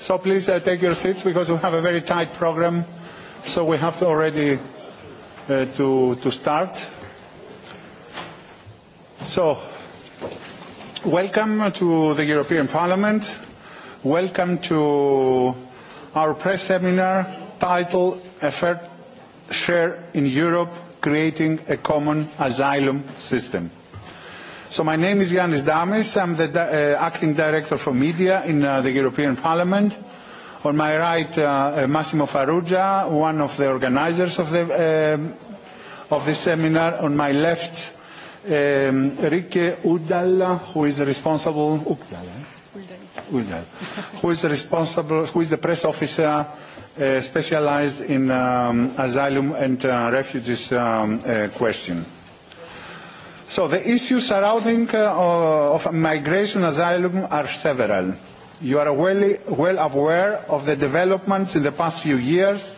So please uh, take your seats because we have a very tight program. So we have to already uh, to, to start. So welcome to the European Parliament. Welcome to our press seminar titled Effort Share in Europe, Creating a Common Asylum System. So my name is Yannis Damis. I'm the uh, acting director for media in uh, the European Parliament. On my right, uh, Massimo Farrugia, one of the organizers of, the, uh, of this seminar. On my left, um, Rike Udal, who is responsible, Udal, who is responsible, who is the press officer uh, specialized in um, asylum and uh, refugees um, uh, question. So the issues surrounding uh, of migration asylum are several. You are well, well aware of the developments in the past few years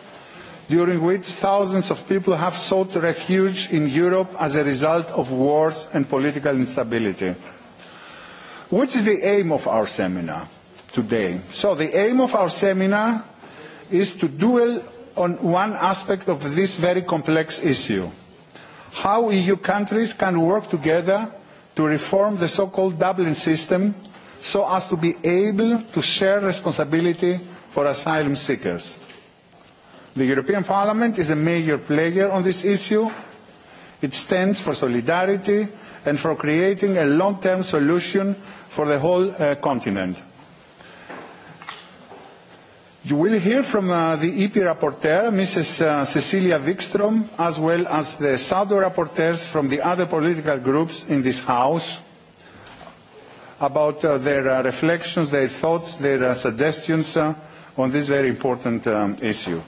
during which thousands of people have sought refuge in Europe as a result of wars and political instability. Which is the aim of our seminar today? So the aim of our seminar is to dwell on one aspect of this very complex issue – how EU countries can work together to reform the so-called Dublin system so as to be able to share responsibility for asylum seekers. The European Parliament is a major player on this issue. It stands for solidarity and for creating a long-term solution for the whole continent. You will hear from uh, the EP rapporteur, Mrs. Uh, Cecilia Wikström, as well as the shadow rapporteurs from the other political groups in this House about uh, their uh, reflections, their thoughts, their uh, suggestions uh, on this very important um, issue.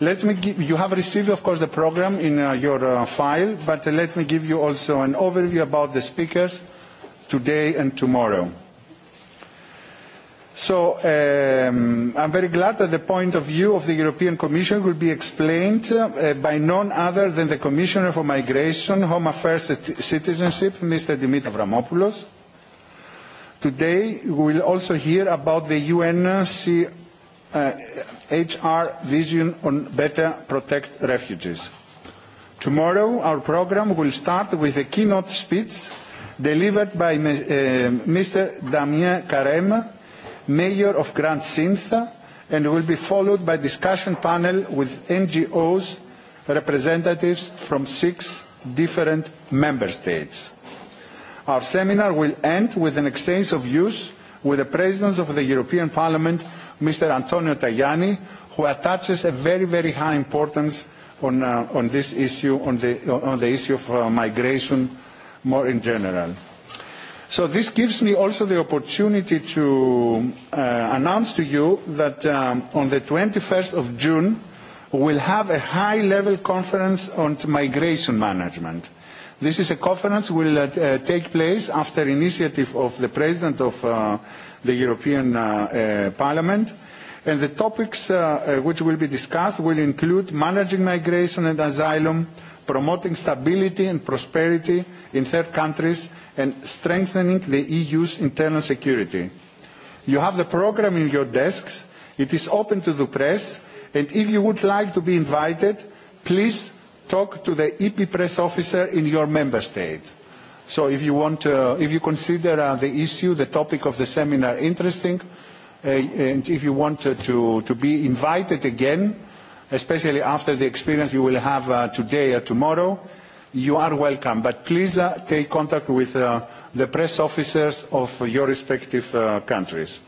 Let me give, you have received, of course, the program in uh, your uh, file, but uh, let me give you also an overview about the speakers today and tomorrow. So um, I'm very glad that the point of view of the European Commission will be explained uh, by none other than the Commissioner for Migration, Home Affairs and Citizenship, Mr. Dimitri Avramopoulos. Today we will also hear about the UNHCR vision on better protect refugees. Tomorrow our programme will start with a keynote speech delivered by Mr. Damien Carême, mayor of Grand Sintha, and will be followed by discussion panel with NGOs representatives from six different member states. Our seminar will end with an exchange of views with the President of the European Parliament, Mr. Antonio Tajani, who attaches a very, very high importance on, uh, on this issue, on the, on the issue of uh, migration more in general. So this gives me also the opportunity to announce to you that on the 21st of June, we'll have a high-level conference on migration management. This is a conference that will take place after initiative of the President of the European Parliament. And the topics which will be discussed will include managing migration and asylum, promoting stability and prosperity, in third countries and strengthening the EU's internal security. You have the programme in your desks. It is open to the press. And if you would like to be invited, please talk to the EP press officer in your member state. So if you, want, uh, if you consider uh, the issue, the topic of the seminar interesting, uh, and if you want uh, to, to be invited again, especially after the experience you will have uh, today or tomorrow, you are welcome, but please uh, take contact with uh, the press officers of your respective uh, countries.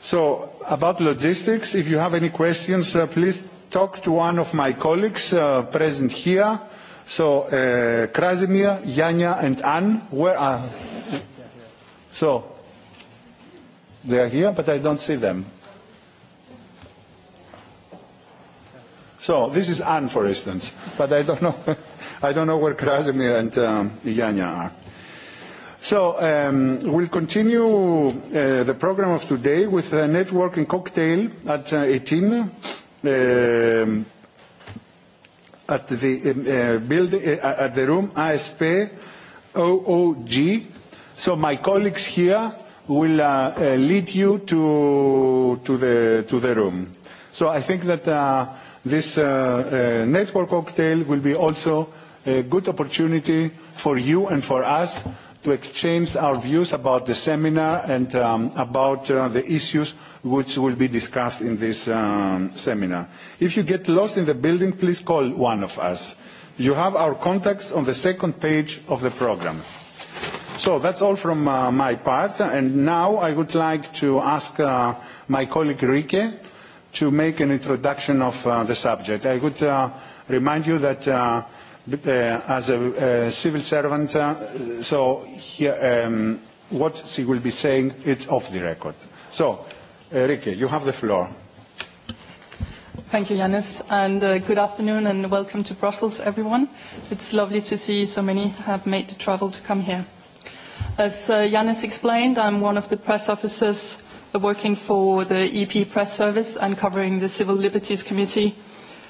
So, about logistics, if you have any questions, uh, please talk to one of my colleagues uh, present here. So, uh, Krasimir, Yanya, and Anne, where are? So, they are here, but I don't see them. So this is Anne, for instance, but I don't know, I don't know where Krasimir and um, Yanya are. So um, we'll continue uh, the program of today with a networking cocktail at uh, 18 um, at the uh, building uh, at the room ASP OOG. So my colleagues here will uh, uh, lead you to to the to the room. So I think that. Uh, This network cocktail will be also a good opportunity for you and for us to exchange our views about the seminar and about the issues which will be discussed in this seminar. If you get lost in the building, please call one of us. You have our contacts on the second page of the programme. So that's all from my part, and now I would like to ask my colleague Rike to make an introduction of uh, the subject. I would uh, remind you that uh, uh, as a uh, civil servant, uh, so here, um, what she will be saying, it's off the record. So, Enrique, you have the floor. Thank you, Yanis, and uh, good afternoon and welcome to Brussels, everyone. It's lovely to see so many have made the travel to come here. As uh, explained, I'm one of the press officers working for the EP press service and covering the Civil Liberties Committee,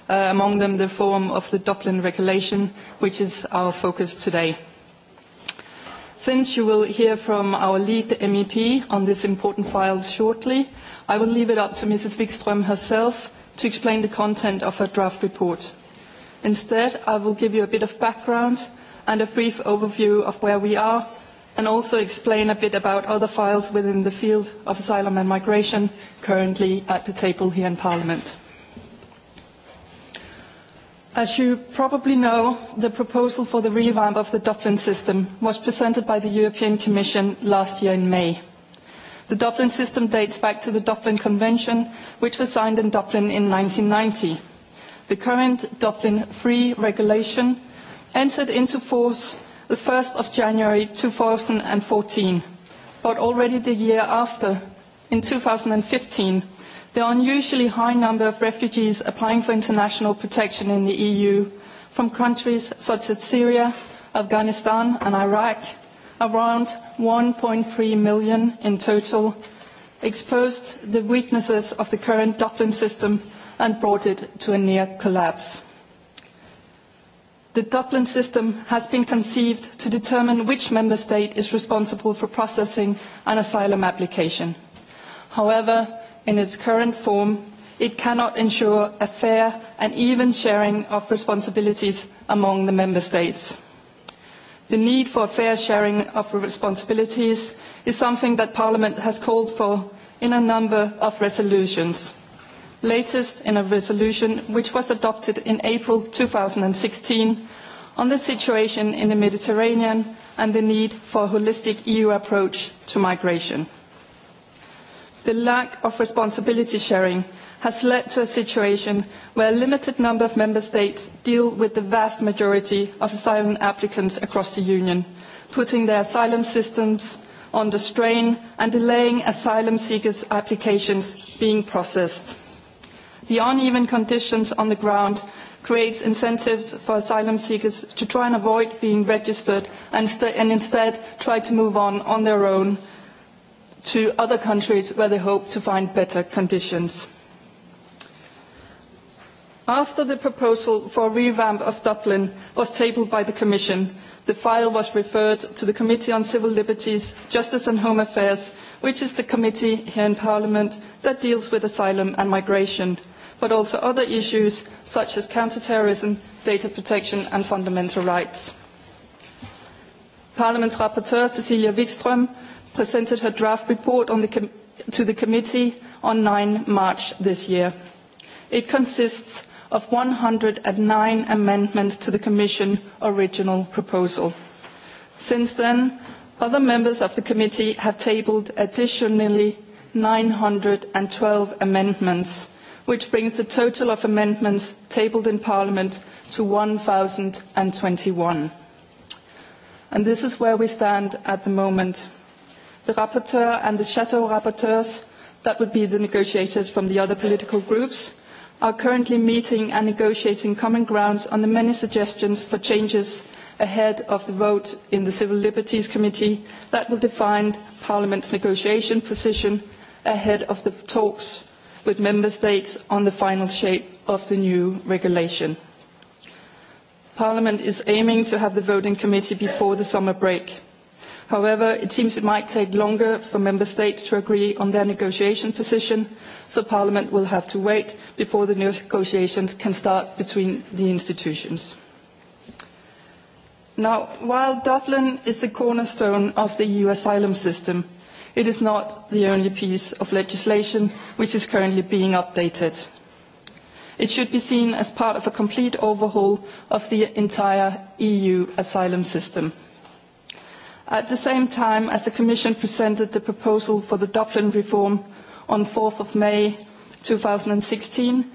uh, among them the Forum of the Dublin Regulation, which is our focus today. Since you will hear from our lead MEP on this important file shortly, I will leave it up to Mrs. Wikström herself to explain the content of her draft report. Instead, I will give you a bit of background and a brief overview of where we are and also explain a bit about other files within the field of asylum and migration currently at the table here in Parliament. As you probably know, the proposal for the revamp of the Dublin system was presented by the European Commission last year in May. The Dublin system dates back to the Dublin Convention, which was signed in Dublin in 1990. The current Dublin III regulation entered into force the 1st of January 2014. But already the year after, in 2015, the unusually high number of refugees applying for international protection in the EU from countries such as Syria, Afghanistan and Iraq, around 1.3 million in total, exposed the weaknesses of the current Dublin system and brought it to a near collapse. The Dublin system has been conceived to determine which member state is responsible for processing an asylum application. However, in its current form, it cannot ensure a fair and even sharing of responsibilities among the member states. The need for a fair sharing of responsibilities is something that Parliament has called for in a number of resolutions latest in a resolution which was adopted in April 2016 on the situation in the Mediterranean and the need for a holistic EU approach to migration. The lack of responsibility sharing has led to a situation where a limited number of member states deal with the vast majority of asylum applicants across the Union, putting their asylum systems under strain and delaying asylum seekers' applications being processed. The uneven conditions on the ground creates incentives for asylum seekers to try and avoid being registered and, st- and instead try to move on on their own to other countries where they hope to find better conditions. After the proposal for a revamp of Dublin was tabled by the Commission, the file was referred to the Committee on Civil Liberties, Justice and Home Affairs, which is the committee here in Parliament that deals with asylum and migration but also other issues such as counterterrorism, data protection and fundamental rights. Parliament's rapporteur, Cecilia Wikström, presented her draft report on the to the committee on 9 March this year. It consists of one hundred and nine amendments to the Commission original proposal. Since then, other members of the committee have tabled additionally nine hundred and twelve amendments which brings the total of amendments tabled in Parliament to 1,021. And this is where we stand at the moment. The rapporteur and the shadow rapporteurs, that would be the negotiators from the other political groups, are currently meeting and negotiating common grounds on the many suggestions for changes ahead of the vote in the Civil Liberties Committee that will define Parliament's negotiation position ahead of the talks with member states on the final shape of the new regulation. Parliament is aiming to have the voting committee before the summer break. However, it seems it might take longer for member states to agree on their negotiation position, so Parliament will have to wait before the negotiations can start between the institutions. Now, while Dublin is the cornerstone of the EU asylum system, It is not the only piece of legislation which is currently being updated. It should be seen as part of a complete overhaul of the entire EU asylum system. At the same time as the Commission presented the proposal for the Dublin reform on 4th of May sixteen,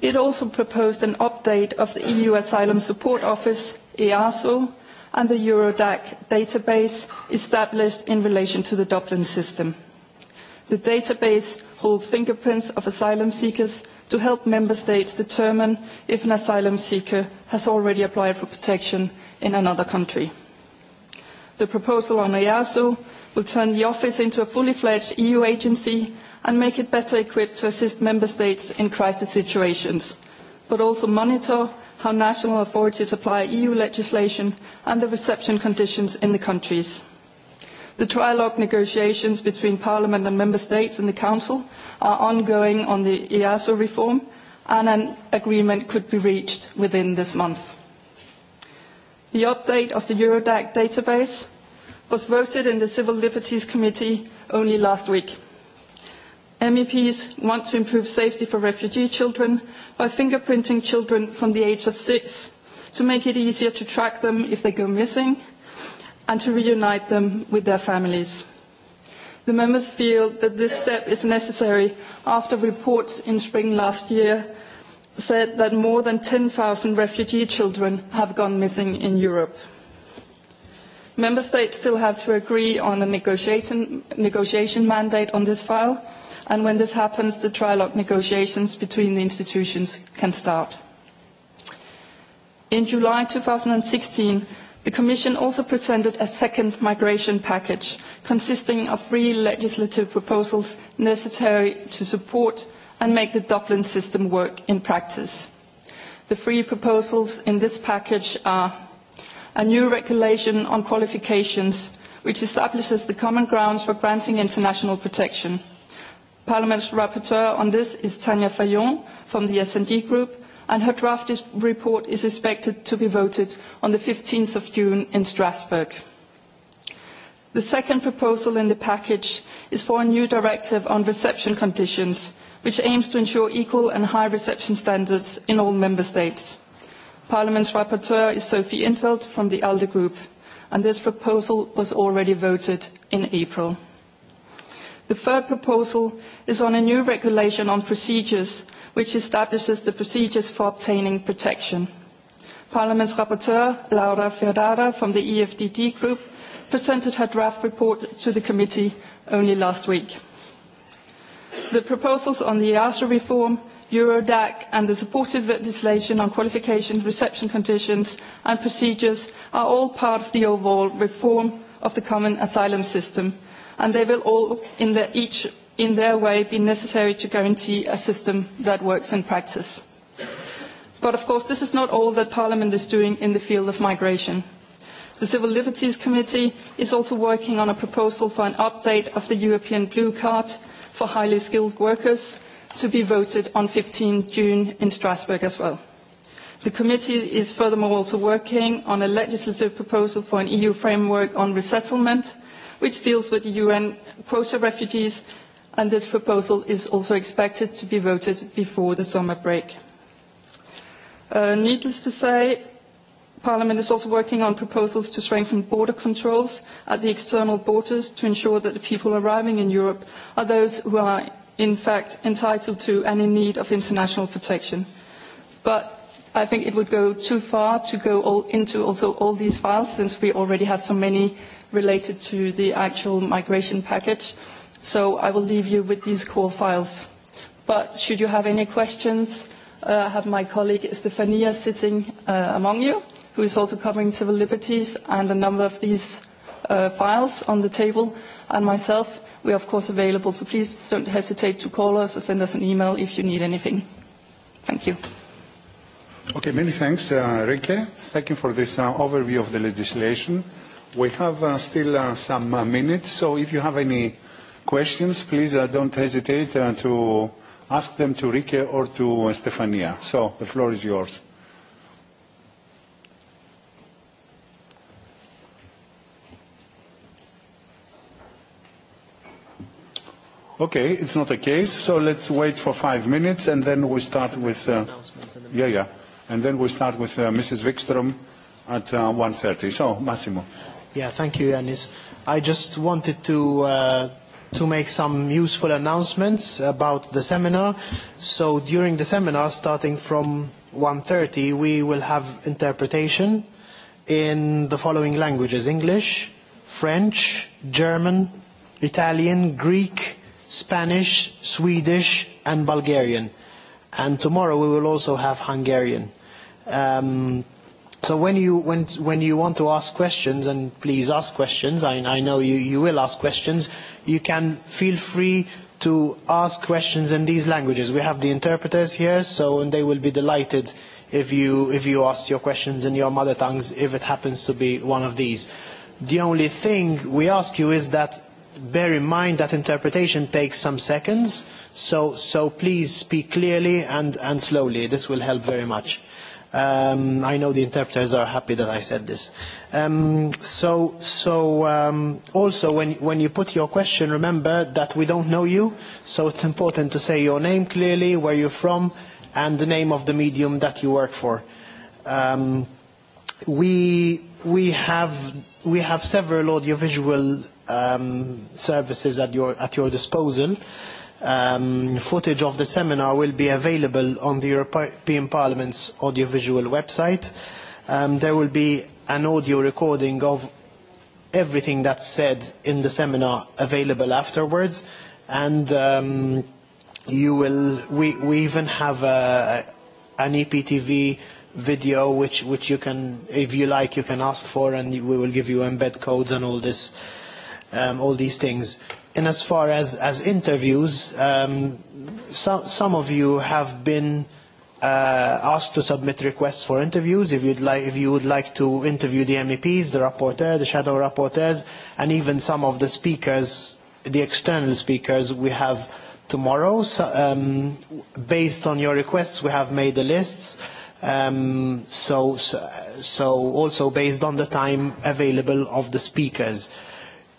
it also proposed an update of the EU Asylum Support Office, EASO, and the Eurodac database established in relation to the Dublin system. The database holds fingerprints of asylum seekers to help member states determine if an asylum seeker has already applied for protection in another country. The proposal on EASO will turn the office into a fully fledged EU agency and make it better equipped to assist member states in crisis situations, but also monitor how national authorities apply EU legislation and the reception conditions in the countries. The trilogue negotiations between Parliament and Member States and the Council are ongoing on the EASO reform and an agreement could be reached within this month. The update of the Eurodac database was voted in the Civil Liberties Committee only last week. MEPs want to improve safety for refugee children by fingerprinting children from the age of six to make it easier to track them if they go missing and to reunite them with their families. The members feel that this step is necessary after reports in spring last year said that more than 10,000 refugee children have gone missing in Europe. Member states still have to agree on a negotiation, negotiation mandate on this file, And when this happens, the trilogue negotiations between the institutions can start. In July 2016, the Commission also presented a second migration package consisting of three legislative proposals necessary to support and make the Dublin system work in practice. The three proposals in this package are a new regulation on qualifications, which establishes the common grounds for granting international protection – Parliament's rapporteur on this is Tanja Fayon from the S&D Group, and her draft report is expected to be voted on the 15th of June in Strasbourg. The second proposal in the package is for a new directive on reception conditions, which aims to ensure equal and high reception standards in all member states. Parliament's rapporteur is Sophie Infeld from the ALDE Group, and this proposal was already voted in April. The third proposal is on a new regulation on procedures, which establishes the procedures for obtaining protection. Parliament's rapporteur, Laura Ferrara from the EFDD group, presented her draft report to the committee only last week. The proposals on the EASA reform, Eurodac and the supportive legislation on qualification, reception conditions and procedures are all part of the overall reform of the common asylum system and they will all in their each in their way be necessary to guarantee a system that works in practice. But of course, this is not all that Parliament is doing in the field of migration. The Civil Liberties Committee is also working on a proposal for an update of the European Blue Card for highly skilled workers to be voted on 15 June in Strasbourg as well. The committee is furthermore also working on a legislative proposal for an EU framework on resettlement, which deals with UN quota refugees and this proposal is also expected to be voted before the summer break. needless to say, Parliament is also working on proposals to strengthen border controls at the external borders to ensure that the people arriving in Europe are those who are in fact entitled to and in need of international protection. But I think it would go too far to go all into also all these files since we already have so many related to the actual migration package. So I will leave you with these core files. But should you have any questions, uh, I have my colleague Estefania sitting uh, among you, who is also covering civil liberties and a number of these uh, files on the table, and myself. We are, of course, available, so please don't hesitate to call us or send us an email if you need anything. Thank you. Okay, many thanks, uh, Rike. Thank you for this uh, overview of the legislation. We have uh, still uh, some uh, minutes, so if you have any questions, please uh, don't hesitate uh, to ask them to Rike or to uh, Stefania. So the floor is yours. Okay, it's not a case, so let's wait for five minutes and then we start with... Uh, yeah, yeah. And then we start with uh, Mrs. Wikström at uh, 1.30. So, Massimo. Yeah, thank you, Yanis. I just wanted to uh, to make some useful announcements about the seminar. So during the seminar, starting from 1.30, we will have interpretation in the following languages, English, French, German, Italian, Greek, Spanish, Swedish, and Bulgarian. And tomorrow we will also have Hungarian. Um, So when you when when you want to ask questions, and please ask questions, I, I know you, you will ask questions, you can feel free to ask questions in these languages. We have the interpreters here, so and they will be delighted if you if you ask your questions in your mother tongues, if it happens to be one of these. The only thing we ask you is that bear in mind that interpretation takes some seconds, so so please speak clearly and, and slowly. This will help very much. Um, I know the interpreters are happy that I said this. Um, so so um, also, when, when you put your question, remember that we don't know you, so it's important to say your name clearly, where you're from, and the name of the medium that you work for. Um, we, we, have, we have several audiovisual um, services at your, at your disposal um, footage of the seminar will be available on the European Parliament's audiovisual website. Um, there will be an audio recording of everything that's said in the seminar available afterwards, and um, you will. We, we even have a, an EPTV video which which you can, if you like, you can ask for, and we will give you embed codes and all this, um, all these things in as far as, as interviews, um, some, some of you have been uh, asked to submit requests for interviews. If, you'd like, if you would like to interview the MEPs, the rapporteur, the shadow rapporteurs, and even some of the speakers, the external speakers we have tomorrow. So, um, based on your requests, we have made the lists. Um, so, so also based on the time available of the speakers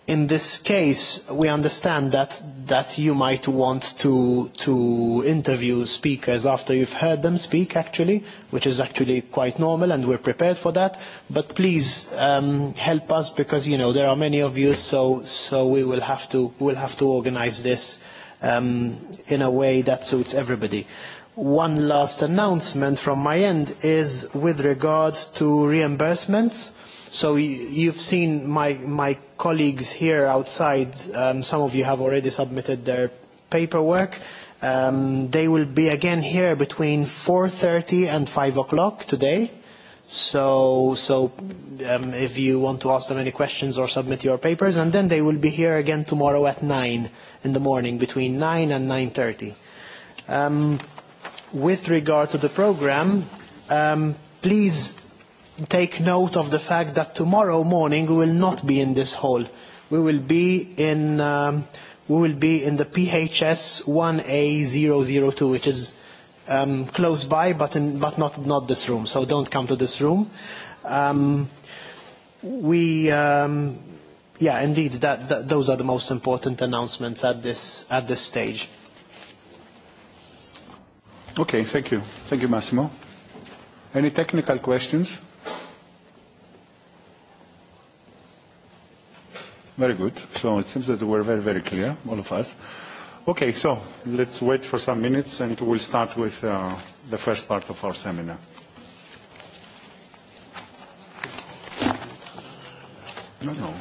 in this case, we understand that, that you might want to, to interview speakers after you've heard them speak, actually, which is actually quite normal, and we're prepared for that. But please um, help us because you know there are many of you, so so we will have to we'll have to organise this um, in a way that suits everybody. One last announcement from my end is with regard to reimbursements So you've seen my, my colleagues here outside, um, some of you have already submitted their paperwork. Um, they will be again here between 4.30 and 5 o'clock today. So, so um, if you want to ask them any questions or submit your papers, and then they will be here again tomorrow at 9 in the morning, between 9 and 9.30. Um, with regard to the program, um, please take note of the fact that tomorrow morning we will not be in this hall. We will be in, um, we will be in the PHS 1A002, which is um, close by, but, in, but not, not this room. So don't come to this room. Um, we, um, yeah, indeed, that, that, those are the most important announcements at this, at this stage. Okay, thank you. Thank you, Massimo. Any technical questions? Very good. So it seems that we're very, very clear, all of us. Okay, so let's wait for some minutes and we'll start with the first part of our seminar. No, no.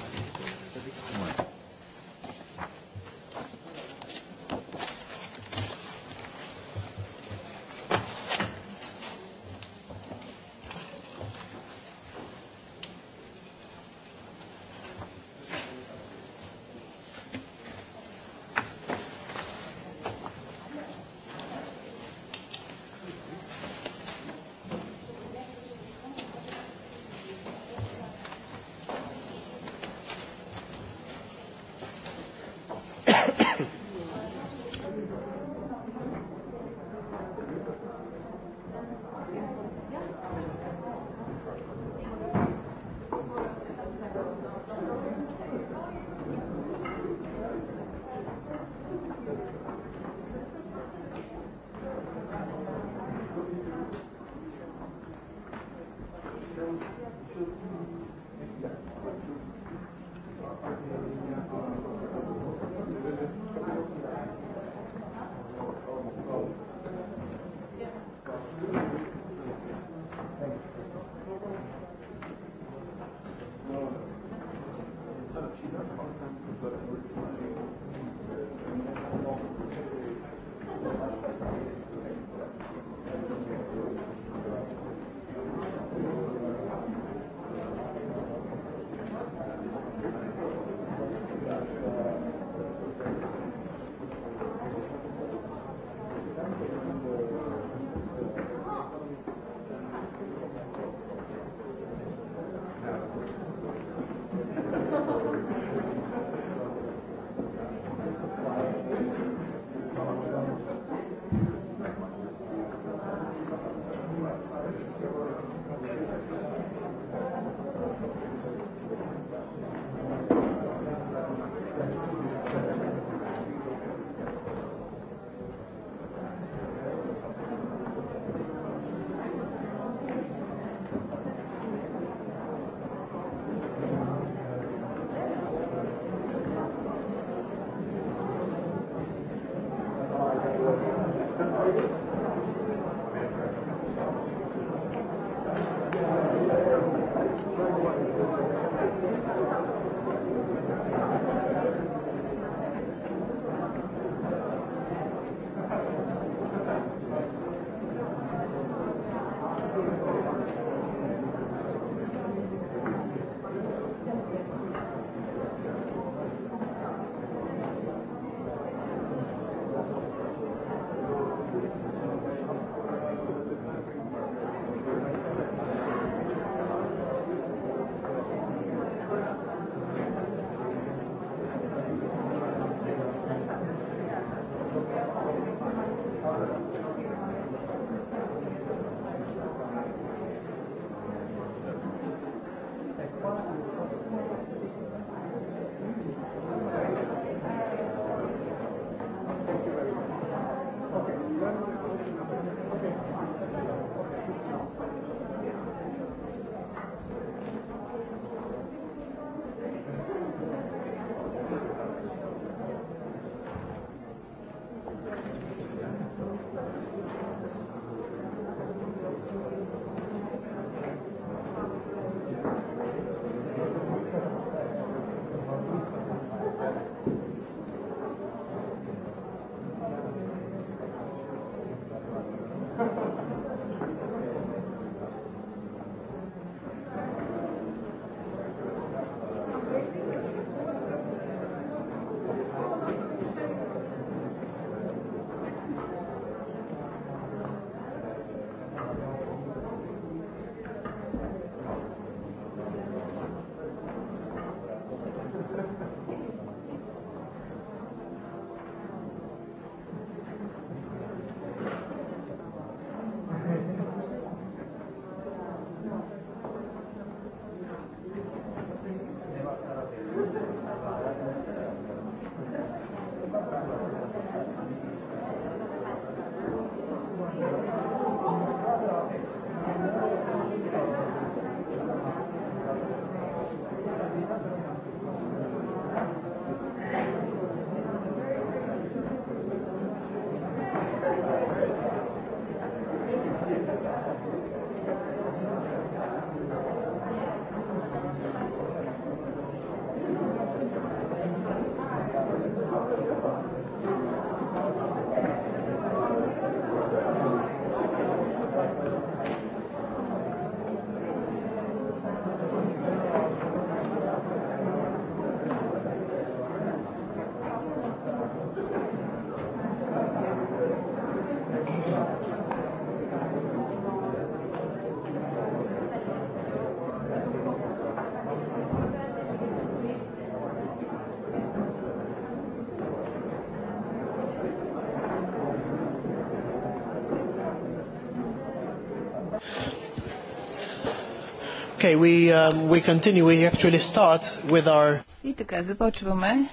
Okay, we, um, we continue. We actually start with our... И така, започваме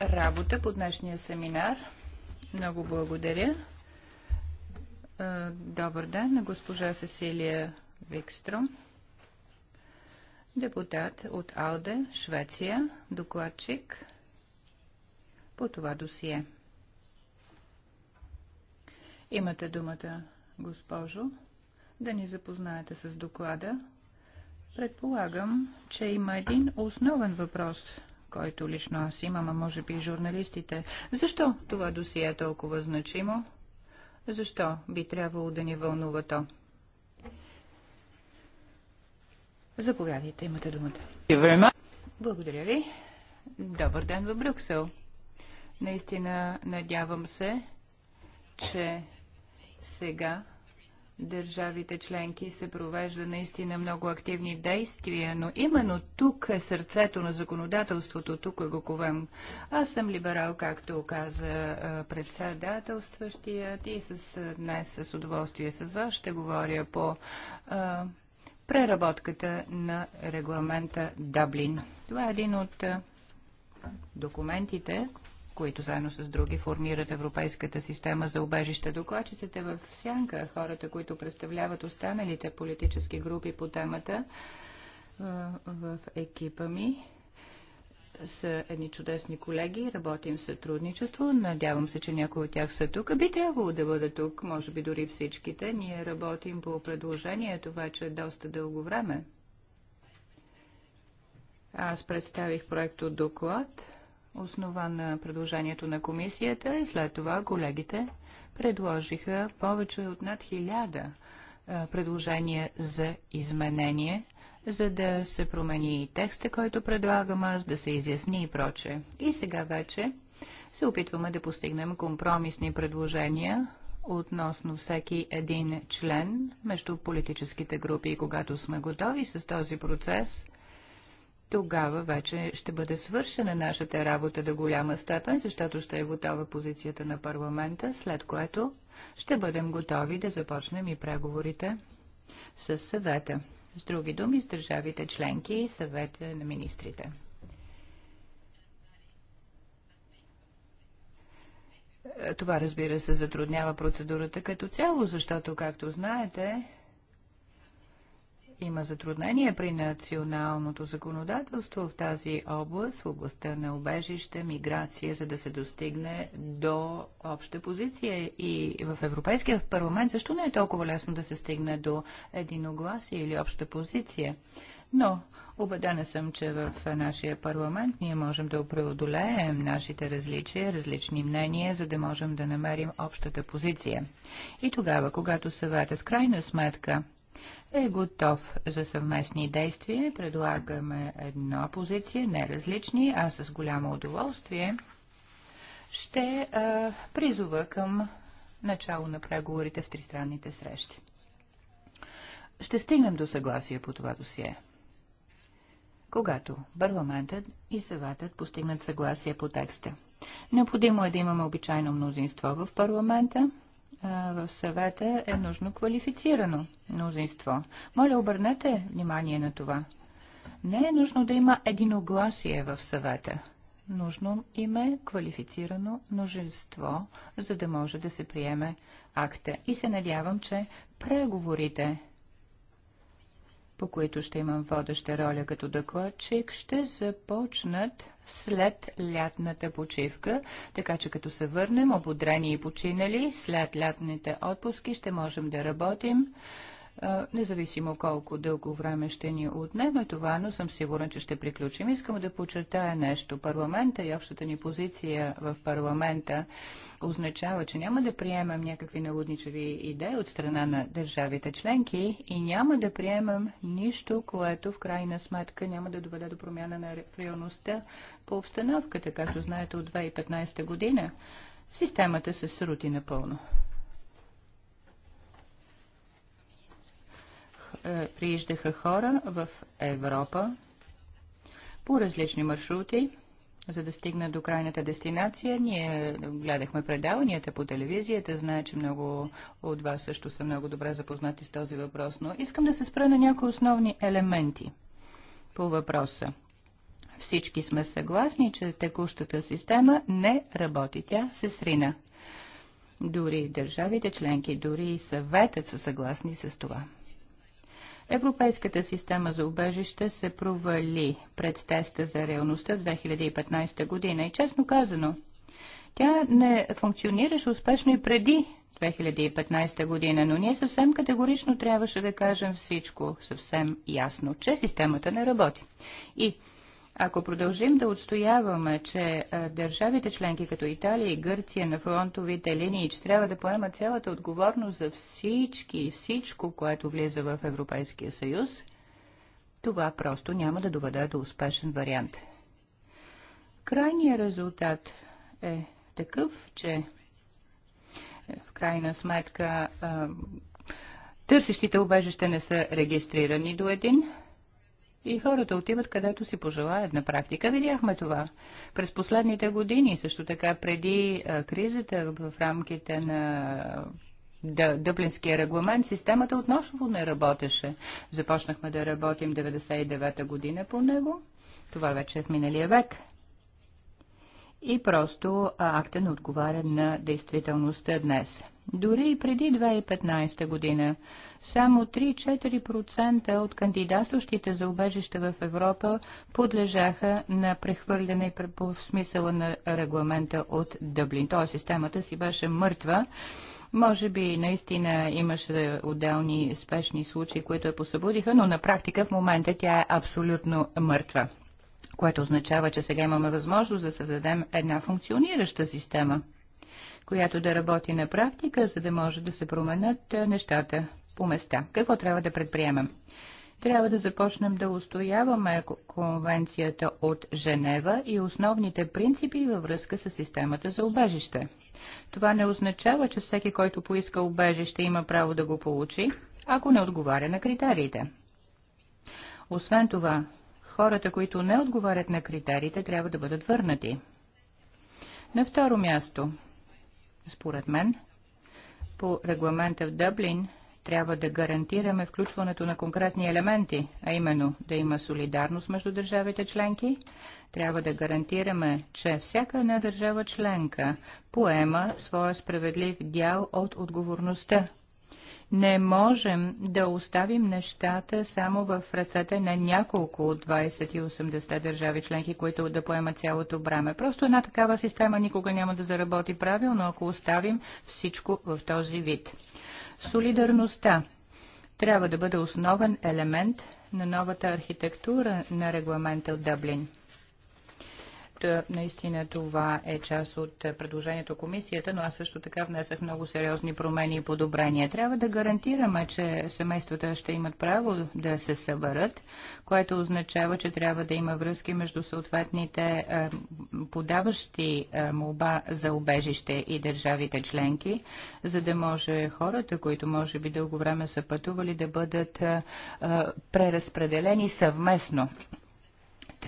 работа по днешния семинар. Много благодаря. Добър ден на госпожа Сесилия Викстром, депутат от АЛДЕ, Швеция, докладчик по това досие. Имате думата, госпожо, да ни запознаете с доклада Предполагам, че има един основен въпрос, който лично аз имам, а може би и журналистите. Защо това досие е толкова значимо? Защо би трябвало да ни вълнува то? Заповядайте, имате думата. Благодаря ви. Добър ден в Брюксел. Наистина надявам се, че сега държавите членки се провежда наистина много активни действия, но именно тук е сърцето на законодателството, тук е го ковем. Аз съм либерал, както каза председателстващият и с, днес с удоволствие с вас ще говоря по а, преработката на регламента Даблин. Това е един от документите, които заедно с други формират Европейската система за убежище. Докладчиците в сянка, хората, които представляват останалите политически групи по темата в екипа ми, са едни чудесни колеги, работим в сътрудничество. Надявам се, че някои от тях са тук. Би трябвало да бъде тук, може би дори всичките. Ние работим по предложението вече е доста дълго време. Аз представих проект от доклад основа на предложението на комисията и е след това колегите предложиха повече от над хиляда предложения за изменение, за да се промени и текста, който предлагам аз, да се изясни и проче. И сега вече се опитваме да постигнем компромисни предложения относно всеки един член между политическите групи. И когато сме готови с този процес, тогава вече ще бъде свършена нашата работа до голяма степен, защото ще е готова позицията на парламента, след което ще бъдем готови да започнем и преговорите с съвета. С други думи, с държавите членки и съвета на министрите. Това, разбира се, затруднява процедурата като цяло, защото, както знаете, има затруднения при националното законодателство в тази област, в областта на убежище, миграция, за да се достигне до обща позиция. И в Европейския парламент също не е толкова лесно да се стигне до единогласие или обща позиция. Но убедена съм, че в нашия парламент ние можем да преодолеем нашите различия, различни мнения, за да можем да намерим общата позиция. И тогава, когато съветът крайна сметка е готов за съвместни действия. Предлагаме една позиция, не различни, а с голямо удоволствие ще а, призова към начало на преговорите в тристранните срещи. Ще стигнем до съгласие по това досие. Когато парламентът и съветът постигнат съгласие по текста. Необходимо е да имаме обичайно мнозинство в парламента, в съвета е нужно квалифицирано мнозинство. Моля, обърнете внимание на това. Не е нужно да има единогласие в съвета. Нужно им е квалифицирано множество, за да може да се приеме акта. И се надявам, че преговорите по които ще имам водеща роля като докладчик, ще започнат след лятната почивка, така че като се върнем, ободрени и починали, след лятните отпуски ще можем да работим независимо колко дълго време ще ни отнеме това, но съм сигурен, че ще приключим. Искам да подчертая нещо. Парламента и общата ни позиция в парламента означава, че няма да приемем някакви налудничеви идеи от страна на държавите членки и няма да приемем нищо, което в крайна сметка няма да доведе до промяна на реалността по обстановката, както знаете от 2015 година. Системата се срути напълно. е, прииждаха хора в Европа по различни маршрути, за да стигнат до крайната дестинация. Ние гледахме предаванията по телевизията, знае, че много от вас също са много добре запознати с този въпрос, но искам да се спра на някои основни елементи по въпроса. Всички сме съгласни, че текущата система не работи. Тя се срина. Дори държавите членки, дори и съветът са съгласни с това. Европейската система за убежище се провали пред теста за реалността 2015 година и честно казано, тя не функционираше успешно и преди 2015 година, но ние съвсем категорично трябваше да кажем всичко съвсем ясно, че системата не работи. И ако продължим да отстояваме, че държавите членки като Италия и Гърция на фронтовите линии, че трябва да поемат цялата отговорност за всички и всичко, което влиза в Европейския съюз, това просто няма да доведе до успешен вариант. Крайният резултат е такъв, че е, в крайна сметка търсещите убежище не са регистрирани до един и хората отиват където си пожелаят на практика. Видяхме това през последните години, също така преди а, кризата в рамките на Дъблинския регламент, системата отново не работеше. Започнахме да работим 99-та година по него. Това вече е в миналия век. И просто а, акта не отговаря на действителността днес. Дори и преди 2015 година само 3-4% от кандидатстващите за убежище в Европа подлежаха на прехвърляне по смисъла на регламента от Дъблин. Тоест системата си беше мъртва. Може би наистина имаше отделни спешни случаи, които я посъбудиха, но на практика в момента тя е абсолютно мъртва което означава, че сега имаме възможност да създадем една функционираща система, която да работи на практика, за да може да се променят нещата по места. Какво трябва да предприемем? трябва да започнем да устояваме конвенцията от Женева и основните принципи във връзка с системата за убежище. Това не означава, че всеки, който поиска убежище, има право да го получи, ако не отговаря на критериите. Освен това, хората, които не отговарят на критериите, трябва да бъдат върнати. На второ място, според мен, по регламента в Дъблин – трябва да гарантираме включването на конкретни елементи, а именно да има солидарност между държавите членки, трябва да гарантираме, че всяка една държава членка поема своя справедлив дял от отговорността. Не можем да оставим нещата само в ръцете на няколко от 20-80 и държави членки, които да поемат цялото браме. Просто една такава система никога няма да заработи правилно, ако оставим всичко в този вид. Солидарността трябва да бъде основен елемент на новата архитектура на регламента от Дъблин – наистина това е част от е, предложението комисията, но аз също така внесах много сериозни промени и подобрения. Трябва да гарантираме, че семействата ще имат право да се съберат, което означава, че трябва да има връзки между съответните е, подаващи е, молба за обежище и държавите членки, за да може хората, които може би дълго време са пътували, да бъдат преразпределени съвместно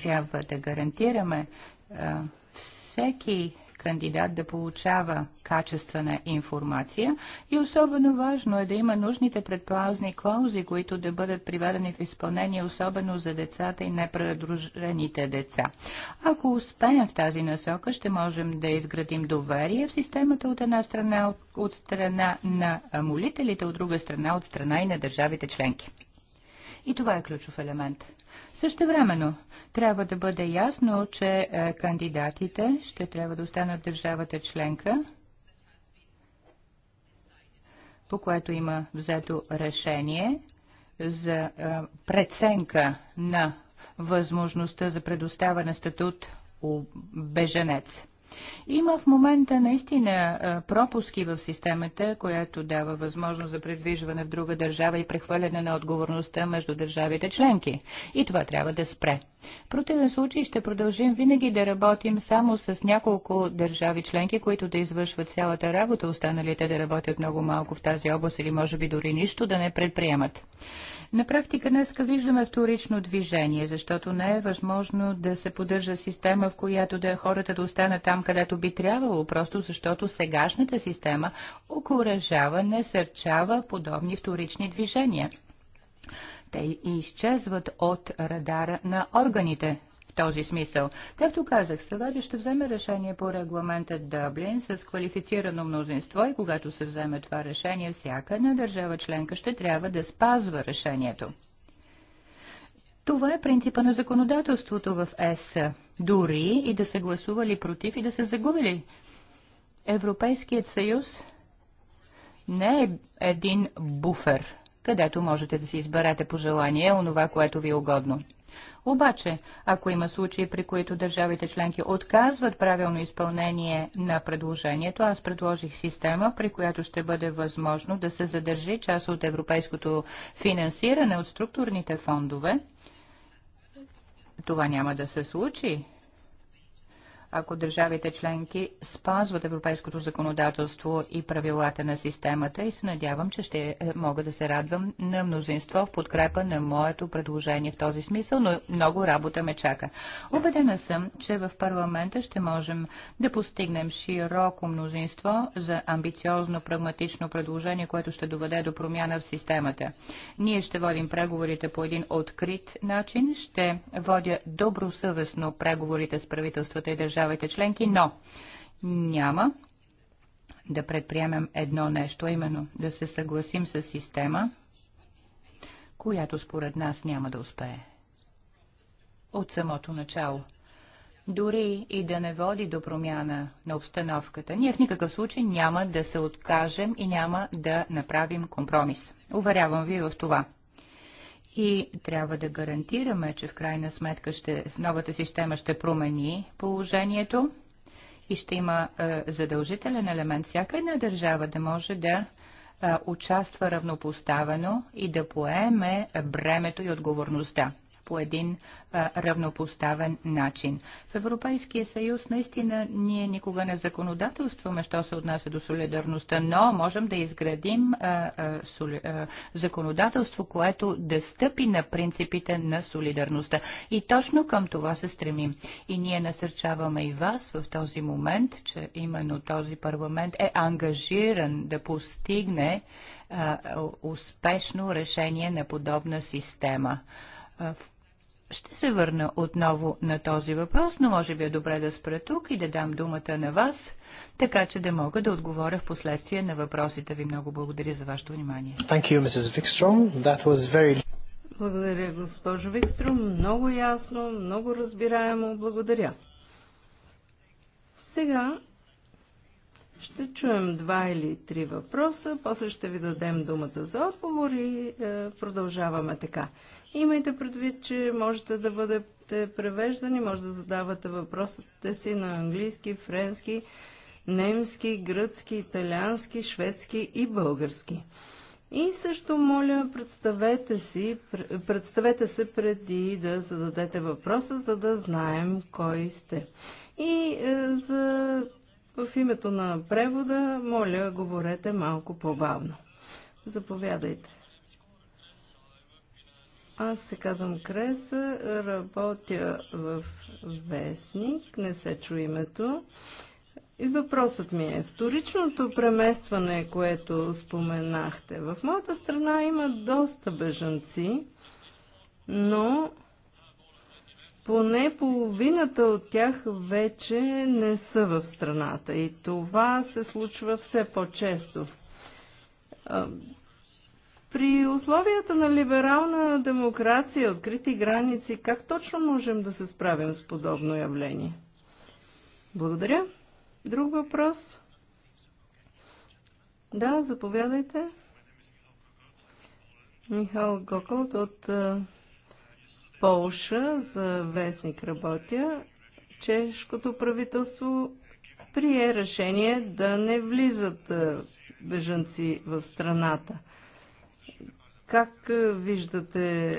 трябва да гарантираме, е, всеки кандидат да получава качествена информация и особено важно е да има нужните предплазни клаузи, които да бъдат приведени в изпълнение, особено за децата и непредружените деца. Ако успеем в тази насока, ще можем да изградим доверие в системата от една страна, от страна на молителите, от друга страна, от страна и на държавите членки. И това е ключов елемент. Също времено трябва да бъде ясно, че е, кандидатите ще трябва да останат държавата членка, по което има взето решение за е, преценка на възможността за предоставяне статут у беженец. Има в момента наистина пропуски в системата, която дава възможност за предвижване в друга държава и прехвърляне на отговорността между държавите членки. И това трябва да спре. В противен случай ще продължим винаги да работим само с няколко държави членки, които да извършват цялата работа, останалите да работят много малко в тази област или може би дори нищо да не предприемат. На практика днеска виждаме вторично движение, защото не е възможно да се поддържа система, в която да хората да останат там, там, където би трябвало, просто защото сегашната система окоръжава, насърчава подобни вторични движения. Те изчезват от радара на органите, в този смисъл. Както казах, съветът ще вземе решение по регламента Дъблин с квалифицирано мнозинство и когато се вземе това решение, всяка една държава членка ще трябва да спазва решението. Това е принципа на законодателството в ЕС дори и да са гласували против и да са загубили. Европейският съюз не е един буфер, където можете да си изберете пожелание, онова, което ви е угодно. Обаче, ако има случаи, при които държавите членки отказват правилно изпълнение на предложението, аз предложих система, при която ще бъде възможно да се задържи част от европейското финансиране от структурните фондове, това няма да се случи ако държавите членки спазват европейското законодателство и правилата на системата и се надявам, че ще е, мога да се радвам на мнозинство в подкрепа на моето предложение в този смисъл, но много работа ме чака. Обедена съм, че в парламента ще можем да постигнем широко мнозинство за амбициозно прагматично предложение, което ще доведе до промяна в системата. Ние ще водим преговорите по един открит начин, ще водя добросъвестно преговорите с правителствата и държавите държавите членки, но няма да предприемем едно нещо, именно да се съгласим с система, която според нас няма да успее. От самото начало. Дори и да не води до промяна на обстановката, ние в никакъв случай няма да се откажем и няма да направим компромис. Уверявам ви в това и трябва да гарантираме, че в крайна сметка ще, новата система ще промени положението и ще има е, задължителен елемент всяка една държава да може да е, участва равнопоставено и да поеме бремето и отговорността по един а, равнопоставен начин. В Европейския съюз наистина ние никога не законодателстваме, що се отнася до солидарността, но можем да изградим а, а, соли, а, законодателство, което да стъпи на принципите на солидарността. И точно към това се стремим. И ние насърчаваме и вас в този момент, че именно този парламент е ангажиран да постигне а, успешно решение на подобна система. В ще се върна отново на този въпрос, но може би е добре да спра тук и да дам думата на вас, така че да мога да отговоря в последствие на въпросите ви. Много благодаря за вашето внимание. Благодаря, госпожо Викстром. Много ясно, много разбираемо. Благодаря. Сега ще чуем два или три въпроса, после ще ви дадем думата за отговор и е, продължаваме така. Имайте предвид, че можете да бъдете превеждани, може да задавате въпросите си на английски, френски, немски, гръцки, италиански, шведски и български. И също моля, представете, си, представете се преди да зададете въпроса, за да знаем кой сте. И е, за в името на превода, моля, говорете малко по-бавно. Заповядайте. Аз се казвам Креса, работя в Вестник, не се чу името. И въпросът ми е, вторичното преместване, което споменахте, в моята страна има доста бежанци, но поне половината от тях вече не са в страната и това се случва все по-често. При условията на либерална демокрация, открити граници, как точно можем да се справим с подобно явление? Благодаря. Друг въпрос? Да, заповядайте. Михал Гокълт от Полша, за вестник работя, чешкото правителство прие решение да не влизат бежанци в страната. Как виждате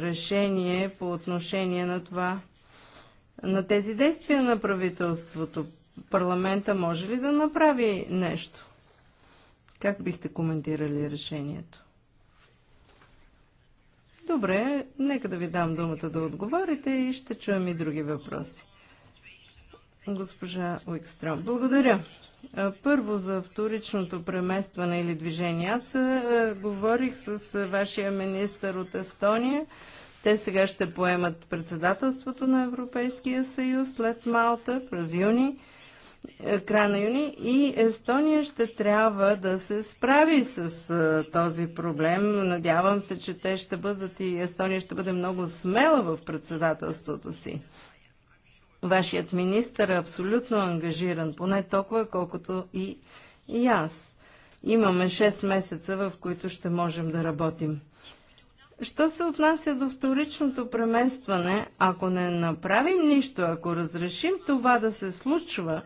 решение по отношение на това, на тези действия на правителството? Парламента може ли да направи нещо? Как бихте коментирали решението? Добре, нека да ви дам думата да отговорите и ще чуем и други въпроси. Госпожа Уикстрам, благодаря. Първо за вторичното преместване или движение. Аз е, говорих с вашия министър от Естония. Те сега ще поемат председателството на Европейския съюз след Малта през юни. Е, края на юни и Естония ще трябва да се справи с е, този проблем. Надявам се, че те ще бъдат и Естония ще бъде много смела в председателството си. Вашият министър е абсолютно ангажиран, поне толкова, колкото и, и аз. Имаме 6 месеца, в които ще можем да работим. Що се отнася до вторичното преместване, ако не направим нищо, ако разрешим това да се случва,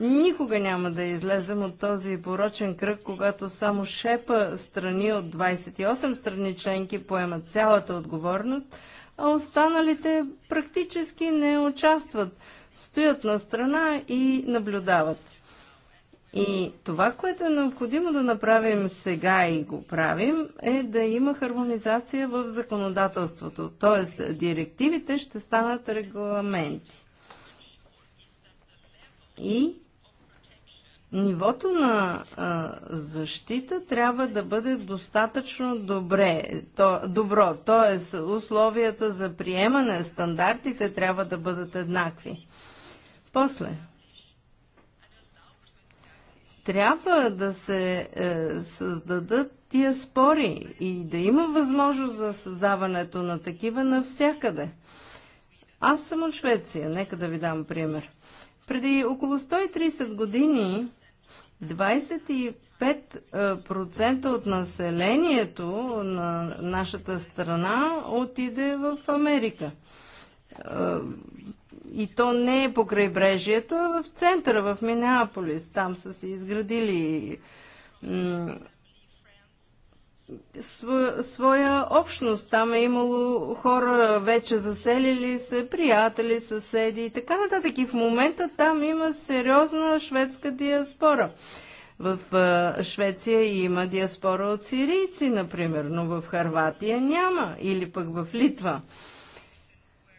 Никога няма да излезем от този порочен кръг, когато само шепа страни от 28 страни членки поемат цялата отговорност, а останалите практически не участват, стоят на страна и наблюдават. И това, което е необходимо да направим сега и го правим, е да има хармонизация в законодателството. Т.е. директивите ще станат регламенти. И нивото на а, защита трябва да бъде достатъчно добре, то, добро, т.е. условията за приемане, стандартите трябва да бъдат еднакви. После, трябва да се е, създадат тия спори и да има възможност за създаването на такива навсякъде. Аз съм от Швеция, нека да ви дам пример. Преди около 130 години 25% от населението на нашата страна отиде в Америка. Е, и то не е по крайбрежието, а в центъра, в Минеаполис. Там са се изградили своя общност. Там е имало хора вече заселили се, приятели, съседи и така нататък. И в момента там има сериозна шведска диаспора. В Швеция има диаспора от сирийци, например, но в Харватия няма. Или пък в Литва.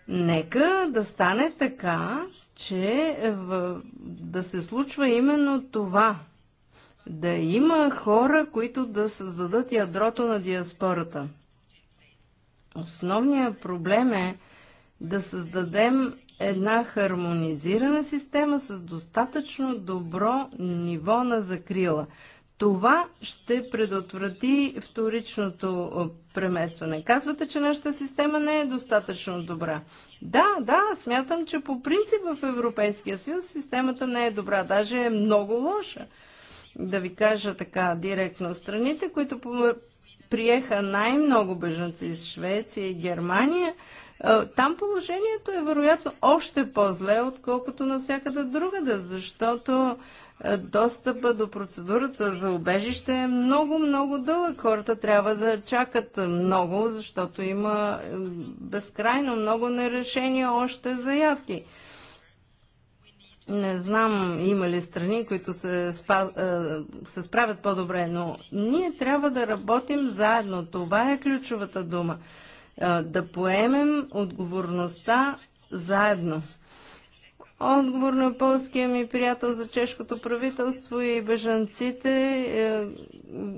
Нека да стане така, че да се случва именно това – да има хора, които да създадат ядрото на диаспората. Основният проблем е да създадем една хармонизирана система с достатъчно добро ниво на закрила. Това ще предотврати вторичното преместване. Казвате, че нашата система не е достатъчно добра. Да, да, смятам, че по принцип в Европейския съюз системата не е добра, даже е много лоша да ви кажа така директно, страните, които приеха най-много бежанци из Швеция и Германия, е, там положението е вероятно още по-зле, отколкото навсякъде другаде, защото е, достъпа до процедурата за убежище е много-много дълъг. Хората трябва да чакат много, защото има е, безкрайно много нерешени още заявки. Не знам има ли страни, които се, спа, е, се справят по-добре, но ние трябва да работим заедно. Това е ключовата дума. Е, да поемем отговорността заедно. Отговор на полския ми приятел за чешкото правителство и бежанците. Е,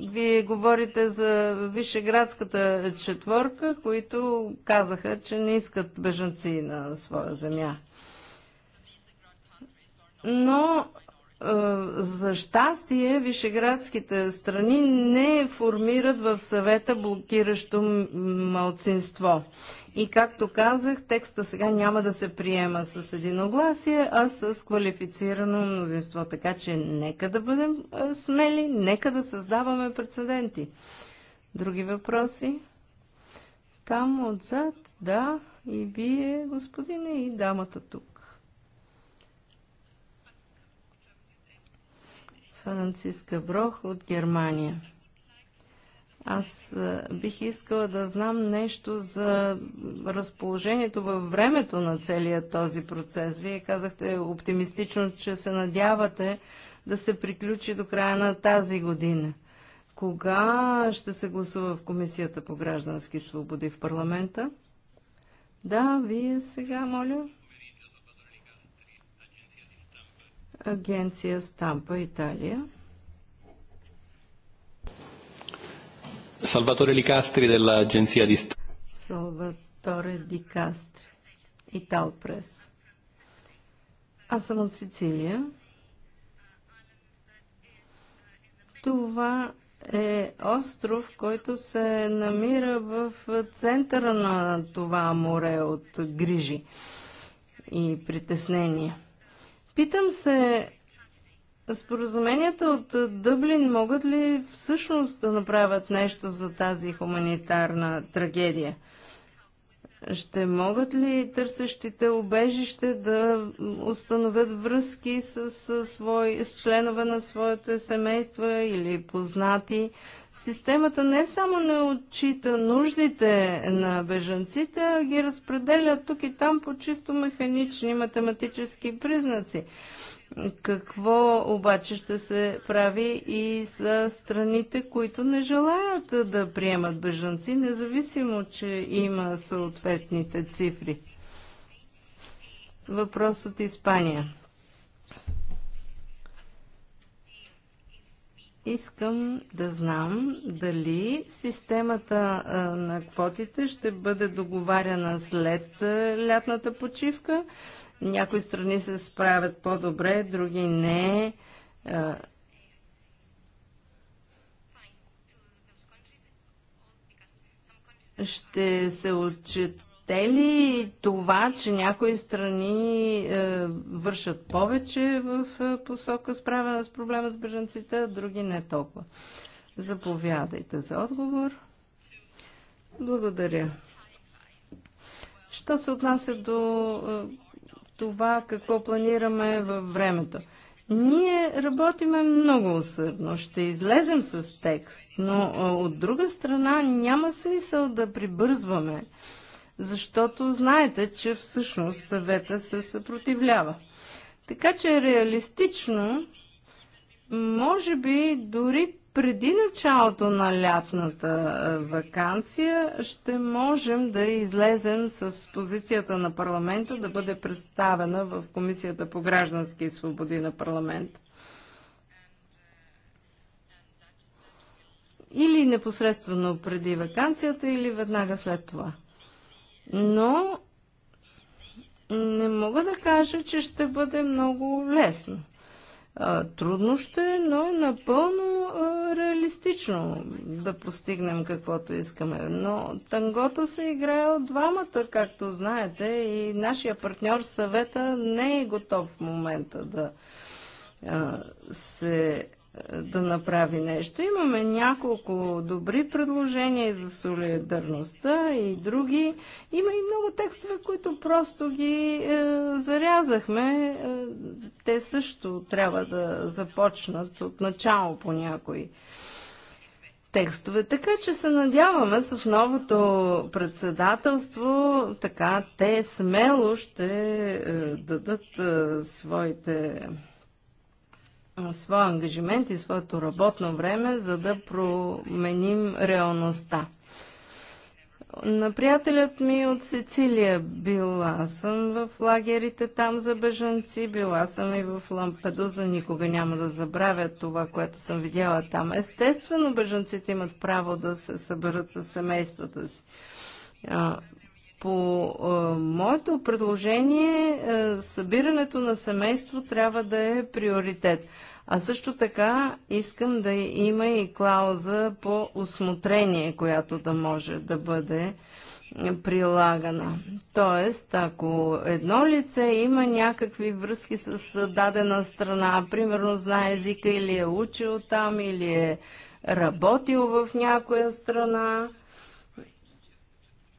вие говорите за Вишеградската четворка, които казаха, че не искат бежанци на своя земя но е, за щастие вишеградските страни не формират в съвета блокиращо малцинство. И както казах, текста сега няма да се приема с единогласие, а с квалифицирано мнозинство. Така че нека да бъдем е, смели, нека да създаваме прецеденти. Други въпроси? Там отзад, да, и вие, господине, и дамата тук. Франциска Брох от Германия. Аз бих искала да знам нещо за разположението във времето на целия този процес. Вие казахте оптимистично, че се надявате да се приключи до края на тази година. Кога ще се гласува в Комисията по граждански свободи в парламента? Да, вие сега, моля. агенция Стампа Италия. Салваторе Ликастри della Агенция di Салваторе Ди Кастри, Итал Прес. Аз съм от Сицилия. Това е остров, който се намира в центъра на това море от грижи и притеснения. Питам се, споразуменията от Дъблин могат ли всъщност да направят нещо за тази хуманитарна трагедия? Ще могат ли търсещите обежище да установят връзки с, с, свой, с членове на своите семейства или познати, Системата не само не отчита нуждите на бежанците, а ги разпределя тук и там по чисто механични математически признаци. Какво обаче ще се прави и с страните, които не желаят да приемат бежанци, независимо, че има съответните цифри? Въпрос от Испания. Искам да знам дали системата на квотите ще бъде договаряна след лятната почивка. Някои страни се справят по-добре, други не. Ще се отчит те ли това, че някои страни е, вършат повече в е, посока справяне с проблема с беженците, а други не толкова? Заповядайте за отговор. Благодаря. Що се отнася до е, това, какво планираме във времето? Ние работиме много усърдно, ще излезем с текст, но е, от друга страна няма смисъл да прибързваме защото знаете, че всъщност съвета се съпротивлява. Така че реалистично, може би дори преди началото на лятната вакансия ще можем да излезем с позицията на парламента да бъде представена в Комисията по граждански свободи на парламента. Или непосредствено преди вакансията, или веднага след това но не мога да кажа, че ще бъде много лесно. Трудно ще е, но е напълно реалистично да постигнем каквото искаме. Но тангото се играе от двамата, както знаете, и нашия партньор съвета не е готов в момента да се да направи нещо. Имаме няколко добри предложения за солидарността и други. Има и много текстове, които просто ги е, зарязахме. Е, те също трябва да започнат от начало по някои текстове. Така че се надяваме с новото председателство, така те смело ще е, дадат е, своите своя ангажимент и своето работно време, за да променим реалността. На приятелят ми от Сицилия била съм в лагерите там за бежанци, била съм и в Лампедуза, никога няма да забравя това, което съм видяла там. Естествено, бежанците имат право да се съберат с семействата си. По а, моето предложение, а, събирането на семейство трябва да е приоритет. А също така искам да има и клауза по осмотрение, която да може да бъде прилагана. Тоест, ако едно лице има някакви връзки с дадена страна, примерно знае езика или е учил там, или е работил в някоя страна,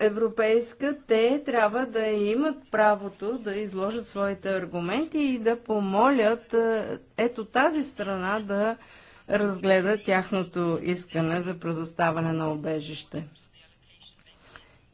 европейска, те трябва да имат правото да изложат своите аргументи и да помолят е, ето тази страна да разгледа тяхното искане за предоставяне на обежище.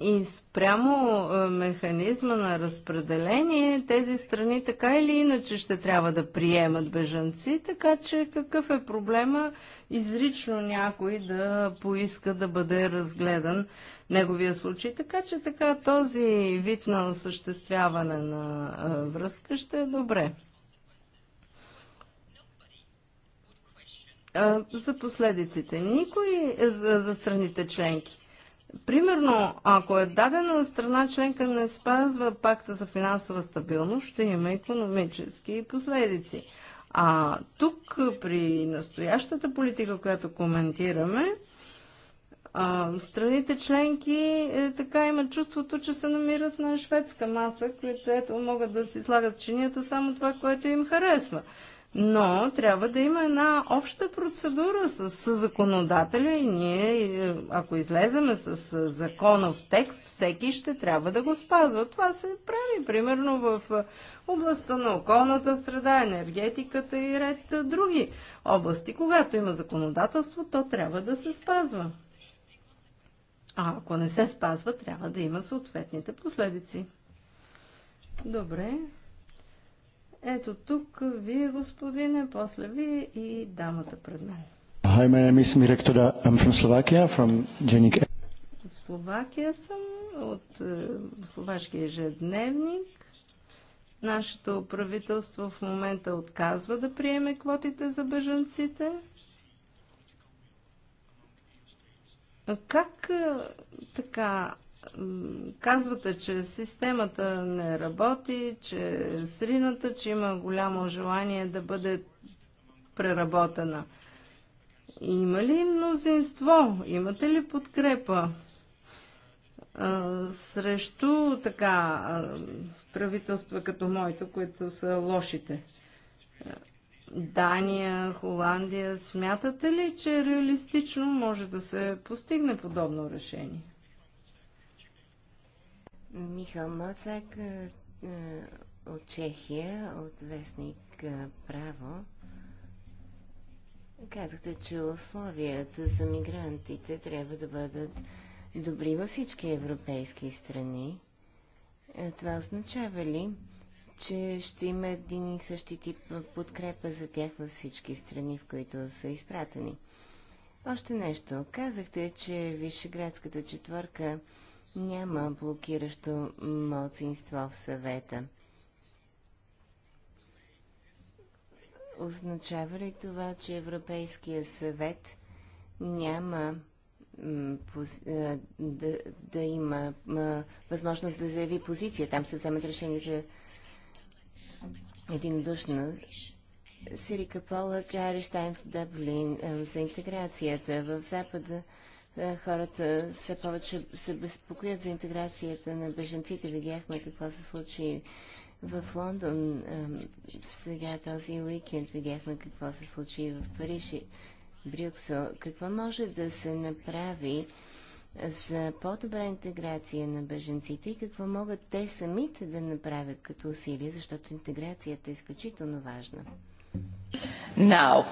И спрямо е, механизма на разпределение, тези страни така или иначе ще трябва да приемат бежанци, така че какъв е проблема изрично някой да поиска да бъде разгледан неговия случай. Така че така този вид на осъществяване на е, връзка ще е добре. Е, за последиците. Никой за, за страните членки. Примерно, ако е дадена страна членка не спазва пакта за финансова стабилност, ще има економически последици. А тук при настоящата политика, която коментираме, страните членки е, така имат чувството, че се намират на шведска маса, които могат да си слагат чинията само това, което им харесва но трябва да има една обща процедура с, с законодателя и ние, е, ако излеземе с законов текст, всеки ще трябва да го спазва. Това се прави примерно в е, областта на околната среда, енергетиката и ред е, други области. Когато има законодателство, то трябва да се спазва. А ако не се спазва, трябва да има съответните последици. Добре, ето тук вие, господине, после вие и дамата пред мен. Hi, my name is Mirek Toda. I'm from Slovakia, from Genik. E. От Словакия съм, от е, словашкия ежедневник. Нашето правителство в момента отказва да приеме квотите за бежанците. Как е, така казвате, че системата не работи, че е срината, че има голямо желание да бъде преработена. Има ли мнозинство? Имате ли подкрепа а, срещу така правителства като моето, които са лошите? Дания, Холандия, смятате ли, че реалистично може да се постигне подобно решение? Михал Моцак е, е, от Чехия, от вестник е, Право. Казахте, че условията за мигрантите трябва да бъдат добри във всички европейски страни. Това означава ли, че ще има един и същи тип подкрепа за тях във всички страни, в които са изпратени? Още нещо. Казахте, че Вишеградската четвърка няма блокиращо мълцинство в съвета. Означава ли това, че Европейския съвет няма да, да има възможност да заяви позиция? Там се вземат решенията единодушно. Сирика Пола, Джайри Штайнс, Дъблин за интеграцията в Запада е, хората все повече се безпокоят за интеграцията на беженците. Видяхме какво се случи в Лондон. Сега този уикенд видяхме какво се случи в Париж и Брюксел. Какво може да се направи за по-добра интеграция на беженците и какво могат те самите да направят като усилия, защото интеграцията е изключително важна. Now,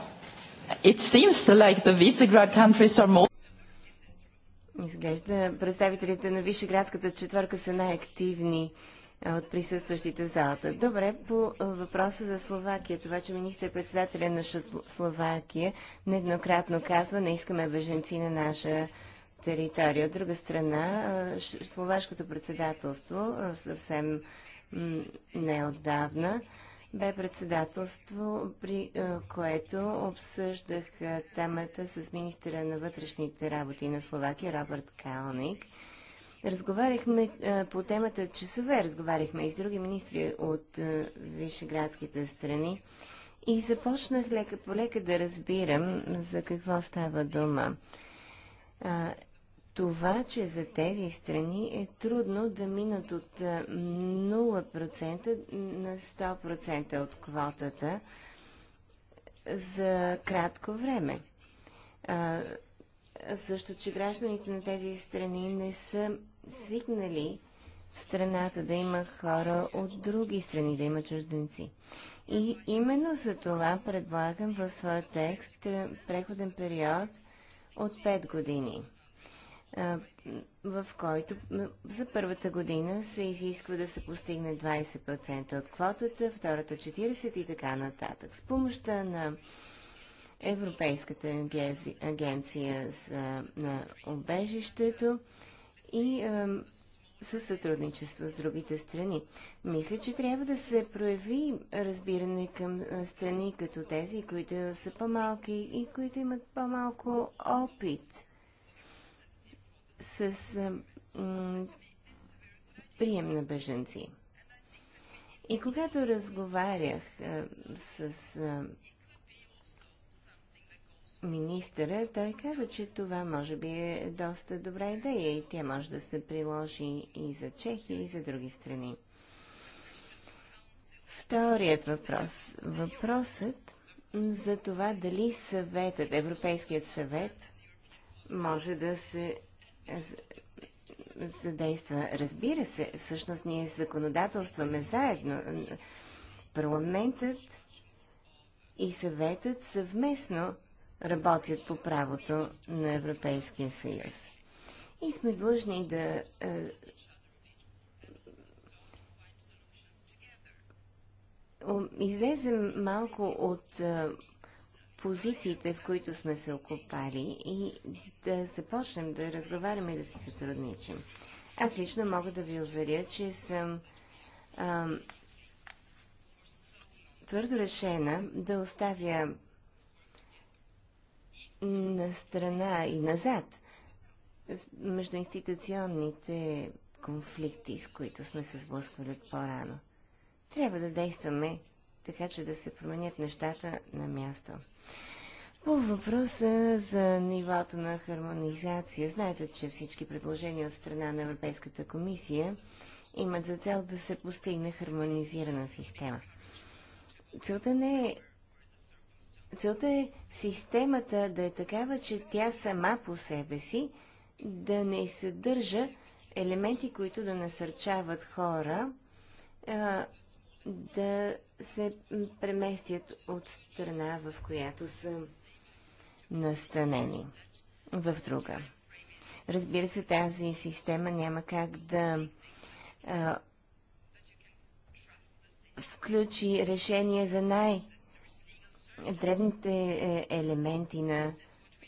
it seems like the Visegrad countries are more Изглежда представителите на Вишеградската четвърка са най-активни от присъстващите в залата. Добре, по въпроса за Словакия, това, че министър-председателя на Словакия нееднократно казва, не искаме беженци на наша територия. От друга страна, словашкото председателство съвсем неотдавна бе председателство, при е, което обсъждах е, темата с министъра на вътрешните работи на Словакия Робърт Калник. Разговаряхме е, по темата часове, разговаряхме и с други министри от вишеградските страни и започнах лека по лека да разбирам за какво става дума това, че за тези страни е трудно да минат от 0% е, на 100% от квотата за кратко време. А, също, че гражданите на тези страни не са свикнали в страната да има хора от други страни, да има чужденци. И именно за това предлагам в своя текст е, преходен период от 5 години – в който за първата година се изисква да се постигне 20% от квотата, втората 40% и така нататък. С помощта на Европейската агенция за, на обежището и е, със сътрудничество с другите страни. Мисля, че трябва да се прояви разбиране към страни като тези, които са по-малки и които имат по-малко опит – с прием на беженци. И когато разговарях с министъра, той каза, че това може би е доста добра идея и тя може да се приложи и за Чехия, и за други страни. Вторият въпрос. Въпросът за това дали съветът, Европейският съвет, може да се задейства. Разбира се, всъщност ние законодателстваме заедно. Парламентът и съветът съвместно работят по правото на Европейския съюз. И сме длъжни да е, излезем малко от е, позициите, в които сме се окопали и да започнем да разговаряме и да си сътрудничим. Аз лично мога да ви уверя, че съм ам, твърдо решена да оставя на страна и назад между институционните конфликти, с които сме се сблъсквали по-рано. Трябва да действаме така, че да се променят нещата на място. По въпроса за нивото на хармонизация, знаете, че всички предложения от страна на Европейската комисия имат за цел да се постигне хармонизирана система. Целта не е Целта е системата да е такава, че тя сама по себе си да не съдържа елементи, които да насърчават хора а, да се преместят от страна, в която са настанени в друга. Разбира се, тази система няма как да а, включи решение за най-древните е, елементи на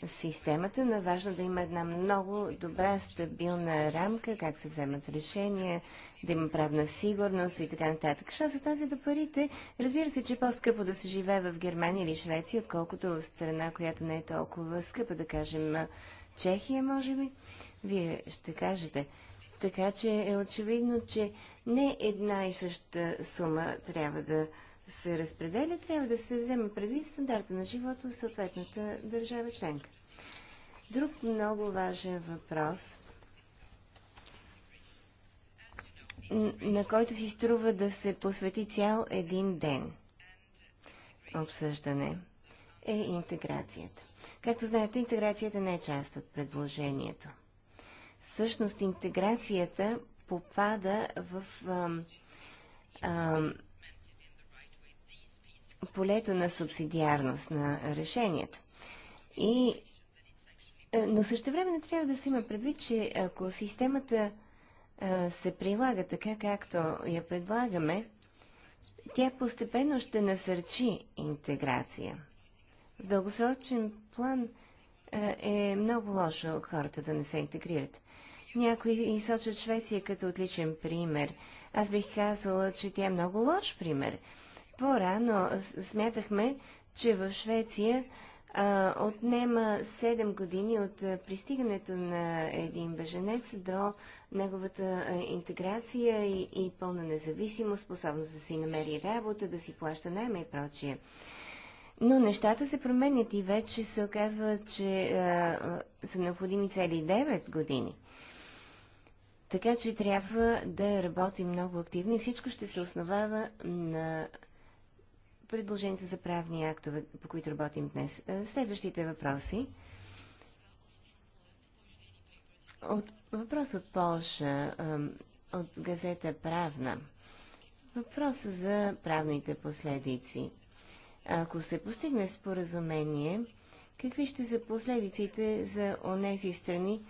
системата, но е важно да има една много добра, стабилна рамка, как се вземат решения, да има правна сигурност и така нататък. Що се тази до парите, разбира се, че е по-скъпо да се живее в Германия или Швеция, отколкото в страна, която не е толкова скъпа, да кажем Чехия, може би. Вие ще кажете. Така че е очевидно, че не една и съща сума трябва да се разпределя, трябва да се вземе предвид стандарта на живота в съответната държава членка. Друг много важен въпрос, на който си струва да се посвети цял един ден обсъждане, е интеграцията. Както знаете, интеграцията не е част от предложението. Всъщност интеграцията попада в ам, ам, полето на субсидиарност на решенията. И, е, но също време трябва да се има предвид, че ако системата е, се прилага така, както я предлагаме, тя постепенно ще насърчи интеграция. В дългосрочен план е, е много лошо хората да не се интегрират. Някои изсочат Швеция като отличен пример. Аз бих казала, че тя е много лош пример. По-рано смятахме, че в Швеция а, отнема 7 години от пристигането на един беженец до неговата интеграция и, и пълна независимост, способност да си намери работа, да си плаща найма и прочие. Но нещата се променят и вече се оказва, че а, са необходими цели 9 години. Така че трябва да работим много активно и всичко ще се основава на предложенията за правни актове, по които работим днес. Е, следващите въпроси. От, въпрос от Полша, от газета Правна. Въпрос за правните последици. Ако се постигне споразумение, какви ще са последиците за онези страни,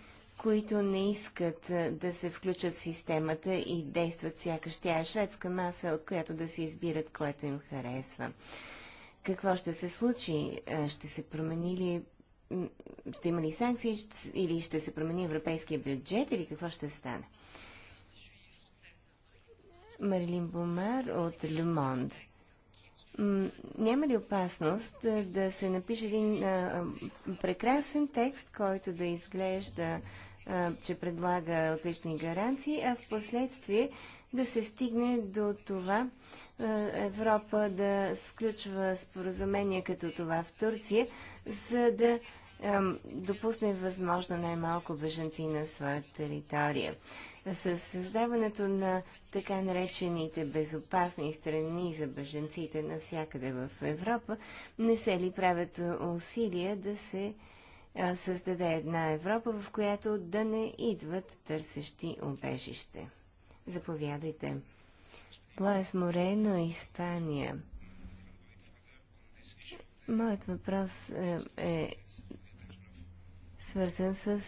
които не искат да се включат в системата и действат сякаш тя е шведска маса, от която да се избират, което им харесва. Какво ще се случи? Ще се промени ли ще има ли санкции или ще се промени европейския бюджет или какво ще стане? Марилин Бомар от Люмонд. Няма ли опасност да се напише един прекрасен текст, който да изглежда че предлага отлични гаранции, а в последствие да се стигне до това Европа да сключва споразумение като това в Турция, за да допусне възможно най-малко бежанци на своя територия. С създаването на така наречените безопасни страни за бежанците навсякъде в Европа, не се ли правят усилия да се създаде една Европа, в която да не идват търсещи убежище. Заповядайте. Блас Морено, Испания. Моят въпрос е, е свързан с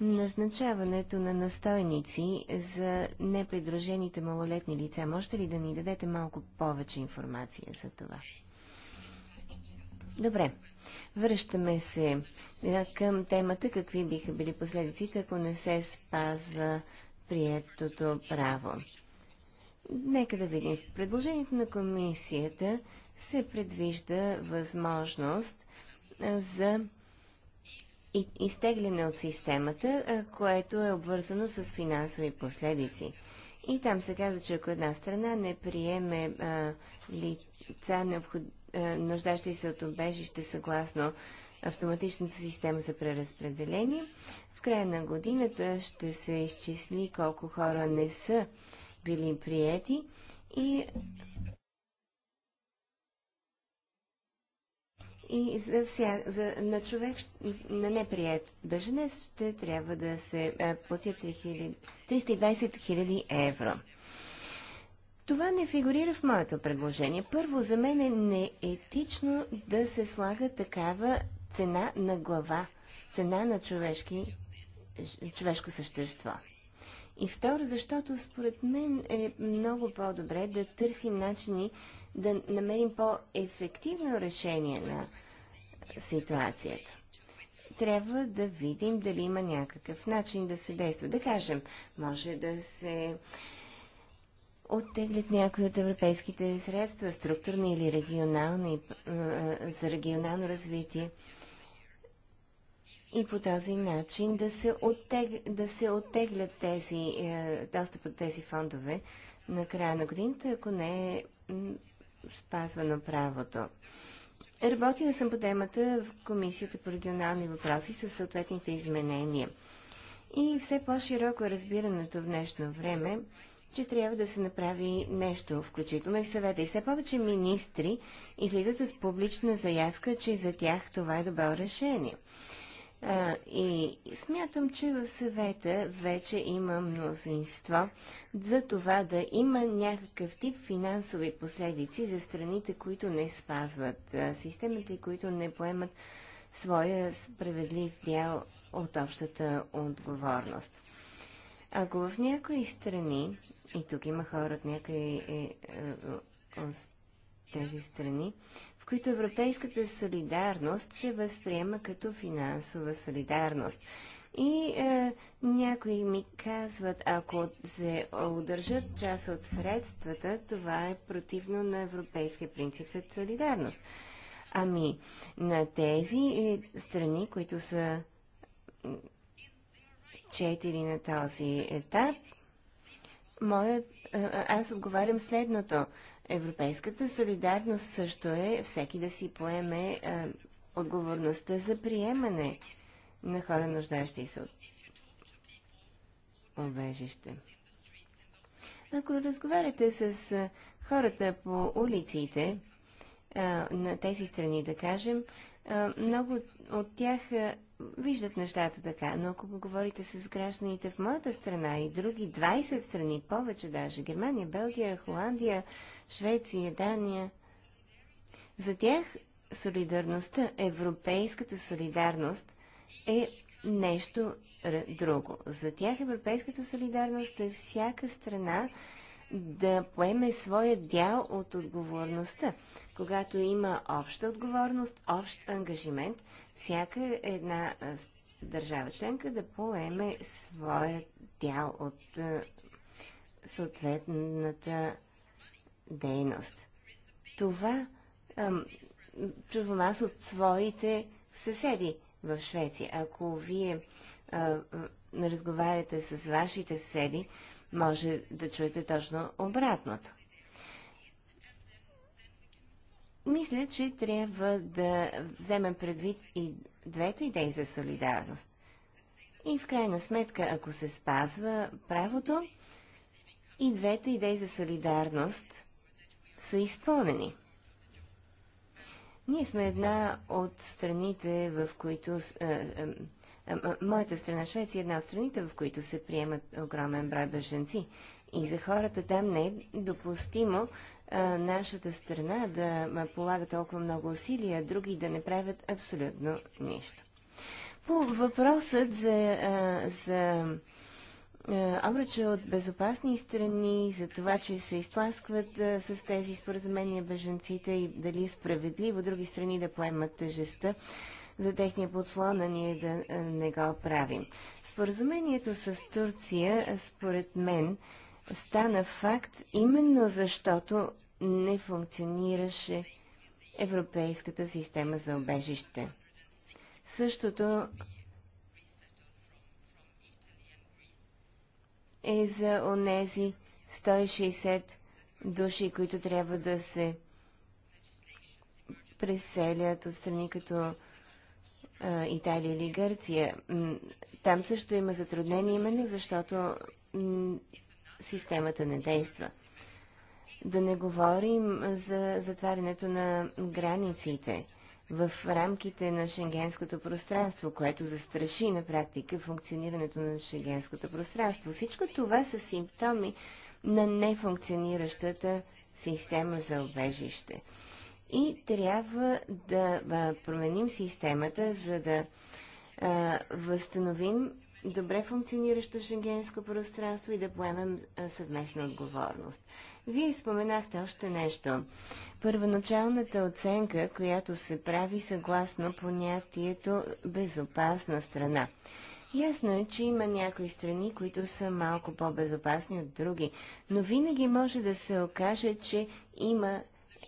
назначаването на настойници за непридружените малолетни лица. Можете ли да ни дадете малко повече информация за това? Добре. Връщаме се към темата какви биха били последиците, ако не се спазва приетото право. Нека да видим. В предложението на комисията се предвижда възможност за изтегляне от системата, което е обвързано с финансови последици. И там се казва, че ако една страна не приеме а, лица, необходимо. Е, нуждащи се от обежище съгласно автоматичната система за преразпределение. В края на годината ще се изчисли колко хора не са били приети и и за вся, за, на човек, на неприят беженец ще трябва да се е, платят 320 000 евро. Това не фигурира в моето предложение. Първо, за мен е неетично да се слага такава цена на глава, цена на човешки, човешко същество. И второ, защото според мен е много по-добре да търсим начини да намерим по-ефективно решение на ситуацията. Трябва да видим дали има някакъв начин да се действа. Да кажем, може да се оттеглят някои от европейските средства, структурни или регионални, за регионално развитие. И по този начин да се, оттег... да се оттеглят тези, е, достъп от тези фондове на края на годината, ако не е спазвано правото. Работила съм по темата в Комисията по регионални въпроси със съответните изменения. И все по-широко разбирането в днешно време че трябва да се направи нещо, включително и в съвета. И все повече министри излизат с публична заявка, че за тях това е добро решение. А, и смятам, че в съвета вече има мнозинство за това да има някакъв тип финансови последици за страните, които не спазват системите, които не поемат своя справедлив дял от общата отговорност. Ако в някои страни, и тук има хора от някои е, е, е, от тези страни, в които европейската солидарност се възприема като финансова солидарност. И е, някои ми казват, ако се удържат част от средствата, това е противно на европейския принцип за солидарност. Ами, на тези е, страни, които са 4 на този етап, моят, аз отговарям следното. Европейската солидарност също е всеки да си поеме а, отговорността за приемане на хора, нуждащи се от обежище. Ако разговаряте с хората по улиците а, на тези страни, да кажем, а, много от тях виждат нещата така. Но ако говорите с гражданите в моята страна и други 20 страни, повече даже, Германия, Белгия, Холандия, Швеция, Дания, за тях солидарността, европейската солидарност е нещо друго. За тях европейската солидарност е всяка страна да поеме своя дял от отговорността. Когато има обща отговорност, общ ангажимент – всяка една държава членка да поеме своя дял от съответната дейност. Това чувам аз от своите съседи в Швеция. Ако вие а, разговаряте с вашите съседи, може да чуете точно обратното. Мисля, че трябва да вземем предвид и двете идеи за солидарност. И в крайна сметка, ако се спазва правото, и двете идеи за солидарност са изпълнени. Ние сме една от страните, в които... моята страна Швеция е една от страните, в които се приемат огромен брой беженци. И за хората там не е допустимо нашата страна да полага толкова много усилия, други да не правят абсолютно нищо. По въпросът за, за обръча от безопасни страни, за това, че се изтласкват с тези споразумения беженците и дали е справедливо други страни да поемат тежестта за техния подслон, а ние да не го правим. Споразумението с Турция, според мен, стана факт именно защото не функционираше европейската система за обежище. Същото е за онези 160 души, които трябва да се преселят от страни като Италия или Гърция. Там също има затруднения, именно защото системата не действа. Да не говорим за затварянето на границите в рамките на шенгенското пространство, което застраши на практика функционирането на шенгенското пространство. Всичко това са симптоми на нефункциониращата система за обежище. И трябва да променим системата, за да възстановим добре функциониращо шенгенско пространство и да поемем съвместна отговорност. Вие споменахте още нещо. Първоначалната оценка, която се прави съгласно понятието безопасна страна. Ясно е, че има някои страни, които са малко по-безопасни от други, но винаги може да се окаже, че има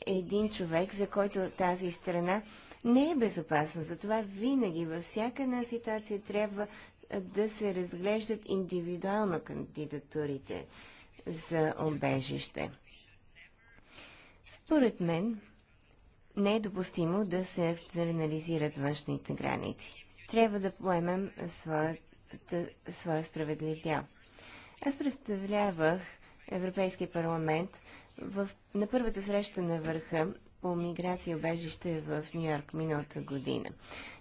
един човек, за който тази страна не е безопасна. Затова винаги във всяка една ситуация трябва да се разглеждат индивидуално кандидатурите за обежище. Според мен не е допустимо да се екстернализират външните граници. Трябва да поемем своята, своя справедлив дял. Аз представлявах Европейския парламент в, на първата среща на върха по миграция и обежище в Нью-Йорк миналата година.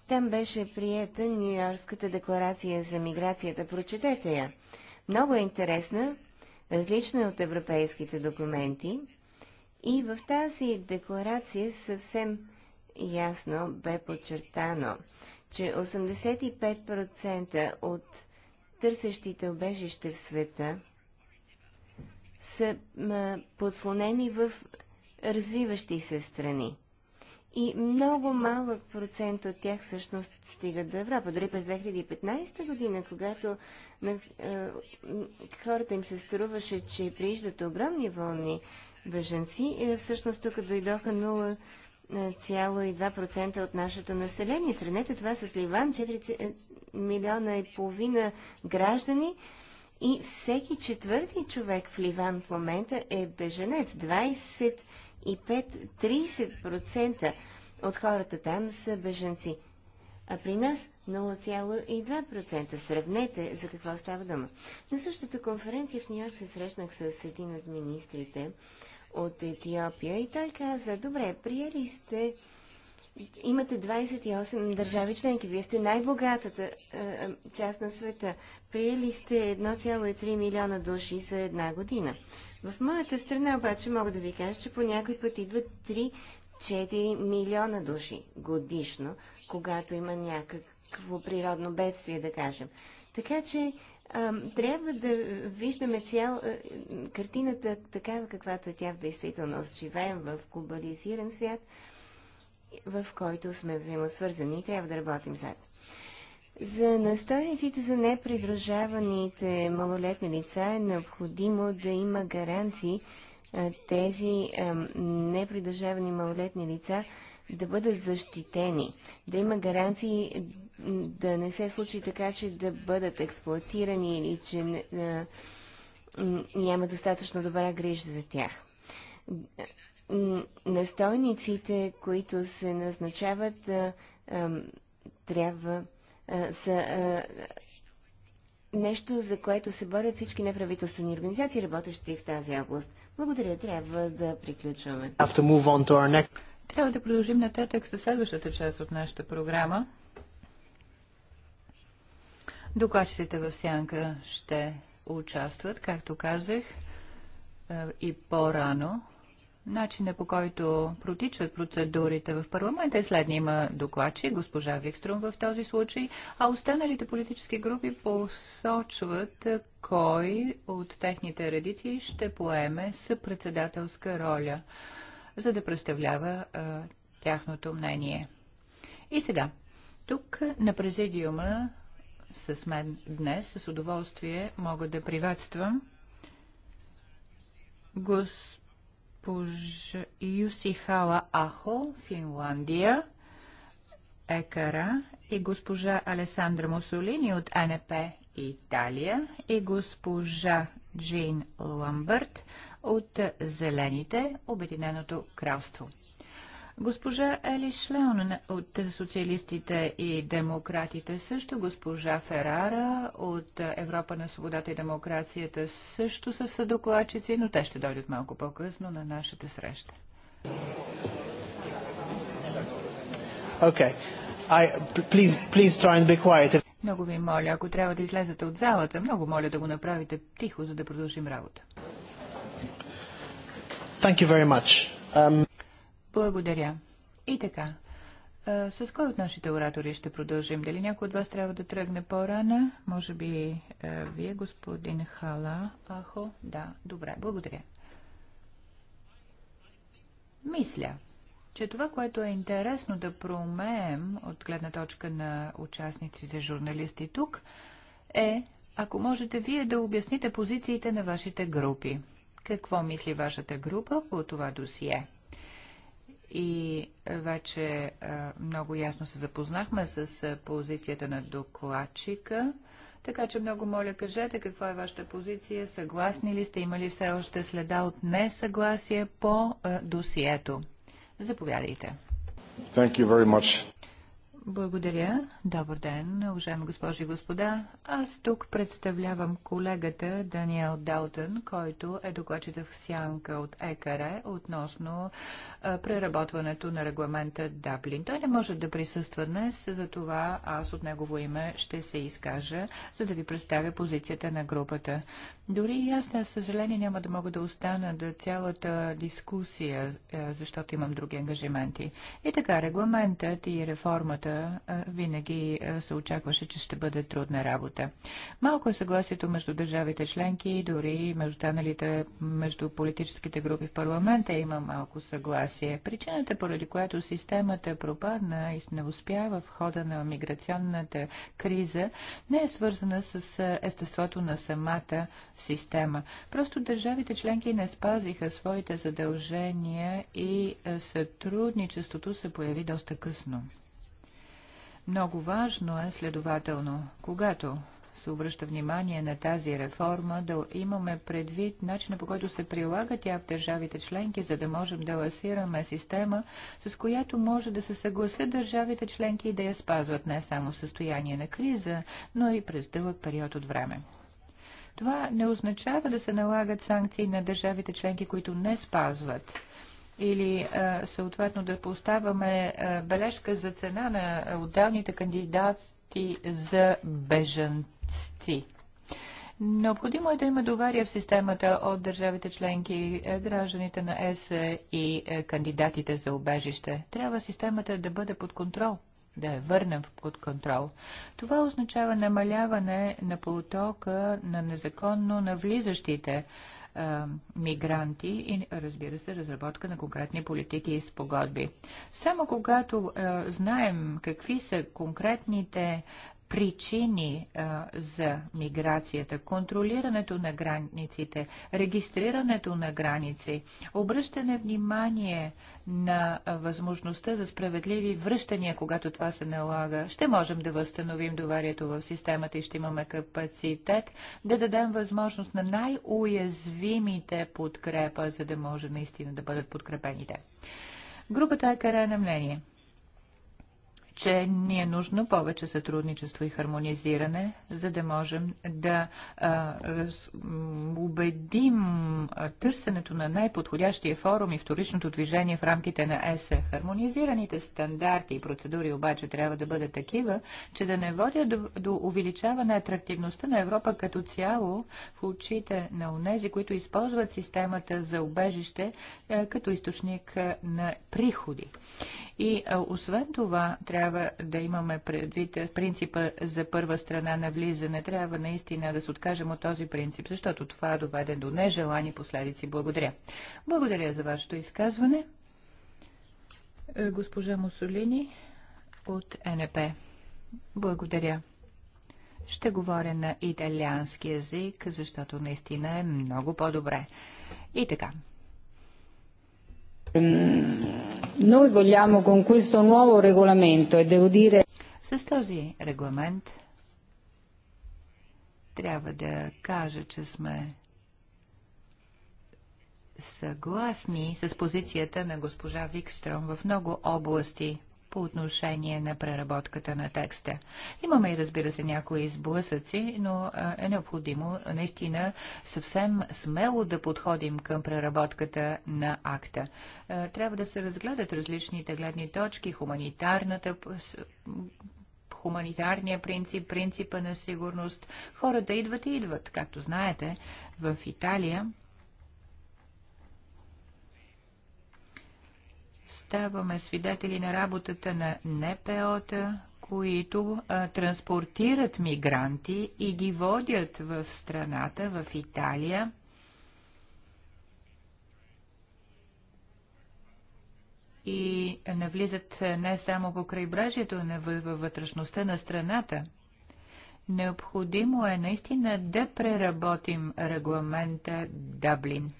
Там беше приета Нью-Йоркската декларация за миграцията. Прочетете я. Много е интересна, различна е от европейските документи. И в тази декларация съвсем ясно бе подчертано, че 85% от търсещите убежище в света са подслонени в развиващи се страни. И много малък процент от тях всъщност стигат до Европа. Дори през 2015 година, когато на, е, хората им се струваше, че прииждат огромни вълни бежанци, е, всъщност тук дойдоха 0,2% е, от нашето население. Сравнете това с Ливан, 4 е, милиона и половина граждани. И всеки четвърти човек в Ливан в момента е беженец. 20 30% от хората там са бежанци. А при нас 0,2%. Сравнете за какво става дума. На същата конференция в Нью-Йорк се срещнах с един от министрите от Етиопия и той каза, добре, приели сте, имате 28 държави членки, вие сте най-богатата част на света, приели сте 1,3 милиона души за една година. В моята страна обаче мога да ви кажа, че по някой път идват 3-4 милиона души годишно, когато има някакво природно бедствие, да кажем. Така че трябва да виждаме цял картината такава, каквато е тя в действителност. Живеем в глобализиран свят, в който сме взаимосвързани и трябва да работим заедно. За настойниците за непридружаваните малолетни лица е необходимо да има гаранции тези непридружавани малолетни лица да бъдат защитени, да има гаранции да не се случи така, че да бъдат експлуатирани или че няма достатъчно добра грижа за тях. Настойниците, които се назначават, трябва за нещо, за което се борят всички неправителствени организации, работещи в тази област. Благодаря, трябва да приключваме. Трябва да продължим нататък със следващата част от нашата програма. Докладчиците в Сянка ще участват, както казах, и по-рано начина по който протичат процедурите в парламента е следния. Има докладчи, госпожа Викструм в този случай, а останалите политически групи посочват кой от техните редици ще поеме съпредседателска роля, за да представлява а, тяхното мнение. И сега, тук на президиума с мен днес с удоволствие мога да приветствам господин госпожа Юсихала Ахо, Финландия, Екара и госпожа Алесандра Мусолини от НП Италия и госпожа Джин Ламбърт от Зелените, Обединеното кралство. Госпожа Ели Шлеон от Социалистите и Демократите също, госпожа Ферара от Европа на свободата и демокрацията също са съдокладчици, но те ще дойдат малко по-късно на нашата среща. Okay. I, please, please try and be quiet. Много ви моля, ако трябва да излезете от залата, много моля да го направите тихо, за да продължим работа. Thank you very much. Um... Благодаря. И така. А, с кой от нашите оратори ще продължим? Дали някой от вас трябва да тръгне по-рано? Може би а, вие, господин Хала Ахо? Да, добре, благодаря. Мисля, че това, което е интересно да промеем от гледна точка на участници за журналисти тук, е, ако можете вие да обясните позициите на вашите групи. Какво мисли вашата група по това досие? и е, вече е, много ясно се запознахме с е, позицията на докладчика. Така че много моля, кажете каква е вашата позиция, съгласни ли сте, има ли все още следа от несъгласие по досието. Заповядайте. Thank you very much. Благодаря. Добър ден, уважаеми госпожи и господа. Аз тук представлявам колегата Даниел Далтън, който е докладчик в сянка от ЕКР относно а, преработването на регламента Даблин. Той не може да присъства днес, затова аз от негово име ще се изкажа, за да ви представя позицията на групата. Дори и аз, на съжаление, няма да мога да остана до цялата дискусия, е, защото имам други ангажименти. И така, регламентът и реформата е, винаги е, се очакваше, че ще бъде трудна работа. Малко е съгласието между държавите членки и дори между останалите, между политическите групи в парламента има малко съгласие. Причината, поради която системата пропадна и не успява в хода на миграционната криза, не е свързана с естеството на самата система. Просто държавите членки не спазиха своите задължения и е, сътрудничеството се появи доста късно. Много важно е, следователно, когато се обръща внимание на тази реформа, да имаме предвид начина по който се прилага тя в държавите членки, за да можем да ласираме система, с която може да се съгласят държавите членки и да я спазват не само в състояние на криза, но и през дълъг период от време. Това не означава да се налагат санкции на държавите членки, които не спазват или е, съответно да поставяме е, бележка за цена на отделните кандидати за бежанци. Необходимо е да има доверие в системата от държавите членки, е, гражданите на ЕС и кандидатите за убежище. Трябва системата да бъде под контрол да я върнем под контрол. Това означава намаляване на потока на незаконно навлизащите а, мигранти и, разбира се, разработка на конкретни политики и спогодби. Само когато а, знаем какви са конкретните причини а, за миграцията, контролирането на границите, регистрирането на граници, обръщане внимание на възможността за справедливи връщания, когато това се налага, ще можем да възстановим доверието в системата и ще имаме капацитет да дадем възможност на най-уязвимите подкрепа, за да може наистина да бъдат подкрепените. Групата е карена на мнение – че ни е нужно повече сътрудничество и хармонизиране, за да можем да а, раз, убедим търсенето на най-подходящия форум и вторичното движение в рамките на ЕСЕ. Хармонизираните стандарти и процедури обаче трябва да бъдат такива, че да не водят до, до увеличаване атрактивността на Европа като цяло в очите на унези, които използват системата за убежище а, като източник на приходи. И а, освен това, трябва трябва да имаме предвид принципа за първа страна на влизане. Трябва наистина да се откажем от този принцип, защото това доведе до нежелани последици. Благодаря. Благодаря за вашето изказване. Е, госпожа Мусолини от НП. Благодаря. Ще говоря на италиански язик, защото наистина е много по-добре. И така. Noi vogliamo con questo nuovo regolamento e devo dire... С този регламент трябва да кажа, че сме съгласни с позицията на госпожа Викстром в много области – по отношение на преработката на текста. Имаме и разбира се някои изблъсъци, но е необходимо наистина съвсем смело да подходим към преработката на акта. Трябва да се разгледат различните гледни точки, хуманитарната хуманитарния принцип, принципа на сигурност. Хората идват и идват. Както знаете, в Италия ставаме свидетели на работата на НПО-та, които а, транспортират мигранти и ги водят в страната, в Италия. И навлизат не само по крайбрежието, но във вътрешността на страната. Необходимо е наистина да преработим регламента Даблин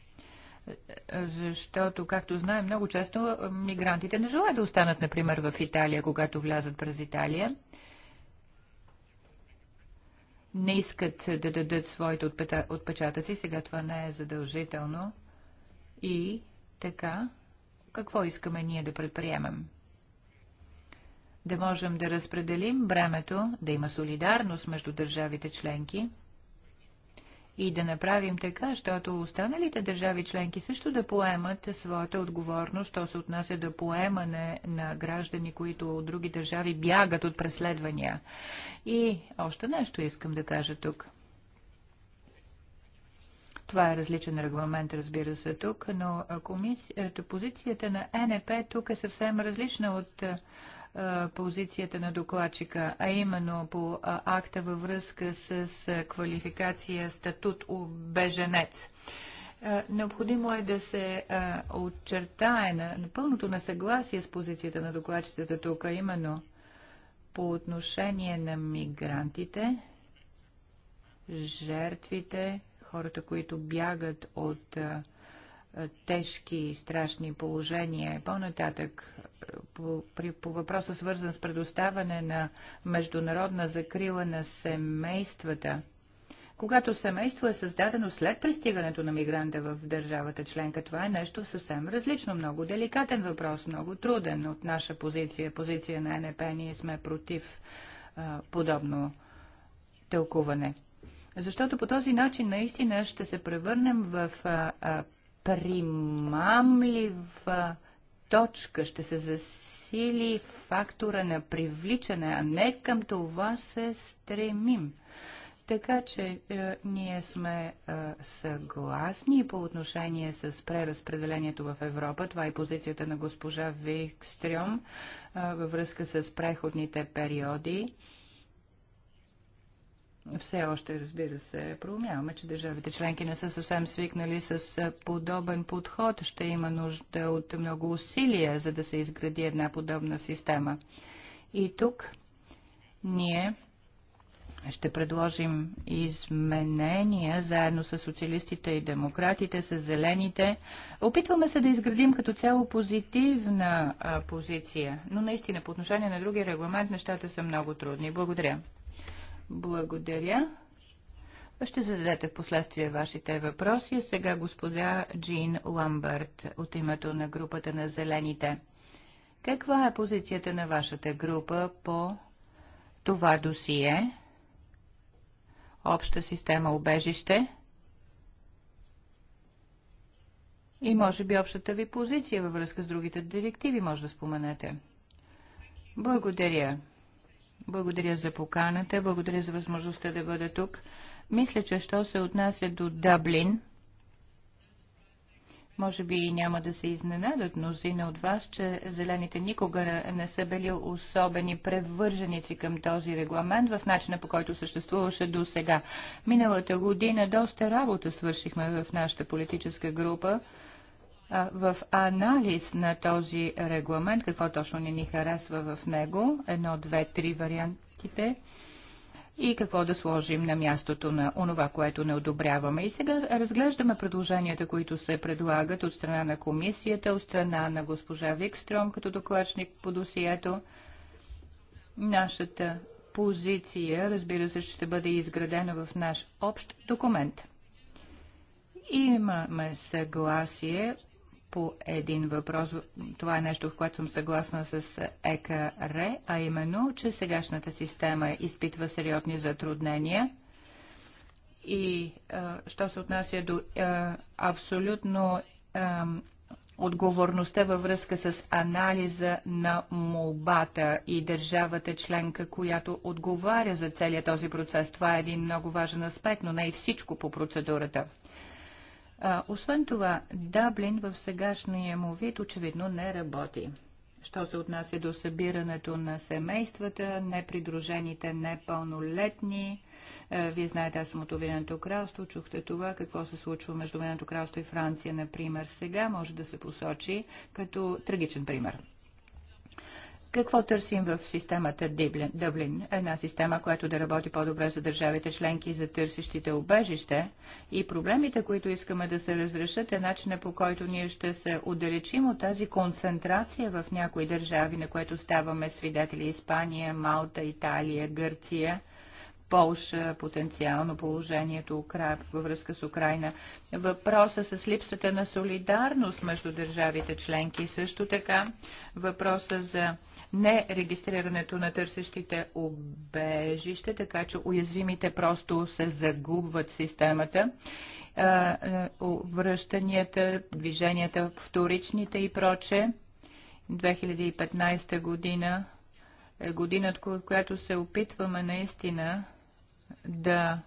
защото, както знаем, много често мигрантите не желаят да останат, например, в Италия, когато влязат през Италия. Не искат да дадат своите отпечатъци, сега това не е задължително. И така, какво искаме ние да предприемем? Да можем да разпределим бремето, да има солидарност между държавите членки – и да направим така, защото останалите държави членки също да поемат своята отговорност, що се отнася до поемане на граждани, които от други държави бягат от преследвания. И още нещо искам да кажа тук. Това е различен регламент, разбира се, тук, но позицията на НП тук е съвсем различна от позицията на докладчика, а именно по акта във връзка с квалификация статут беженец. Необходимо е да се очертае на, на пълното насъгласие с позицията на докладчицата тук, именно по отношение на мигрантите, жертвите, хората, които бягат от а, тежки и страшни положения. По-нататък, по, при, по въпроса свързан с предоставяне на международна закрила на семействата, когато семейство е създадено след пристигането на мигранта в държавата членка, това е нещо съвсем различно, много деликатен въпрос, много труден от наша позиция, позиция на НП. Ние сме против а, подобно тълкуване. Защото по този начин наистина ще се превърнем в а, а, примамлива точка, ще се засили фактора на привличане, а не към това се стремим. Така че е, ние сме е, съгласни по отношение с преразпределението в Европа. Това е позицията на госпожа Викстрюм е, във връзка с преходните периоди. Е, все още, разбира се, проумяваме, че държавите членки не са съвсем свикнали с подобен подход. Ще има нужда от много усилия, за да се изгради една подобна система. И тук ние ще предложим изменения заедно с социалистите и демократите, с зелените. Опитваме се да изградим като цяло позитивна а, позиция, но наистина по отношение на другия регламент нещата са много трудни. Благодаря. Благодаря. Ще зададете в последствие вашите въпроси. Сега госпожа Джин Ламбърт от името на групата на Зелените. Каква е позицията на вашата група по това досие? Обща система обежище? И може би общата ви позиция във връзка с другите директиви може да споменете. Благодаря. Благодаря за поканата, благодаря за възможността да бъда тук. Мисля, че що се отнася до Даблин, може би няма да се изненадат мнозина от вас, че зелените никога не са били особени превърженици към този регламент в начина по който съществуваше до сега. Миналата година доста работа свършихме в нашата политическа група в анализ на този регламент, какво точно не ни харесва в него, едно, две, три вариантите и какво да сложим на мястото на онова, което не одобряваме. И сега разглеждаме предложенията, които се предлагат от страна на комисията, от страна на госпожа Викстром като докладчник по досието. Нашата позиция, разбира се, ще бъде изградена в наш общ документ. Имаме съгласие по един въпрос. Това е нещо, в което съм съгласна с ЕКР, а именно, че сегашната система изпитва сериозни затруднения. И а, що се отнася до а, абсолютно а, отговорността във връзка с анализа на молбата и държавата членка, която отговаря за целият този процес. Това е един много важен аспект, но не и всичко по процедурата. А, освен това, Даблин в сегашния му вид очевидно не работи. Що се отнася до събирането на семействата, непридружените, непълнолетни, вие знаете, аз съм от Обединеното кралство, чухте това, какво се случва между Обединеното кралство и Франция, например, сега може да се посочи като трагичен пример. Какво търсим в системата Дъблин? Една система, която да работи по-добре за държавите членки и за търсещите обежище и проблемите, които искаме да се разрешат е начина по който ние ще се отдалечим от тази концентрация в някои държави, на което ставаме свидетели Испания, Малта, Италия, Гърция. Полша, потенциално положението във връзка с Украина, въпроса с липсата на солидарност между държавите членки, също така въпроса за не регистрирането на търсещите убежище, така че уязвимите просто се загубват системата връщанията, движенията, вторичните и проче. 2015 година е годината, която се опитваме наистина да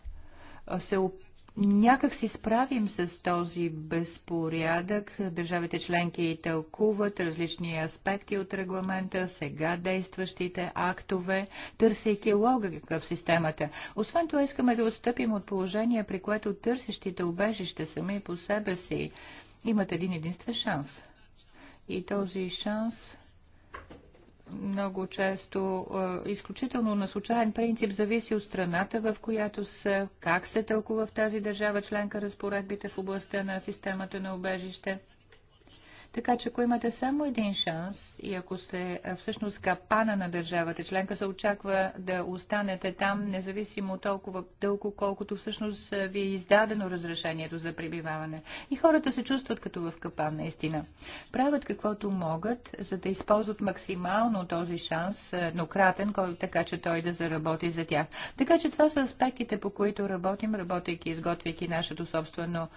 се опитваме някак си справим с този безпорядък. Държавите членки тълкуват различни аспекти от регламента, сега действащите актове, търсейки логика в системата. Освен това искаме да отстъпим от положение, при което търсещите убежище сами по себе си имат един единствен шанс. И този шанс много често е, изключително на случайен принцип зависи от страната, в която са, как се тълкува в тази държава членка разпоредбите в областта на системата на убежище – така че ако имате само един шанс и ако сте всъщност капана на държавата членка, се очаква да останете там, независимо толкова дълго, колкото всъщност ви е издадено разрешението за прибиваване. И хората се чувстват като в капан, наистина. Правят каквото могат, за да използват максимално този шанс, еднократен, така че той да заработи за тях. Така че това са аспектите, по които работим, работейки, изготвяйки нашето собствено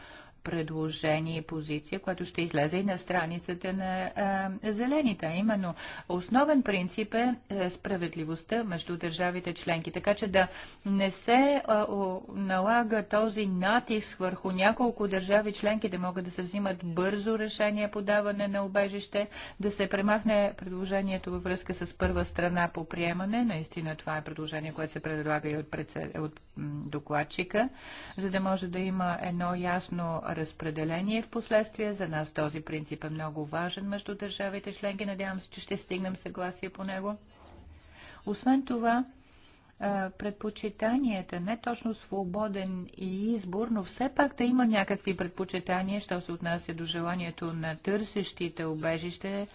предложение и позиция, което ще излезе и на страницата на а, зелените. Именно основен принцип е, е справедливостта между държавите членки, така че да не се а, о, налага този натиск върху няколко държави членки да могат да се взимат бързо решение по даване на убежище, да се премахне предложението във връзка с първа страна по приемане. Наистина това е предложение, което се предлага и от, председ... от докладчика, за да може да има едно ясно разпределение в последствие. За нас този принцип е много важен между държавите членки. Надявам се, че ще стигнем съгласие по него. Освен това, предпочитанията, не точно свободен и избор, но все пак да има някакви предпочитания, що се отнася до желанието на търсещите обежище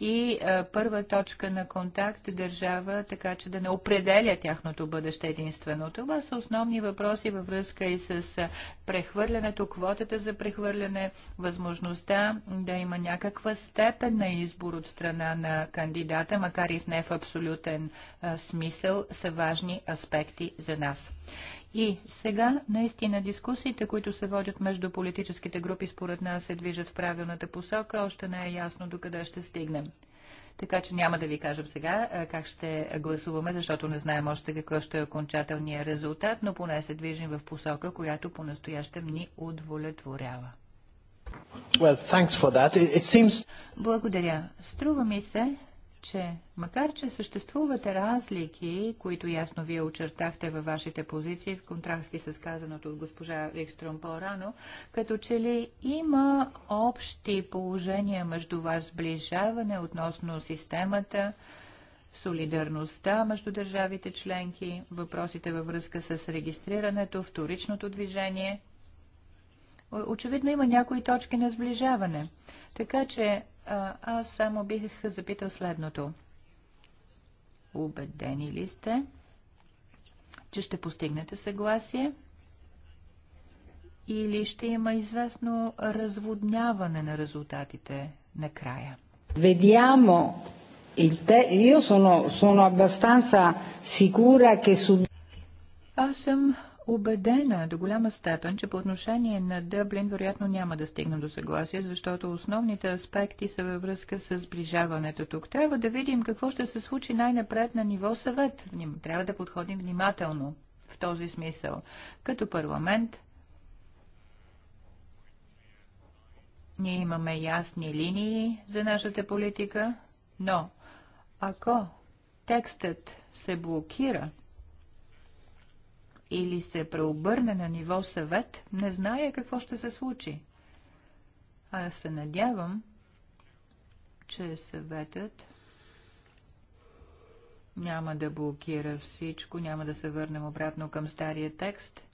и е, първа точка на контакт държава, така че да не определя тяхното бъдеще единствено. Това са основни въпроси във връзка и с е, прехвърлянето, квотата за прехвърляне, възможността да има някаква степен на избор от страна на кандидата, макар и в не в абсолютен е, смисъл, са важни аспекти за нас. И сега наистина дискусиите, които се водят между политическите групи, според нас се движат в правилната посока. Още не е ясно до къде ще стигнем. Така че няма да ви кажем сега как ще гласуваме, защото не знаем още какво ще е окончателният резултат, но поне се движим в посока, която по-настоящем ни удовлетворява. Well, seems... Благодаря. Струва ми се, че макар, че съществуват разлики, които ясно вие очертахте във вашите позиции, в контрасти с казаното от госпожа Викстром по-рано, като че ли има общи положения между вас сближаване относно системата, солидарността между държавите членки, въпросите във връзка с регистрирането, вторичното движение. Очевидно има някои точки на сближаване. Така че аз само бих запитал следното. Убедени ли сте, че ще постигнете съгласие? Или ще има известно разводняване на резултатите накрая? Ведямо. Аз съм убедена до голяма степен, че по отношение на Дъблин вероятно няма да стигна до съгласие, защото основните аспекти са във връзка с сближаването тук. Трябва да видим какво ще се случи най-напред на ниво съвет. Трябва да подходим внимателно в този смисъл. Като парламент, ние имаме ясни линии за нашата политика, но ако текстът се блокира, или се преобърне на ниво съвет, не знае какво ще се случи. Аз се надявам, че съветът няма да блокира всичко, няма да се върнем обратно към стария текст –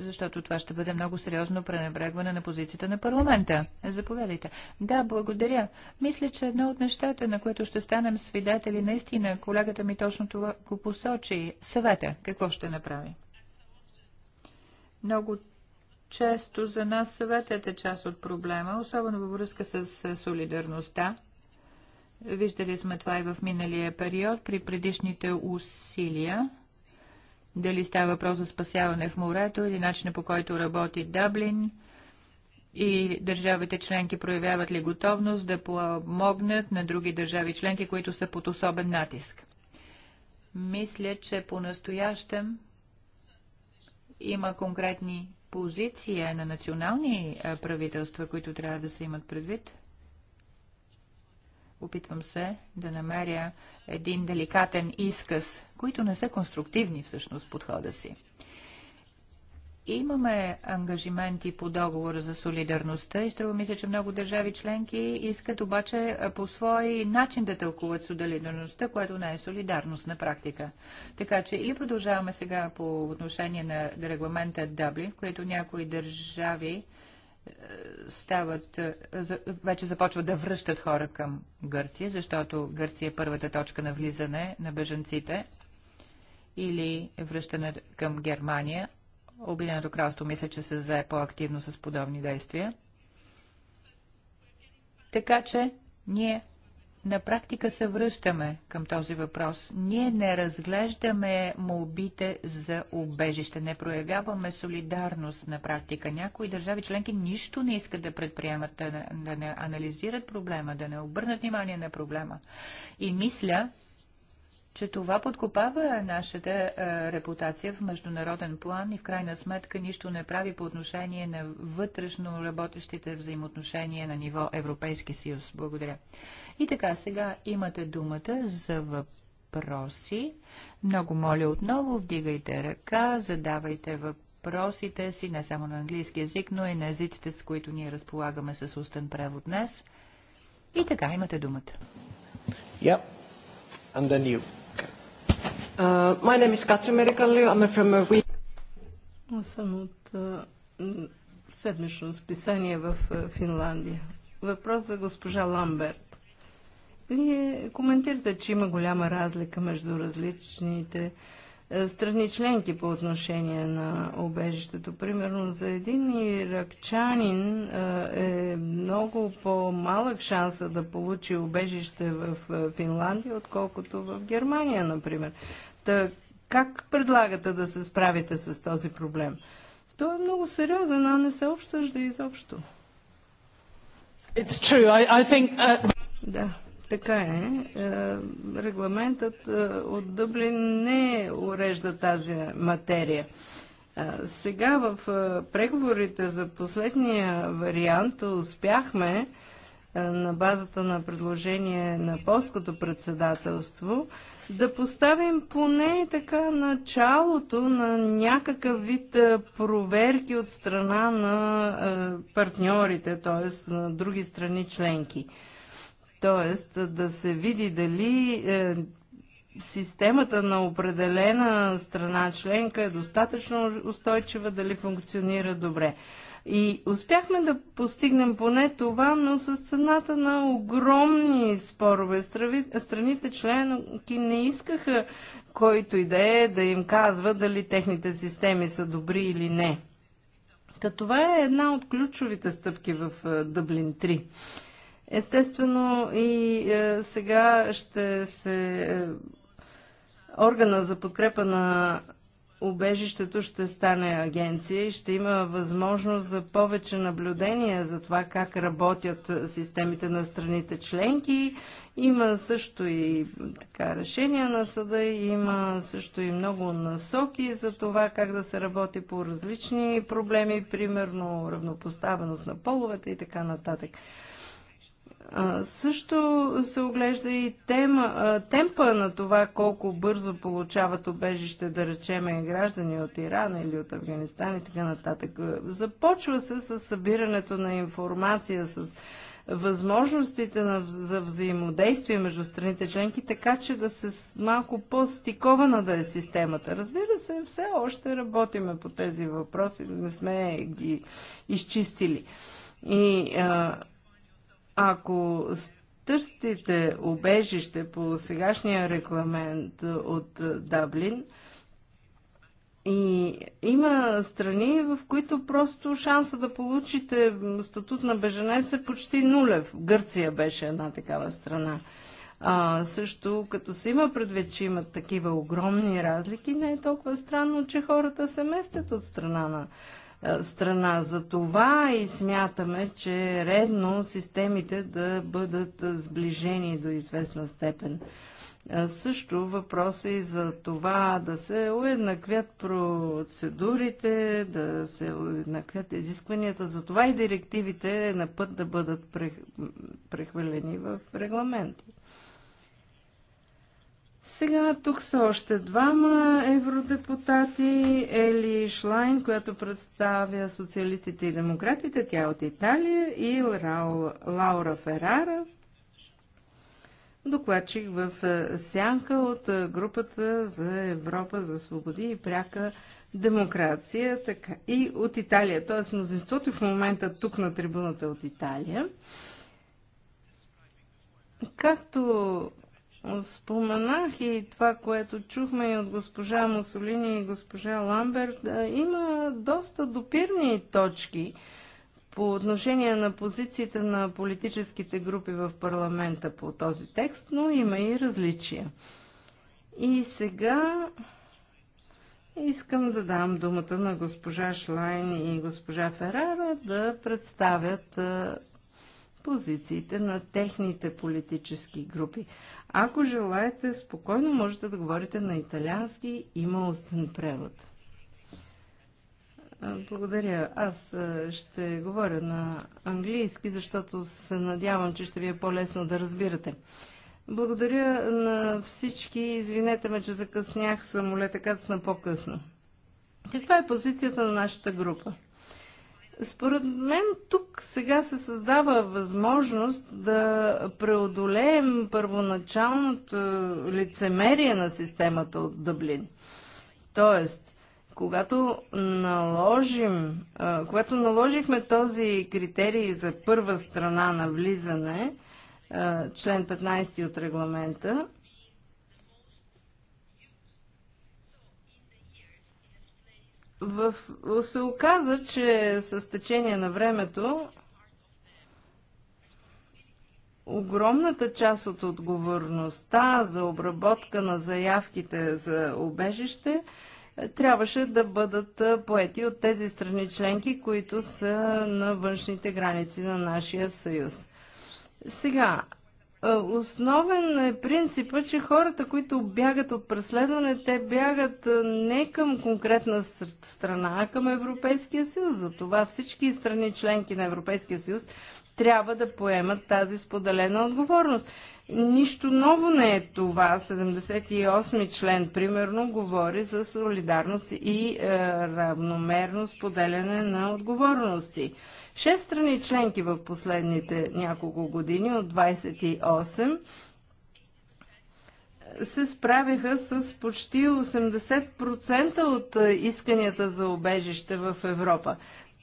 защото това ще бъде много сериозно пренебрегване на позицията на парламента. Заповядайте. Да, благодаря. Мисля, че едно от нещата, на които ще станем свидетели, наистина, колегата ми точно това го посочи. Съвета, какво ще направи? Много често за нас съветът е част от проблема, особено във връзка с солидарността. Виждали сме това и в миналия период при предишните усилия дали става въпрос за спасяване в морето или начина по който работи Даблин и държавите членки проявяват ли готовност да помогнат на други държави членки, които са под особен натиск. Мисля, че по-настоящем има конкретни позиции на национални правителства, които трябва да се имат предвид. Опитвам се да намеря един деликатен изказ които не са конструктивни всъщност подхода си. Имаме ангажименти по договора за солидарността и струва мисля, че много държави членки искат обаче по свой начин да тълкуват солидарността, което не е солидарност на практика. Така че или продължаваме сега по отношение на регламента Дъблин, в което някои държави стават, вече започват да връщат хора към Гърция, защото Гърция е първата точка на влизане на бежанците, или е връщане към Германия. Обединеното кралство мисля, че се зае по-активно с подобни действия. Така че ние на практика се връщаме към този въпрос. Ние не разглеждаме молбите за убежище, не проявяваме солидарност на практика. Някои държави членки нищо не искат да предприемат, да не анализират проблема, да не обърнат внимание на проблема. И мисля, че това подкопава нашата а, репутация в международен план и в крайна сметка нищо не прави по отношение на вътрешно работещите взаимоотношения на ниво Европейски съюз. Благодаря. И така, сега имате думата за въпроси. Много моля отново, вдигайте ръка, задавайте въпросите си не само на английски язик, но и на езиците, с които ние разполагаме с устен превод днес. И така, имате думата. Yep. And then you. Uh, my name is Katrin I'm from a... Аз съм от uh, седмично списание в uh, Финландия. Въпрос за госпожа Ламберт. Вие коментирате, че има голяма разлика между различните страни членки по отношение на обежището. Примерно за един иракчанин е много по-малък шанса да получи обежище в Финландия, отколкото в Германия, например. Та, как предлагате да се справите с този проблем? Той е много сериозен, а не се обсъжда изобщо. It's true. I, I think, uh... Да, така е. Регламентът от Дъблин не урежда тази материя. Сега в преговорите за последния вариант успяхме на базата на предложение на полското председателство да поставим поне така началото на някакъв вид проверки от страна на партньорите, т.е. на други страни членки. Т.е. да се види дали е, системата на определена страна членка е достатъчно устойчива, дали функционира добре. И успяхме да постигнем поне това, но с цената на огромни спорове. Страните членки не искаха който и да е да им казва дали техните системи са добри или не. Та това е една от ключовите стъпки в е, Дъблин 3. Естествено и е, сега ще се е, органа за подкрепа на убежището ще стане агенция и ще има възможност за повече наблюдение за това как работят системите на страните членки. Има също и така, решения на съда, има също и много насоки за това как да се работи по различни проблеми, примерно равнопоставеност на половете и така нататък. А, също се оглежда и тема, а, темпа на това колко бързо получават обежище, да речеме, граждани от Иран или от Афганистан и така нататък. Започва се с събирането на информация, с възможностите на, за взаимодействие между страните членки, така че да се малко по-стикована да е системата. Разбира се, все още работиме по тези въпроси, не сме ги изчистили. И а, ако търсите обежище по сегашния регламент от Даблин, и има страни, в които просто шанса да получите статут на беженец е почти нулев. Гърция беше една такава страна. А, също, като се има предвид, че имат такива огромни разлики, не е толкова странно, че хората се местят от страна на е, страна. За това и смятаме, че е редно системите да бъдат е, сближени до известна степен. Е, също въпроси и за това да се уеднаквят процедурите, да се уеднаквят изискванията. За това и директивите на път да бъдат прехвърлени в регламенти. Сега тук са още двама евродепутати. Ели Шлайн, която представя социалистите и демократите, тя е от Италия, и Рау, Лаура Ферара, докладчик в е, сянка от е, групата за Европа за свободи и пряка демокрация, така и от Италия. Т.е. мнозинството в момента тук на трибуната от Италия. Както Споменах и това, което чухме и от госпожа Мусолини и госпожа Ламберт. Има доста допирни точки по отношение на позициите на политическите групи в парламента по този текст, но има и различия. И сега искам да дам думата на госпожа Шлайн и госпожа Ферара да представят позициите на техните политически групи. Ако желаете, спокойно можете да говорите на италиански, има устен превод. Благодаря. Аз ще говоря на английски, защото се надявам, че ще ви е по-лесно да разбирате. Благодаря на всички. Извинете ме, че закъснях самолета, като сна по-късно. Каква е позицията на нашата група? Според мен тук сега се създава възможност да преодолеем първоначалното лицемерие на системата от Дъблин. Тоест, когато наложим, когато наложихме този критерий за първа страна на влизане, член 15 от регламента, в, се оказа, че с течение на времето огромната част от отговорността за обработка на заявките за обежище е, трябваше да бъдат е, поети от тези страни членки, които са на външните граници на нашия съюз. Сега, Основен е принципът, че хората, които бягат от преследване, те бягат не към конкретна страна, а към Европейския съюз. Затова всички страни членки на Европейския съюз трябва да поемат тази споделена отговорност. Нищо ново не е това. 78 член, примерно, говори за солидарност и е, равномерно споделяне на отговорности. Шест страни членки в последните няколко години от 28 се справиха с почти 80% от е, исканията за обежище в Европа.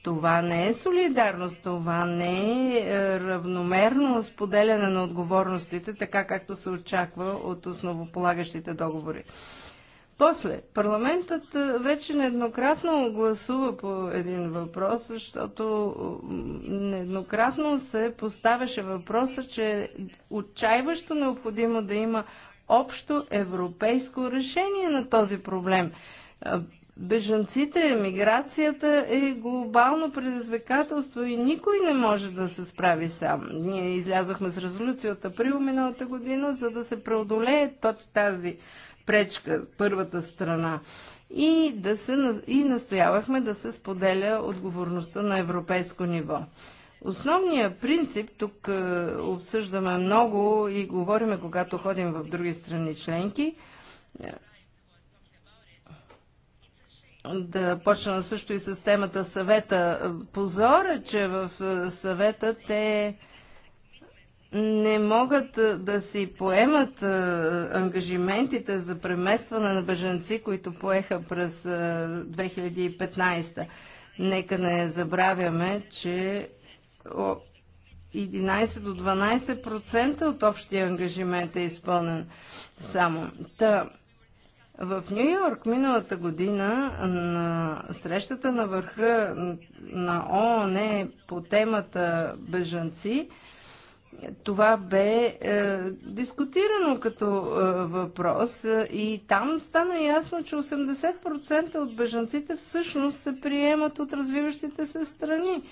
Това не е солидарност, това не е, е равномерно споделяне на отговорностите, така както се очаква от основополагащите договори. После, парламентът е, вече нееднократно гласува по един въпрос, защото нееднократно се поставяше въпроса, че е отчаиващо необходимо да има общо европейско решение на този проблем. Е, Бежанците, миграцията е глобално предизвикателство и никой не може да се справи сам. Ние излязохме с резолюция от април миналата година, за да се преодолее точно тази пречка, първата страна. И, да се, и настоявахме да се споделя отговорността на европейско ниво. Основният принцип, тук е, обсъждаме много и говориме, когато ходим в други страни членки, е, да почна също и с темата съвета. Позора, че в е, съвета те не могат е, да си поемат е, ангажиментите за преместване на бежанци, които поеха през 2015. Нека не забравяме, че 11 до 12% от общия ангажимент е изпълнен само. Та, в Нью Йорк миналата година на срещата на върха на ООН по темата бежанци това бе е, дискутирано като е, въпрос е, и там стана ясно, че 80% от бежанците всъщност се приемат от развиващите се страни.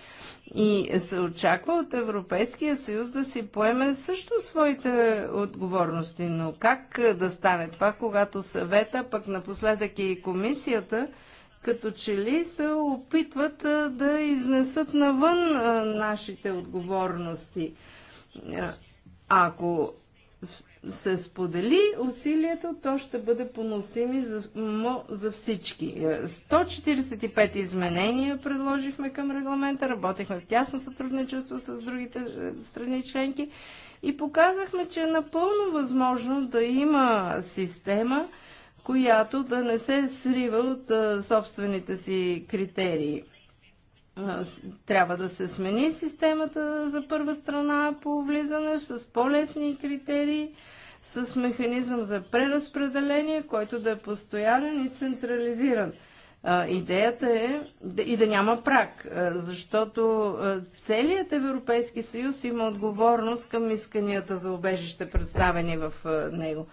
И се очаква от Европейския съюз да си поеме също своите отговорности. Но как е, да стане това, когато съвета, пък напоследък и комисията, като че ли се опитват е, да изнесат навън е, нашите отговорности – е, ако се сподели усилието, то ще бъде поносими за, мо, за всички. 145 е, изменения предложихме към регламента, работехме в тясно сътрудничество с другите е, страни членки и показахме, че е напълно възможно да има система, която да не се срива от собствените си критерии трябва да се смени системата за първа страна по влизане с по-лесни критерии, с механизъм за преразпределение, който да е постоянен и централизиран. Идеята е и да няма прак, защото целият Европейски съюз има отговорност към исканията за обежище, представени в него.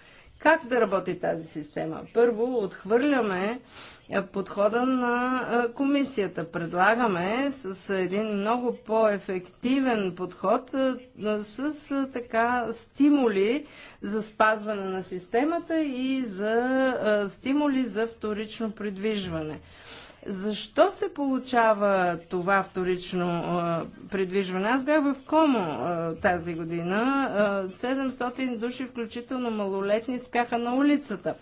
Как да работи тази система? Първо, отхвърляме е, подхода на е, комисията. Предлагаме с един много по-ефективен подход, е, с така стимули за спазване на системата и за стимули за вторично придвижване. Защо се получава това вторично придвижване? Аз бях в Комо тази година. 700 души, включително малолетни, спяха на улицата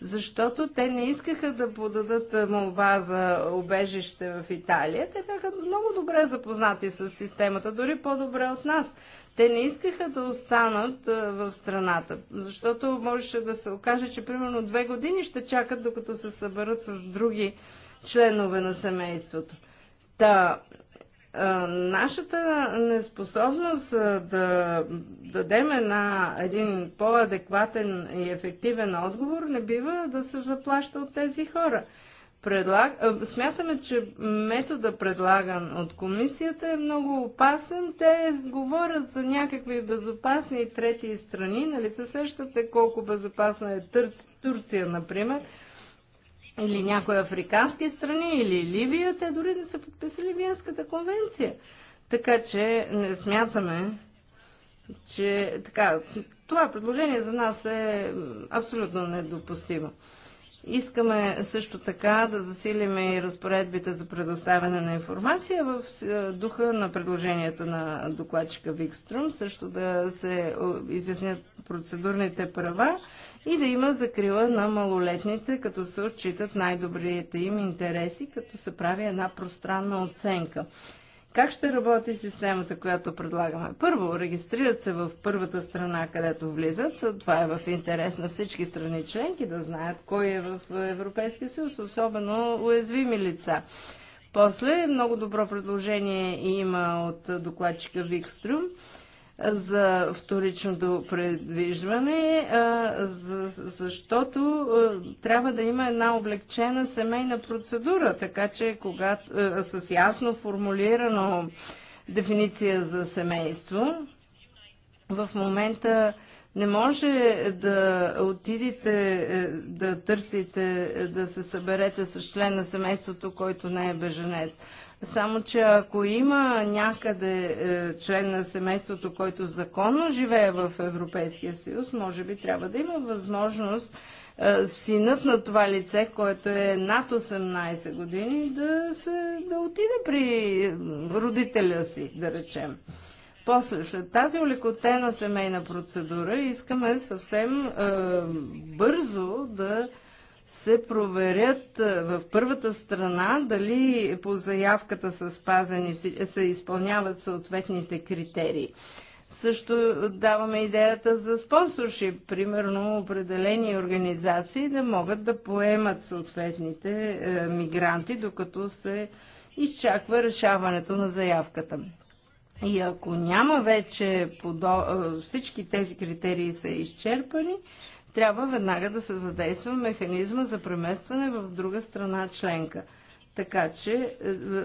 защото те не искаха да подадат молба за обежище в Италия. Те бяха много добре запознати с системата, дори по-добре от нас. Те не искаха да останат в страната, защото можеше да се окаже, че примерно две години ще чакат, докато се съберат с други членове на семейството. Та, нашата неспособност да дадем на един по-адекватен и ефективен отговор не бива да се заплаща от тези хора. Предлаг... Смятаме, че метода предлаган от комисията е много опасен. Те говорят за някакви безопасни трети страни. Нали се сещате колко безопасна е Тур... Турция, например – или някои африкански страни, или Ливия, те дори не са подписали Виенската конвенция. Така че не смятаме, че така, това предложение за нас е абсолютно недопустимо. Искаме също така да засилиме и разпоредбите за предоставяне на информация в е, духа на предложенията на докладчика Викструм, също да се изяснят процедурните права и да има закрила на малолетните, като се отчитат най-добрите им интереси, като се прави една пространна оценка. Как ще работи системата, която предлагаме? Първо, регистрират се в първата страна, където влизат. Това е в интерес на всички страни членки да знаят кой е в Европейския съюз, особено уязвими лица. После, много добро предложение има от докладчика Викстрюм за вторичното предвижване, защото трябва да има една облегчена семейна процедура, така че когато, с ясно формулирано дефиниция за семейство, в момента не може да отидете е, да търсите, е, да се съберете с член на семейството, който не е беженец. Само, че ако има някъде е, член на семейството, който законно живее в Европейския съюз, може би трябва да има възможност е, синът на това лице, което е над 18 години, да, се, да отиде при е, родителя си, да речем. После, след тази олекотена семейна процедура, искаме съвсем е, бързо да се проверят в първата страна дали по заявката са спазени, се изпълняват съответните критерии. Също даваме идеята за спонсоршип, примерно определени организации да могат да поемат съответните е, мигранти, докато се изчаква решаването на заявката. И ако няма вече подо... всички тези критерии са изчерпани, трябва веднага да се задейства механизма за преместване в друга страна членка. Така че, е, е, е,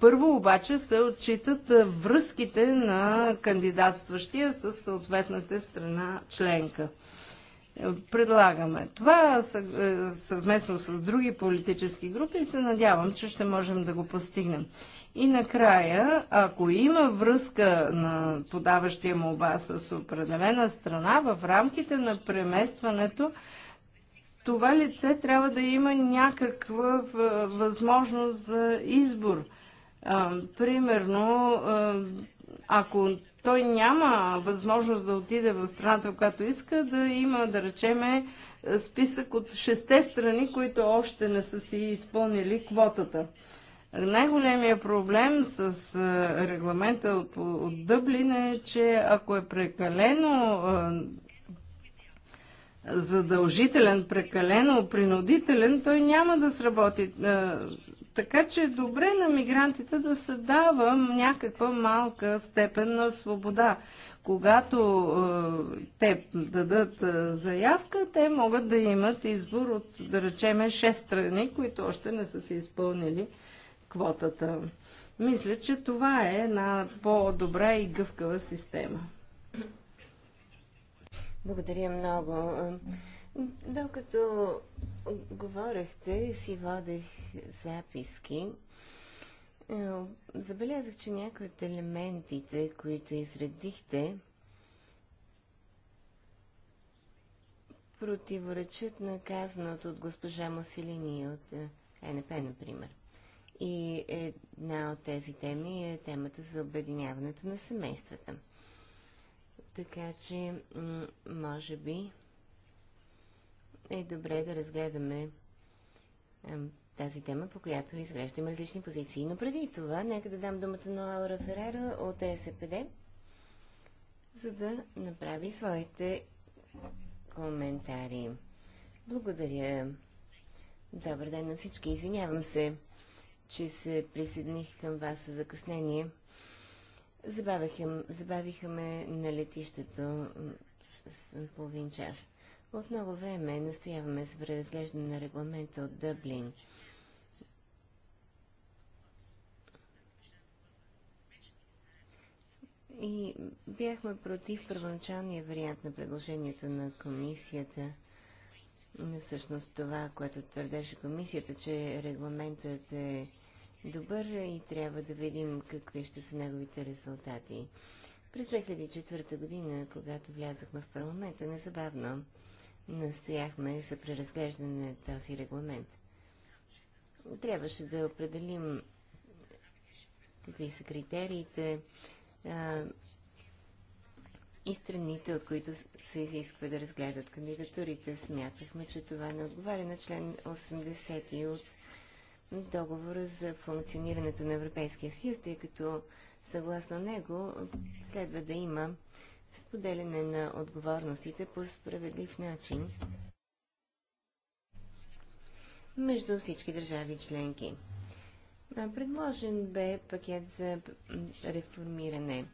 първо обаче се отчитат връзките на кандидатстващия с съответната страна членка. Предлагаме това съвместно с други политически групи и се надявам, че ще можем да го постигнем. И накрая, ако има връзка на подаващия молба с определена страна, в рамките на преместването, това лице трябва да има някаква възможност за избор. примерно, ако той няма възможност да отиде в страната, в която иска, да има, да речеме, списък от шесте страни, които още не са си изпълнили квотата. Най-големия проблем с регламента от, от Дъблин е, че ако е прекалено задължителен, прекалено принудителен, той няма да сработи. Така че е добре на мигрантите да се дава някаква малка степен на свобода. Когато е, те дадат е, заявка, те могат да имат избор от, да речеме, 6 страни, които още не са се изпълнили квотата. Мисля, че това е една по-добра и гъвкава система. Благодаря много. Докато говорехте, си водех записки. Е, забелязах, че някои от елементите, които изредихте, противоречат на казаното от госпожа Мусилини от е, НП, например. И една от тези теми е темата за обединяването на семействата. Така че, може би, е добре да разгледаме тази тема, по която изглеждаме различни позиции. Но преди това, нека да дам думата на Лаура Ферера от ЕСПД, за да направи своите коментари. Благодаря. Добър ден на всички. Извинявам се че се присъединих към вас с закъснение. Забавиха, забавиха ме на летището с, с половин час. От много време настояваме за преразглеждане на регламента от Дъблин. И бяхме против първоначалния вариант на предложението на комисията. Всъщност това, което твърдеше комисията, че регламентът е добър и трябва да видим какви ще са неговите резултати. През 2004 година, когато влязохме в парламента, незабавно настояхме за преразглеждане на този регламент. Трябваше да определим какви са критериите а, и страните, от които се изисква да разгледат кандидатурите. Смятахме, че това не отговаря на член 80 от договора за функционирането на Европейския съюз, тъй като съгласно него следва да има споделяне на отговорностите по справедлив начин между всички държави членки. Предложен бе пакет за реформиране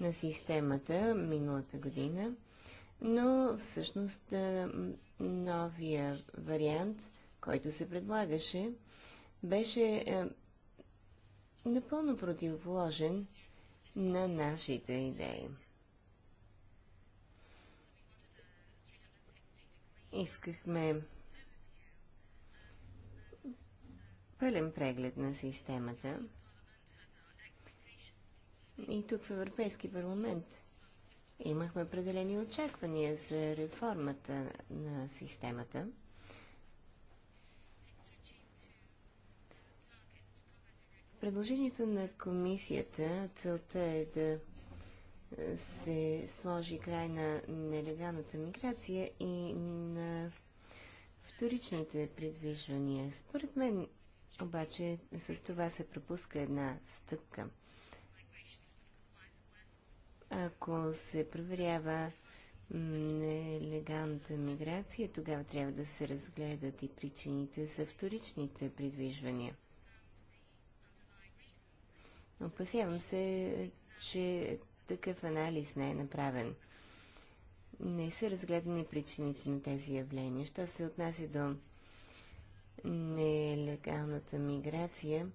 на системата миналата година, но всъщност новия вариант, който се предлагаше, беше е, напълно противоположен на нашите идеи. Искахме пълен преглед на системата. И тук в Европейски парламент имахме определени очаквания за реформата на системата. предложението на комисията целта е да се сложи край на нелегалната миграция и на вторичните предвижвания. Според мен обаче с това се пропуска една стъпка. Ако се проверява нелегалната миграция, тогава трябва да се разгледат и причините за вторичните предвижвания – Опасявам се, че такъв анализ не е направен. Не са разгледани причините на тези явления. Що се отнася до нелегалната миграция,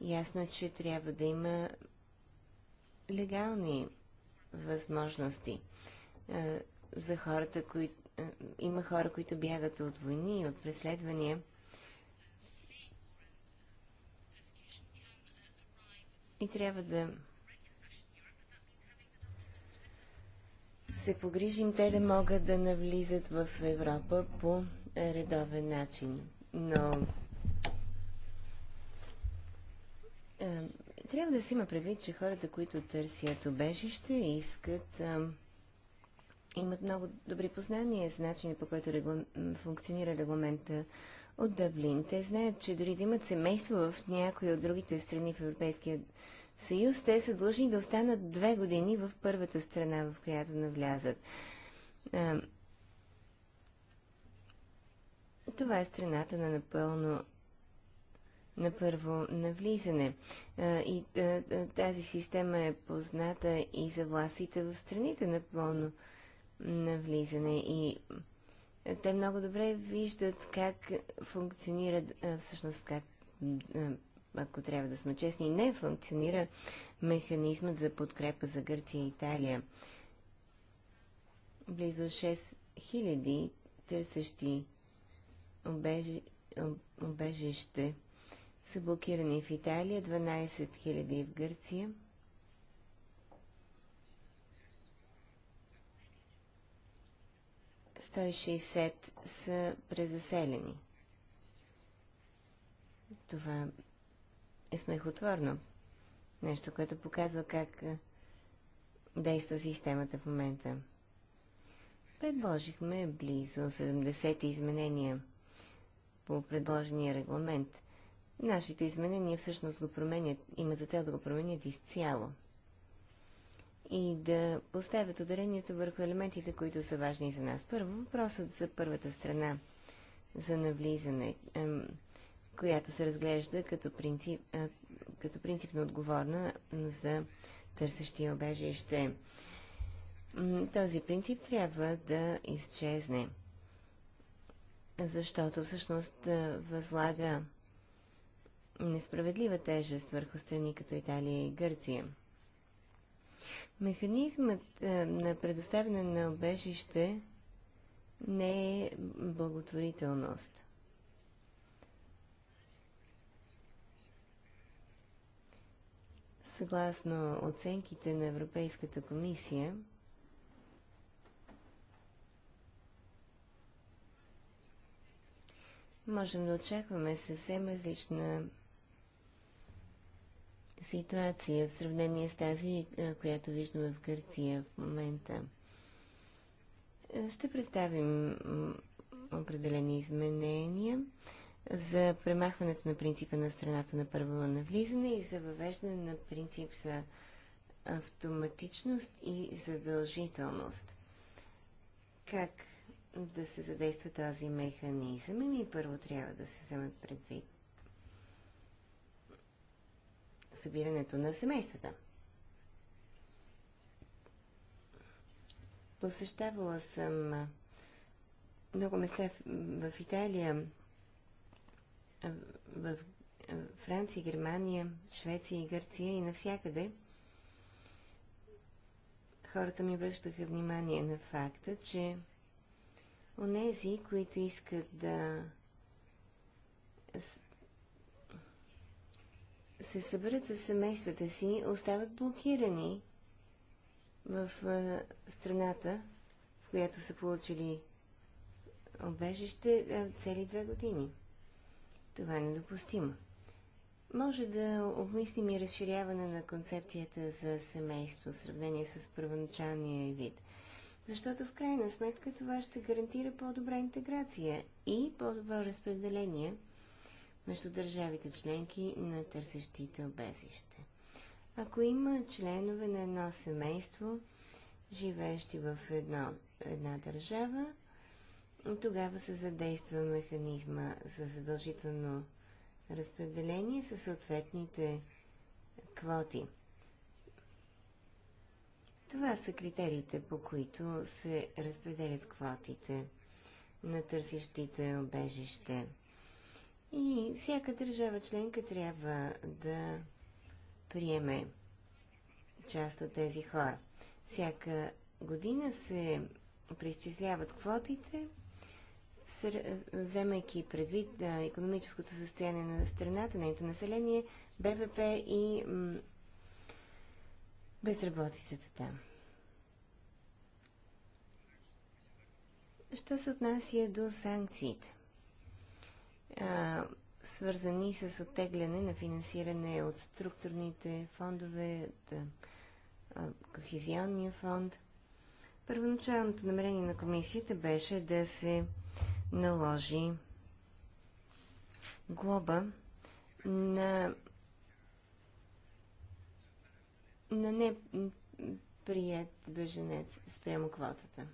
ясно е, че трябва да има легални възможности за хората, които... Има хора, които бягат от войни, и от преследвания – и трябва да се погрижим те да могат да навлизат в Европа по редовен начин. Но е, трябва да си има предвид, че хората, които търсят обежище, искат, е, имат много добри познания с начина по който регла... функционира регламента от Дъблин. Те знаят, че дори да имат семейство в някои от другите страни в Европейския съюз, те са длъжни да останат две години в първата страна, в която навлязат. Това е страната на напълно на първо навлизане. И тази система е позната и за властите в страните напълно навлизане. И те много добре виждат как функционира, всъщност как, ако трябва да сме честни, не функционира механизмът за подкрепа за Гърция и Италия. Близо 6000 търсещи обежище са блокирани в Италия, 12 000 в Гърция – 160 са презаселени. Това е смехотворно. Нещо, което показва как действа системата в момента. Предложихме близо 70 изменения по предложения регламент. Нашите изменения всъщност го променят, има за цел да го променят изцяло – и да поставят ударението върху елементите, които са важни за нас. Първо, въпросът за първата страна за навлизане, която се разглежда като, принцип, е, като принципно отговорна за търсещия обежище. Този принцип трябва да изчезне, защото всъщност е, възлага несправедлива тежест върху страни като Италия и Гърция – Механизмът е, на предоставяне на обежище не е благотворителност. Съгласно оценките на Европейската комисия, можем да очакваме съвсем различна ситуация в сравнение с тази, която виждаме в Гърция в момента. Ще представим определени изменения за премахването на принципа на страната на първо навлизане и за въвеждане на принцип за автоматичност и задължителност. Как да се задейства този механизъм? И ами, първо трябва да се вземе предвид събирането на семействата. Посещавала съм много места в, в Италия, в Франция, Германия, Швеция и Гърция и навсякъде хората ми връщаха внимание на факта, че онези, които искат да се съберат с семействата си, остават блокирани в страната, в която са получили обежище цели две години. Това е недопустимо. Може да обмислим и разширяване на концепцията за семейство в сравнение с първоначалния вид. Защото в крайна сметка това ще гарантира по-добра интеграция и по-добро разпределение между държавите членки на търсещите обезище. Ако има членове на едно семейство, живеещи в едно, една държава, тогава се задейства механизма за задължително разпределение със съответните квоти. Това са критериите, по които се разпределят квотите на търсещите обежище. И всяка държава членка трябва да приеме част от тези хора. Всяка година се преизчисляват квотите, вземайки предвид да, економическото състояние на страната, нейното население, БВП и безработицата там. Що се отнася до санкциите? а, свързани с оттегляне на финансиране от структурните фондове, от а, Кохезионния фонд. Първоначалното намерение на комисията беше да се наложи глоба на, на неприят беженец спрямо квотата.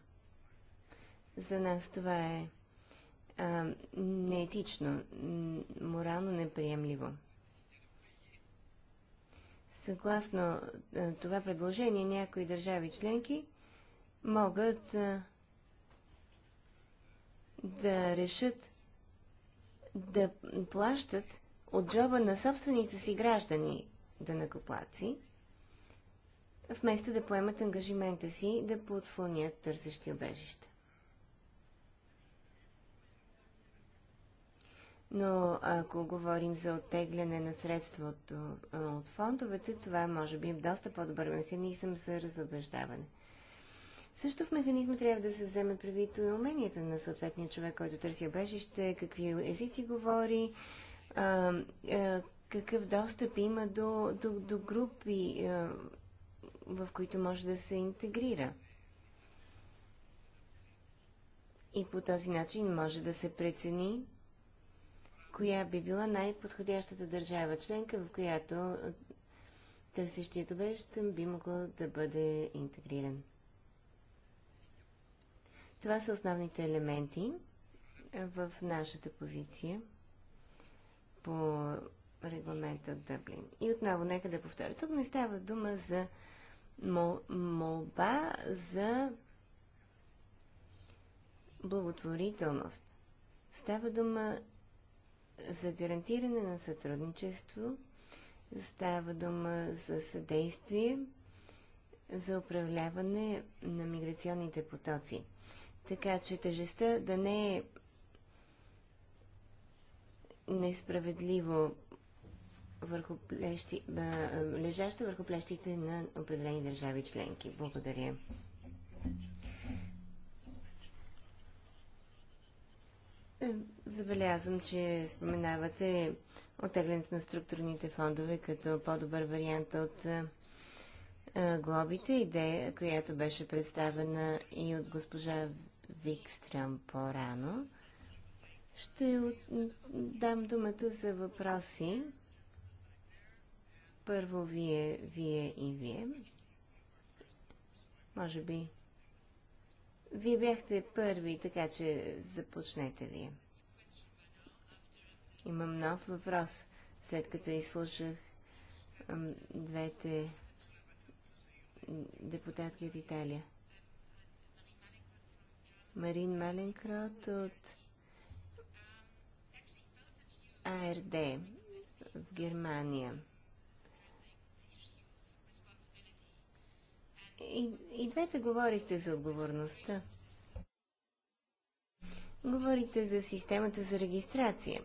За нас това е а, неетично, морално неприемливо. Съгласно а, това предложение, някои държави членки могат а, да решат да плащат от джоба на собствените си граждани дънакоплаци, вместо да поемат ангажимента си да подслонят търсещи обежища. Но ако говорим за оттегляне на средства от фондовете, това е, може би е доста по-добър механизъм за разобеждаване. Също в механизма трябва да се вземат предвид уменията на съответния човек, който търси обежище, какви езици говори, а, а, какъв достъп има до, до, до групи, а, в които може да се интегрира. И по този начин може да се прецени коя би била най-подходящата държава членка, в която търсещият обещ би могъл да бъде интегриран. Това са основните елементи в нашата позиция по регламента от Дъблин. И отново, нека да повторя. Тук не става дума за мол, молба за благотворителност. Става дума за гарантиране на сътрудничество. Става дума за съдействие за управляване на миграционните потоци. Така че тъжестта да не е несправедливо върху плещи, бъ, лежаща върху плещите на определени държави членки. Благодаря. Забелязвам, че споменавате оттеглянето на структурните фондове като по-добър вариант от глобите, идея, която беше представена и от госпожа Викстрам по-рано. Ще дам думата за въпроси. Първо вие, вие и вие. Може би вие бяхте първи, така че започнете вие. Имам нов въпрос, след като изслушах двете депутатки от Италия. Марин Маленкрот от АРД в Германия. И, и двете говорихте за отговорността. Говорите за системата за регистрация.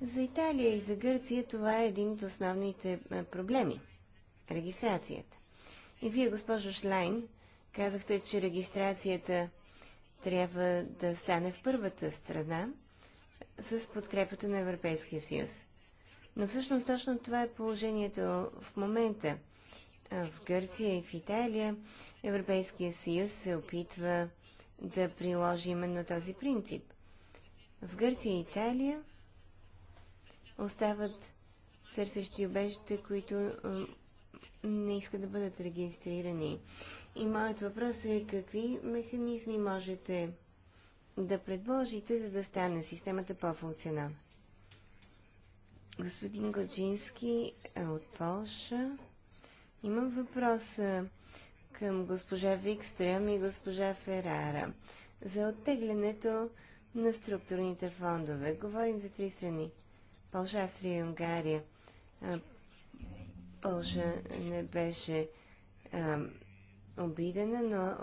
За Италия и за Гърция това е един от основните проблеми – регистрацията. И вие, госпожо Шлайн, казахте, че регистрацията трябва да стане в първата страна с подкрепата на Европейския съюз. Но всъщност точно това е положението в момента в Гърция и в Италия Европейския съюз се опитва да приложи именно този принцип. В Гърция и Италия остават търсещи обежите, които не искат да бъдат регистрирани. И моят въпрос е какви механизми можете да предложите, за да стане системата по-функционална? Господин Годжински е от Полша. Имам въпрос към госпожа Викстрем и госпожа Ферара за оттеглянето на структурните фондове. Говорим за три страни. Полша, Австрия и Унгария. Полша не беше а, обидена, но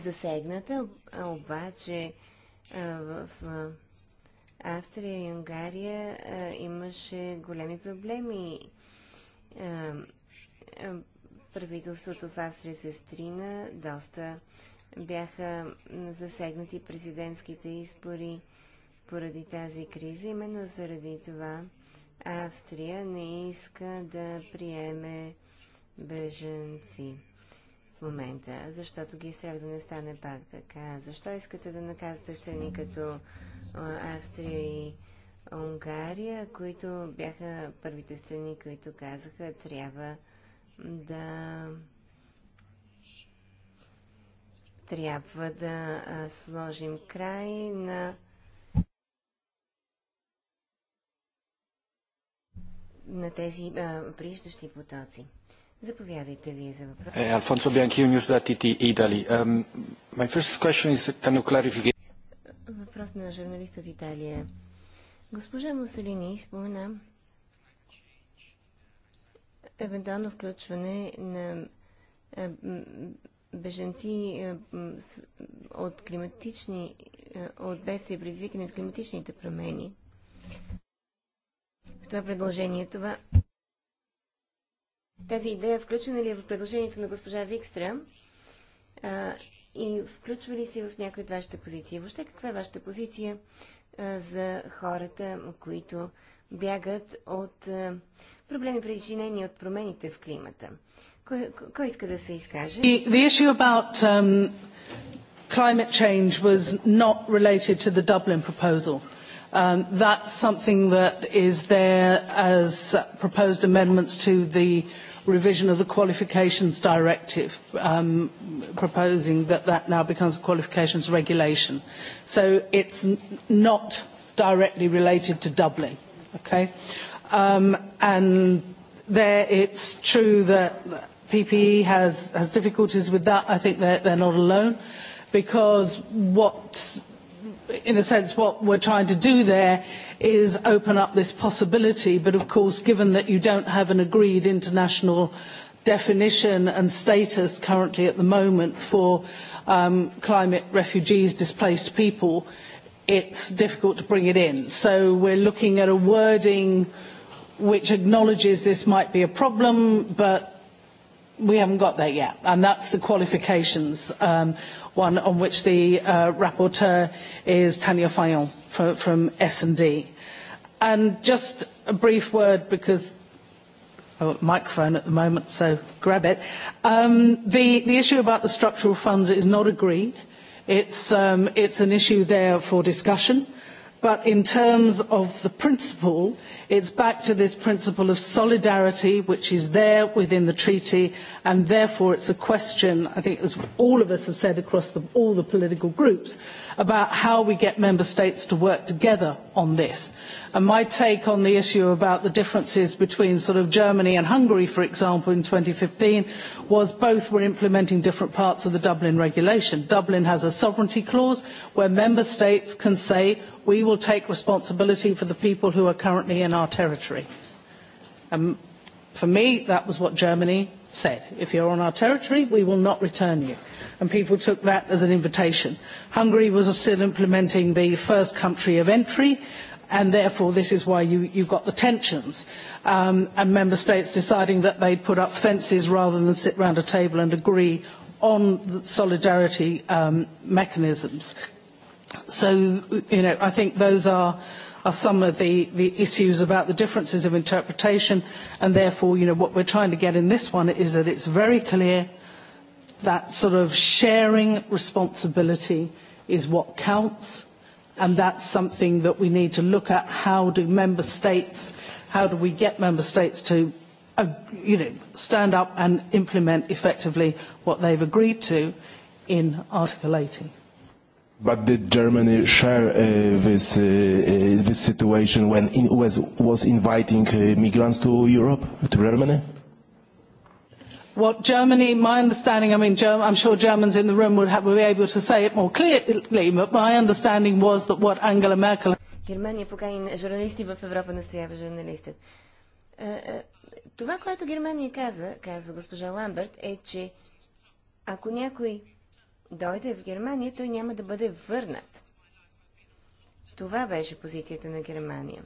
засегната, обаче а, в а, Австрия и Унгария а, имаше големи проблеми. А, е, правителството в Австрия се стрина, доста бяха засегнати президентските избори поради тази криза. Именно заради това Австрия не иска да приеме беженци в момента, защото ги е страх да не стане пак така. Защо искате да наказате страни като Австрия и Унгария, които бяха първите страни, които казаха, трябва да трябва да сложим край на на тези прищащи потоци. Заповядайте вие за въпрос. Е, Алфонсо Бянкио, Ньюс.tt, Итали. My first question is, can you clarify... Въпрос на журналист от Италия. Госпожа Мусолини спомена, евентуално включване на е, беженци е, от климатични, е, от бедствия, предизвикани от климатичните промени. В това предложение, това... Тази идея включена ли е в предложението на госпожа Викстра а, и включва ли се в някои от вашите позиции? Въобще, каква е вашата позиция а, за хората, които бягат от проблеми причинени от промените в климата. Кой, кой иска да се изкаже? The, the issue about um, climate change was not related to the Dublin proposal. Um, that's something that is there as proposed amendments to the revision of the qualifications directive, um, proposing that that now becomes a qualifications regulation. So it's not directly related to Dublin. Okay? Um, and there it's true that PPE has, has difficulties with that. I think they're, they're not alone because what, in a sense, what we're trying to do there is open up this possibility. But of course, given that you don't have an agreed international definition and status currently at the moment for um, climate refugees, displaced people, it's difficult to bring it in. So we're looking at a wording which acknowledges this might be a problem, but we haven't got there yet. And that's the qualifications um, one on which the uh, rapporteur is Tanya Fayon from, from S&D. And just a brief word because oh, microphone at the moment, so grab it. Um, the, the issue about the structural funds is not agreed. Uh, It's, um, it's an issue there for discussion. But in terms of the principle, It is back to this principle of solidarity, which is there within the treaty, and therefore it is a question, I think as all of us have said across all the political groups, about how we get member states to work together on this. my take on the issue about the differences between Germany and Hungary, for example, in fifteen was both were implementing different parts of the Dublin regulation. Dublin has a sovereignty clause where member states can say, we will take responsibility for the people who are currently in our territory. Um, for me, that was what Germany said. If you're on our territory, we will not return you. And people took that as an invitation. Hungary was still implementing the first country of entry, and therefore this is why you, you got the tensions. Um, and member states deciding that they'd put up fences rather than sit round a table and agree on the solidarity um, mechanisms. So, you know, I think those are are some of the, the issues about the differences of interpretation and therefore you know, what we're trying to get in this one is that it's very clear that sort of sharing responsibility is what counts and that's something that we need to look at how do member states how do we get member states to uh, you know stand up and implement effectively what they've agreed to in article 80 But did Germany share uh, this, uh, uh, this situation when it was, was inviting uh, migrants to Europe, to Germany? What Germany, my understanding, I mean, Germ- I'm sure Germans in the room would, have, would be able to say it more clearly, but my understanding was that what Angela Merkel... Германия покани журналисти в Европа, настоява журналистът. Това, което Германия каза, казва госпожа Ламберт, е, че ако някой дойде в Германия, той няма да бъде върнат. Това беше позицията на Германия.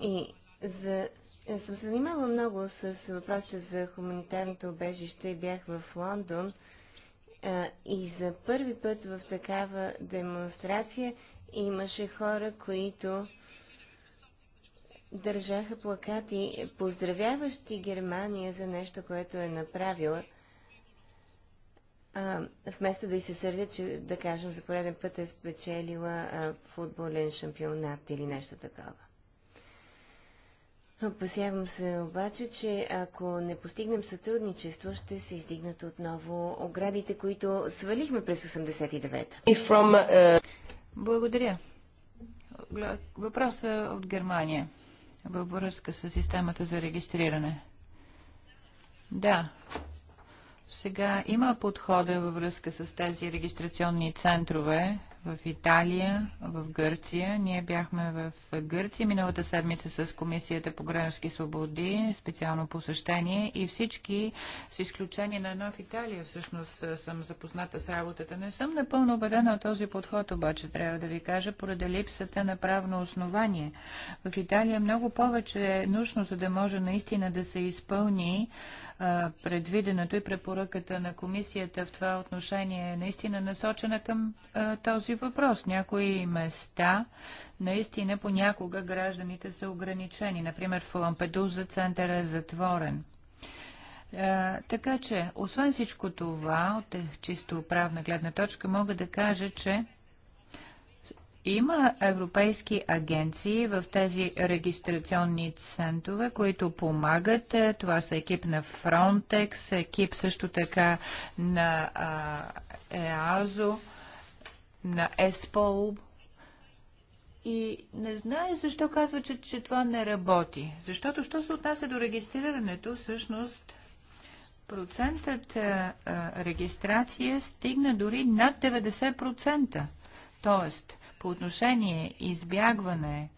И за... Я съм се занимавала много с въпросите за хуманитарното обежище. Бях в Лондон а, и за първи път в такава демонстрация имаше хора, които държаха плакати, поздравяващи Германия за нещо, което е направила, а, вместо да й се сърдят, че да кажем за пореден път е спечелила а, футболен шампионат или нещо такова. Опасявам се обаче, че ако не постигнем сътрудничество, ще се издигнат отново оградите, които свалихме през 89-та. Uh... Е, Благодаря. Въпросът е от Германия във връзка с системата за регистриране. Да. Сега има подхода във връзка с тези регистрационни центрове, в Италия, в Гърция. Ние бяхме в Гърция миналата седмица с Комисията по граждански свободи, специално посещение и всички, с изключение на едно в Италия, всъщност е, съм запозната с работата. Не съм напълно убедена от този подход, обаче трябва да ви кажа, поради липсата на правно основание. В Италия е много повече е нужно, за да може наистина да се изпълни е, предвиденото и препоръката на комисията в това отношение е наистина насочена към а, този въпрос. Някои места наистина понякога гражданите са ограничени. Например, в Лампедуза център е затворен. А, така че, освен всичко това, от е, чисто правна гледна точка, мога да кажа, че има европейски агенции в тези регистрационни центрове, които помагат. Е, това са екип на Frontex, екип също така на а, ЕАЗО на ЕСПОЛ и не знае защо казва, че, че това не работи. Защото, що се отнася до регистрирането, всъщност процентът а, регистрация стигна дори над 90%. Тоест, по отношение избягване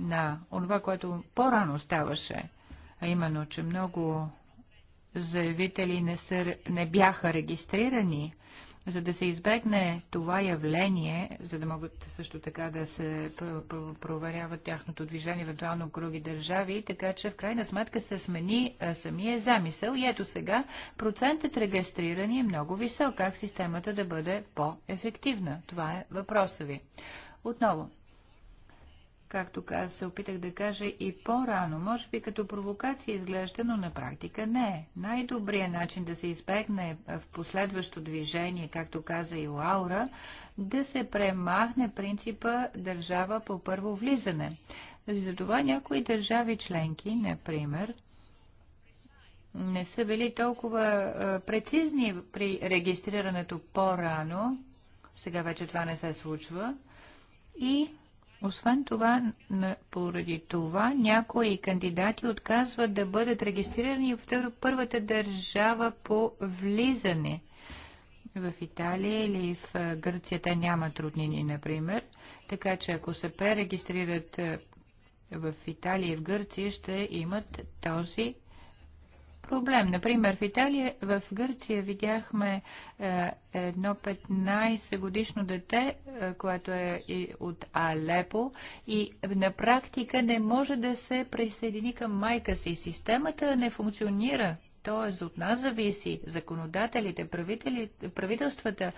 на това, което по-рано ставаше, а именно, че много заявители не, са, не бяха регистрирани, за да се избегне това явление, за да могат също така да се проверяват тяхното движение, евентуално други държави, така че в крайна сметка се смени самия замисъл и ето сега процентът регистрирани е много висок. Как системата да бъде по-ефективна? Това е въпроса ви. Отново, както каза, се опитах да кажа и по-рано. Може би като провокация изглежда, но на практика не е. Най-добрият начин да се избегне в последващо движение, както каза и Лаура, да се премахне принципа държава по първо влизане. Затова някои държави членки, например, не са били толкова прецизни при регистрирането по-рано, сега вече това не се случва, и освен това, поради това някои кандидати отказват да бъдат регистрирани в първата държава по влизане. В Италия или в Гърция те няма труднини, например. Така че ако се пререгистрират в Италия и в Гърция, ще имат този проблем. Например, в Италия, в Гърция видяхме е, едно 15 годишно дете, е, което е от Алепо и на практика не може да се присъедини към майка си. Системата не функционира. Тоест от нас зависи законодателите, правителствата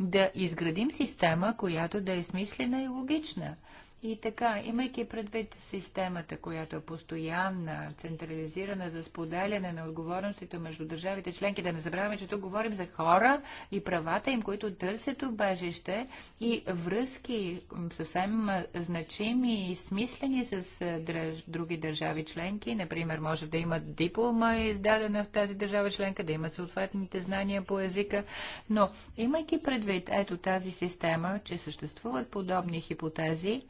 да изградим система, която да е смислена и логична. И така, имайки предвид системата, която е постоянна, централизирана за споделяне на отговорностите между държавите членки, да не забравяме, че тук говорим за хора и правата им, които търсят обежище и връзки съвсем значими и смислени с други държави членки. Например, може да имат диплома издадена в тази държава членка, да имат съответните знания по езика. Но, имайки предвид ето тази система, че съществуват подобни хипотези,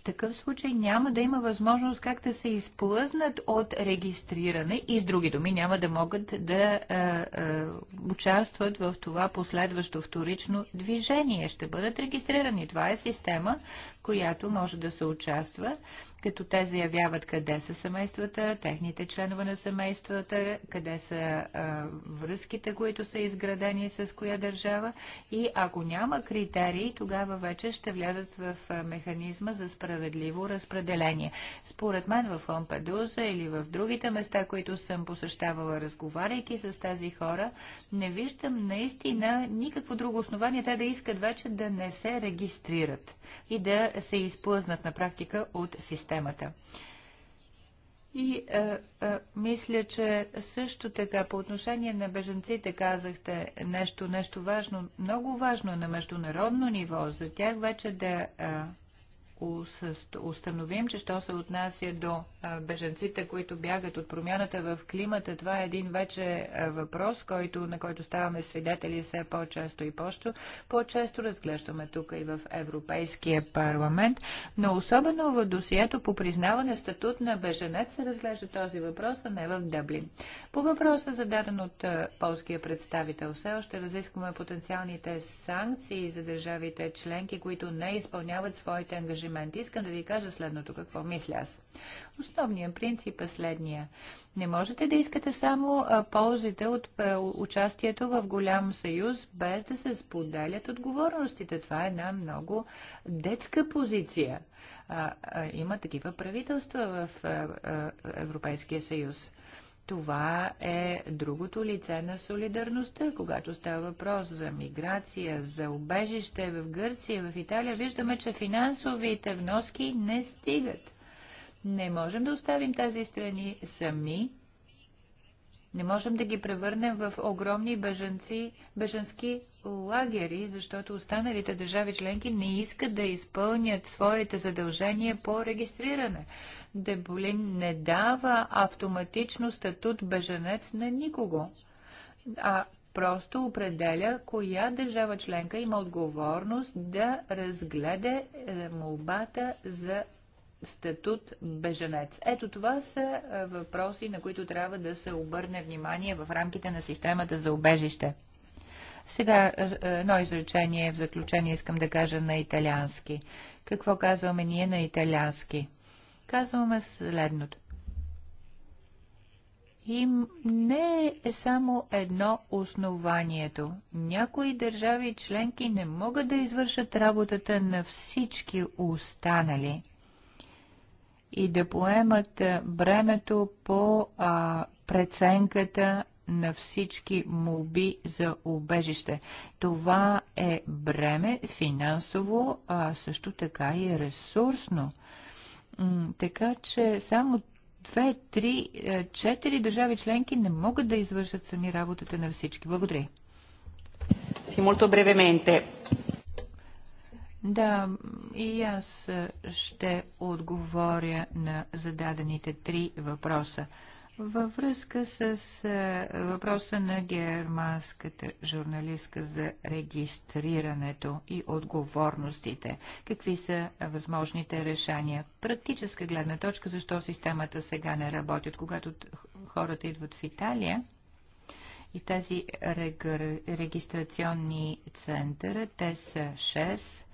в такъв случай няма да има възможност как да се изплъзнат от регистриране и с други думи няма да могат да а, е, а, е, участват в това последващо вторично движение. Ще бъдат регистрирани. Това е система, която може да се участва като те заявяват къде са семействата, техните членове на семействата, къде са а, връзките, които са изградени с коя държава и ако няма критерии, тогава вече ще влязат в механизма за справедливо разпределение. Според мен в Омпедуза или в другите места, които съм посещавала, разговаряйки с тези хора, не виждам наистина никакво друго основание те да искат вече да не се регистрират и да се изплъзнат на практика от системата системата. И а, е, а, е, мисля, че също така по отношение на беженците казахте нещо, нещо важно, много важно на международно ниво, за тях вече да а, е, установим, че що се отнася до беженците, които бягат от промяната в климата, това е един вече въпрос, който, на който ставаме свидетели все по-често и по-често. По-често разглеждаме тук и в Европейския парламент, но особено в досието по признаване статут на беженец се разглежда този въпрос, а не в Дъблин. По въпроса, зададен от полския представител, все още разискваме потенциалните санкции за държавите членки, които не изпълняват своите ангажименти ангажименти. Искам да ви кажа следното, какво мисля аз. Основният принцип е следния. Не можете да искате само ползите от участието в голям съюз, без да се споделят отговорностите. Това е една много детска позиция. А, а, има такива правителства в а, Европейския съюз. Това е другото лице на солидарността, когато става въпрос за миграция, за убежище в Гърция, в Италия. Виждаме, че финансовите вноски не стигат. Не можем да оставим тези страни сами. Не можем да ги превърнем в огромни беженци, беженски лагери, защото останалите държави членки не искат да изпълнят своите задължения по регистриране. Деболин не дава автоматично статут беженец на никого, а просто определя коя държава членка има отговорност да разгледа е, молбата за статут беженец. Ето това са е, въпроси, на които трябва да се обърне внимание в рамките на системата за убежище. Сега е, едно изречение в заключение искам да кажа на италиански. Какво казваме ние на италиански? Казваме следното. И не е само едно основанието. Някои държави членки не могат да извършат работата на всички останали и да поемат е, бремето по а, преценката на всички молби за убежище. Това е бреме финансово, а също така и ресурсно. Така че само две, три, е, четири държави членки не могат да извършат сами работата на всички. Благодаря. Си молто бревементе. Да, и аз ще отговоря на зададените три въпроса. Във връзка с е, въпроса на германската журналистка за регистрирането и отговорностите, какви са възможните решения? Практическа гледна точка, защо системата сега не работи? От когато хората идват в Италия, и тези регистрационни центъра, те са 6.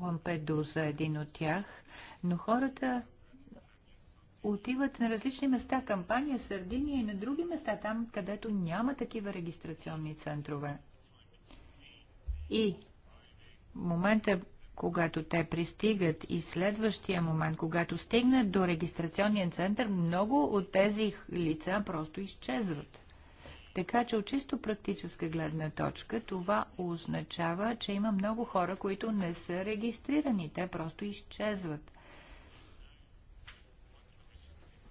Лампедуза е един от тях, но хората отиват на различни места, кампания, Сардиния и на други места, там където няма такива регистрационни центрове. И момента, когато те пристигат и следващия момент, когато стигнат до регистрационния център, много от тези лица просто изчезват. Така че от чисто практическа гледна точка това означава, че има много хора, които не са регистрирани. Те просто изчезват.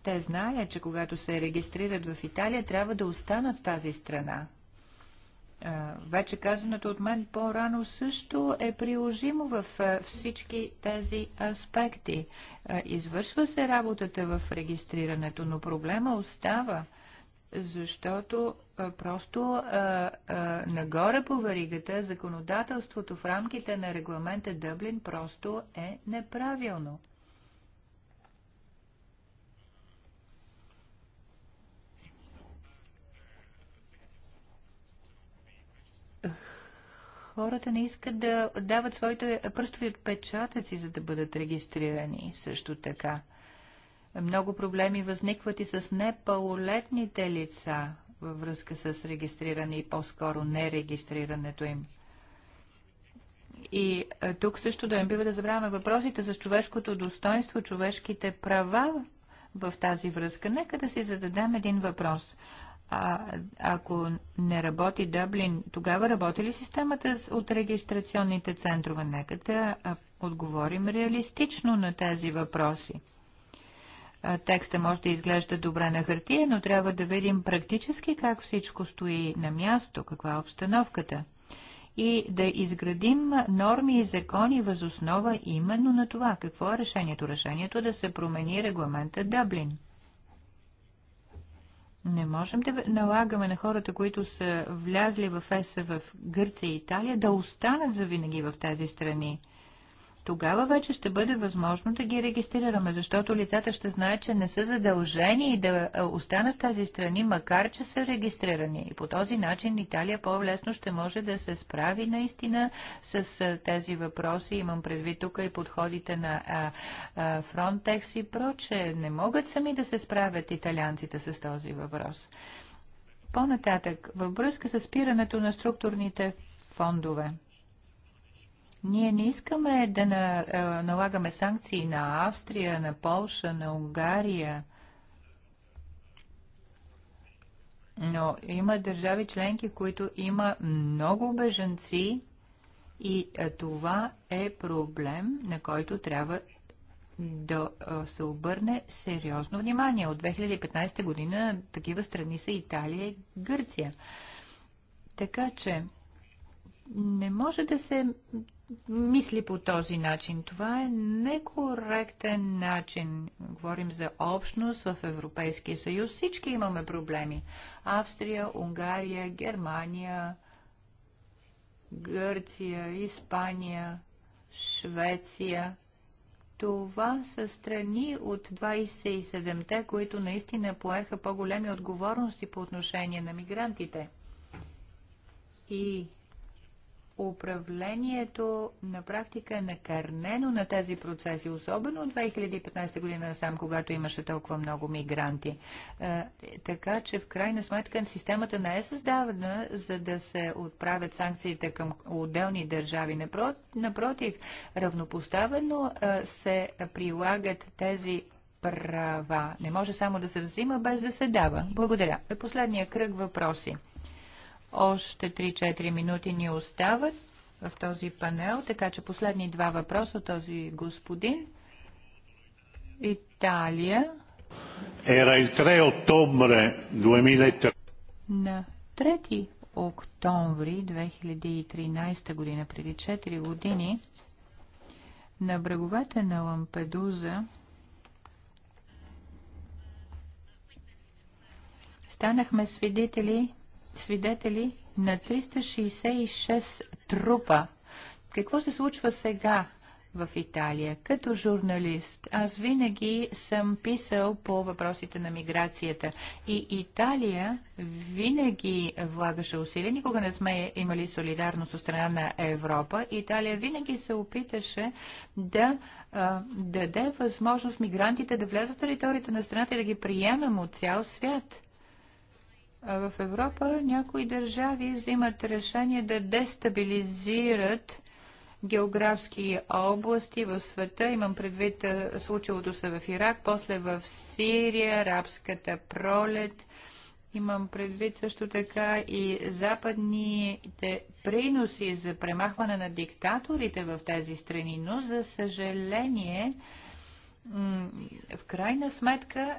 Те знаят, че когато се регистрират в Италия, трябва да останат в тази страна. Вече казаното от мен по-рано също е приложимо в всички тези аспекти. Извършва се работата в регистрирането, но проблема остава, защото просто нагоре по варигата законодателството в рамките на регламента Дъблин просто е неправилно. хората не искат да дават своите пръстови отпечатъци, за да бъдат регистрирани също така. Много проблеми възникват и с непълнолетните лица във връзка с регистриране и по-скоро нерегистрирането им. И тук също да не бива да забравяме въпросите за човешкото достоинство, човешките права в тази връзка. Нека да си зададем един въпрос. А ако не работи Дъблин, тогава работи ли системата от регистрационните центрове? Нека да отговорим реалистично на тези въпроси. Текста може да изглежда добре на хартия, но трябва да видим практически как всичко стои на място, каква е обстановката. И да изградим норми и закони възоснова именно на това. Какво е решението? Решението е да се промени регламента Дъблин. Не можем да налагаме на хората, които са влязли в ЕСА в Гърция и Италия, да останат завинаги в тези страни тогава вече ще бъде възможно да ги регистрираме, защото лицата ще знаят, че не са задължени да останат в тази страни, макар че са регистрирани. И по този начин Италия по-лесно ще може да се справи наистина с тези въпроси. Имам предвид тук и подходите на Frontex и проче. Не могат сами да се справят италианците с този въпрос. По-нататък, във връзка с спирането на структурните фондове. Ние не искаме да на, а, е, налагаме санкции на Австрия, на Полша, на Унгария. Но има държави членки, които има много беженци и е, това е проблем, на който трябва да е, се обърне сериозно внимание. От 2015 година такива страни са Италия и Гърция. Така че не може да се мисли по този начин. Това е некоректен начин. Говорим за общност в Европейския съюз. Всички имаме проблеми. Австрия, Унгария, Германия, Гърция, Испания, Швеция. Това са страни от 27-те, които наистина поеха по-големи отговорности по отношение на мигрантите. И управлението на практика е накърнено на тези процеси, особено от 2015 година насам, когато имаше толкова много мигранти. Е, така че в крайна сметка системата не е създавана за да се отправят санкциите към отделни държави. напротив, равнопоставено е, се прилагат тези права. Не може само да се взима без да се дава. Благодаря. Е, последния кръг въпроси. Още 3-4 минути ни остават в този панел, така че последни два въпроса от този господин. Италия. Era il 3 ottobre 2003. На 3 октомври 2013 година, преди 4 години, на бреговете на Лампедуза станахме свидетели свидетели на 366 трупа. Какво се случва сега? в Италия. Като журналист, аз винаги съм писал по въпросите на миграцията. И Италия винаги влагаше усилия. Никога не сме имали солидарност от страна на Европа. Италия винаги се опиташе да а, даде възможност мигрантите да влязат в територията на страната и да ги приемем от цял свят в Европа някои държави взимат решение да дестабилизират географски области в света. Имам предвид случилото се в Ирак, после в Сирия, арабската пролет. Имам предвид също така и западните приноси за премахване на диктаторите в тези страни, но за съжаление в крайна сметка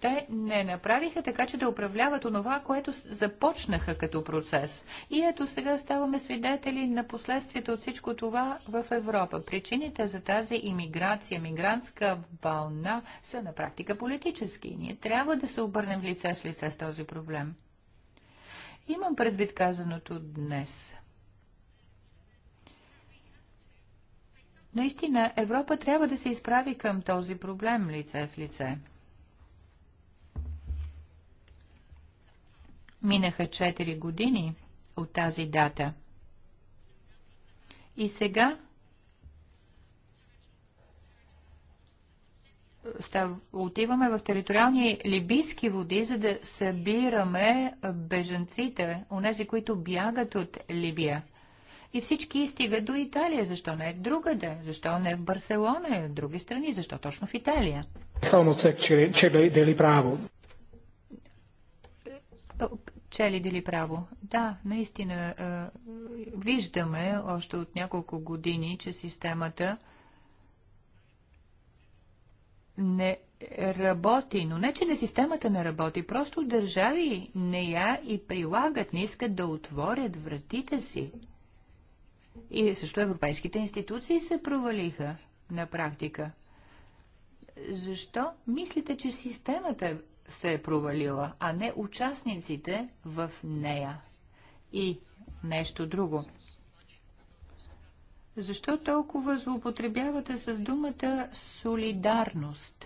те не направиха така, че да управляват онова, което започнаха като процес. И ето сега ставаме свидетели на последствията от всичко това в Европа. Причините за тази иммиграция, мигрантска вълна са на практика политически. Ние трябва да се обърнем лице с лице с този проблем. Имам предвид казаното днес – Наистина, Европа трябва да се изправи към този проблем лице в лице. Минаха 4 години от тази дата. И сега отиваме в териториални либийски води, за да събираме бежанците, онези, които бягат от Либия и всички стигат до Италия. Защо не е другаде? Защо не е в Барселона и в други страни? Защо точно в Италия? Чели дели право? Да, наистина. Е, виждаме още от няколко години, че системата не работи, но не, че не системата не работи, просто държави не я и прилагат, не искат да отворят вратите си и също европейските институции се провалиха на практика. Защо мислите, че системата се е провалила, а не участниците в нея? И нещо друго. Защо толкова злоупотребявате с думата солидарност?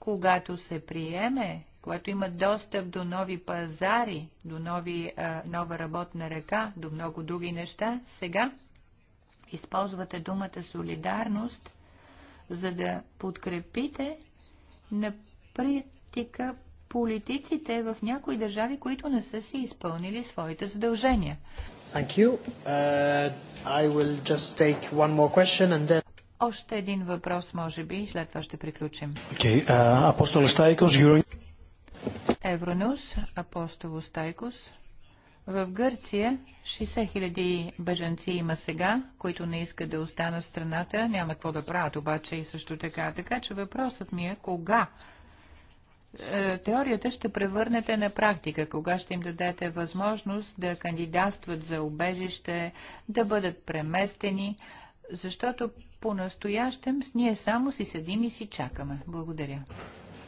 Когато се приеме когато има достъп до нови пазари, до нови, а, нова работна ръка, до много други неща, сега използвате думата солидарност, за да подкрепите на практика политиците в някои държави, които не са си изпълнили своите задължения. Uh, then... Още един въпрос, може би, след това ще приключим. Okay, uh, Евронус, Апостол Стайкос. В Гърция 60 хиляди бежанци има сега, които не искат да останат в страната. Няма какво да правят обаче и също така. Така че въпросът ми е кога е, теорията ще превърнете на практика, кога ще им дадете възможност да кандидатстват за убежище, да бъдат преместени, защото по-настоящем ние само си седим и си чакаме. Благодаря.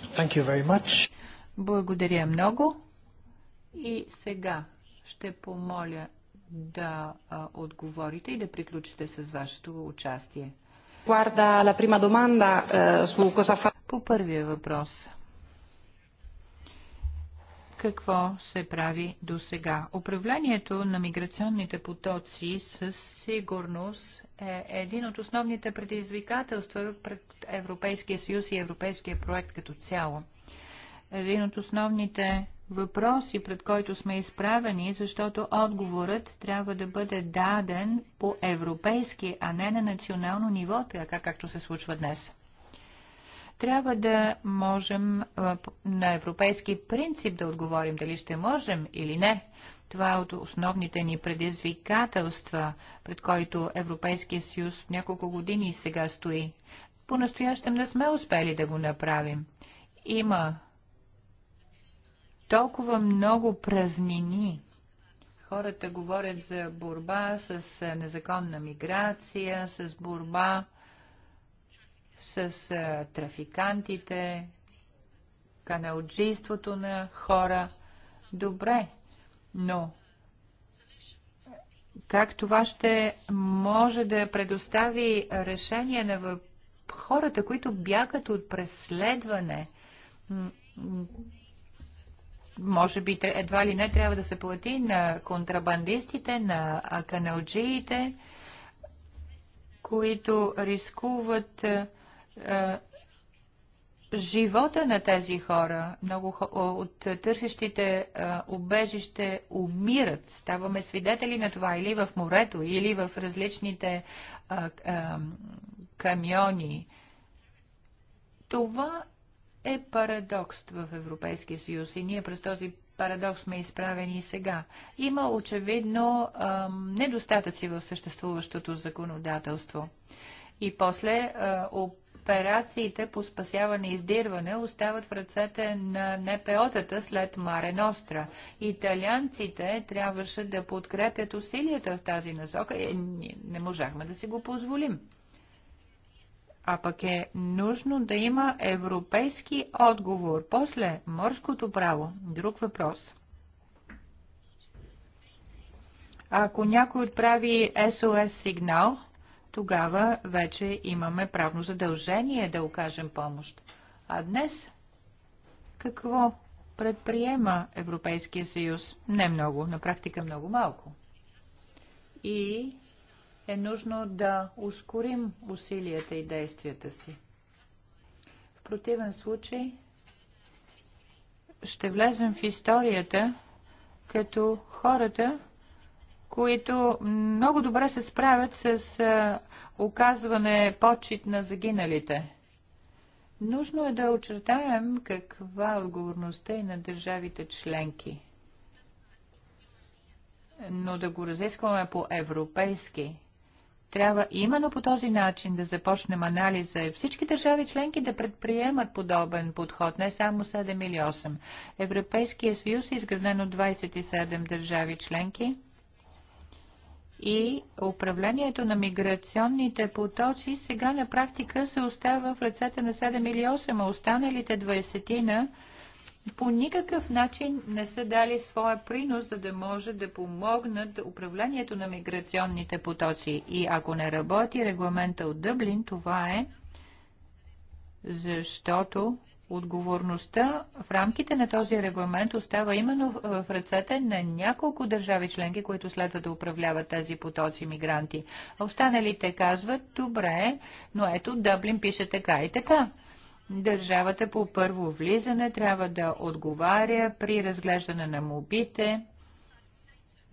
Thank you very much. Благодаря много. И сега ще помоля да а, отговорите и да приключите с вашето участие. Eh, По първия въпрос. Какво се прави до сега? Управлението на миграционните потоци със сигурност е един от основните предизвикателства пред Европейския съюз и Европейския проект като цяло един от основните въпроси, пред който сме изправени, защото отговорът трябва да бъде даден по европейски, а не на национално ниво, така както се случва днес. Трябва да можем на европейски принцип да отговорим дали ще можем или не. Това е от основните ни предизвикателства, пред който Европейския съюз няколко години сега стои. По-настоящем не сме успели да го направим. Има толкова много празнини. Хората говорят за борба с незаконна миграция, с борба с трафикантите, каналджийството на хора. Добре, но как това ще може да предостави решение на хората, които бягат от преследване? може би едва ли не трябва да се плати на контрабандистите, на каналджиите, които рискуват е, е, живота на тези хора. Много от търсещите е, убежище умират. Ставаме свидетели на това или в морето, или в различните камиони. Това е парадокс в Европейския съюз и ние през този парадокс сме изправени и сега. Има очевидно а, недостатъци в съществуващото законодателство. И после а, операциите по спасяване и издирване остават в ръцете на НПО-тата след Маре Ностра. Италианците трябваше да подкрепят усилията в тази насока. и не можахме да си го позволим а пък е нужно да има европейски отговор. После морското право. Друг въпрос. Ако някой отправи СОС сигнал, тогава вече имаме правно задължение да окажем помощ. А днес какво предприема Европейския съюз? Не много, на практика много малко. И е нужно да ускорим усилията и действията си. В противен случай ще влезем в историята като хората, които много добре се справят с оказване почет на загиналите. Нужно е да очертаем каква е отговорността и на държавите членки. Но да го разискваме по-европейски, трябва именно по този начин да започнем анализа и всички държави членки да предприемат подобен подход, не само 7 или 8. Европейския съюз е изграден от 27 държави членки и управлението на миграционните потоци сега на практика се остава в ръцете на 7 или 8, а останалите 20 на по никакъв начин не са дали своя принос, за да може да помогнат управлението на миграционните потоци. И ако не работи регламента от Дъблин, това е защото отговорността в рамките на този регламент остава именно в ръцете на няколко държави членки, които следва да управляват тези потоци мигранти. А останалите казват, добре, но ето Дъблин пише така и така. Държавата по първо влизане трябва да отговаря при разглеждане на мобите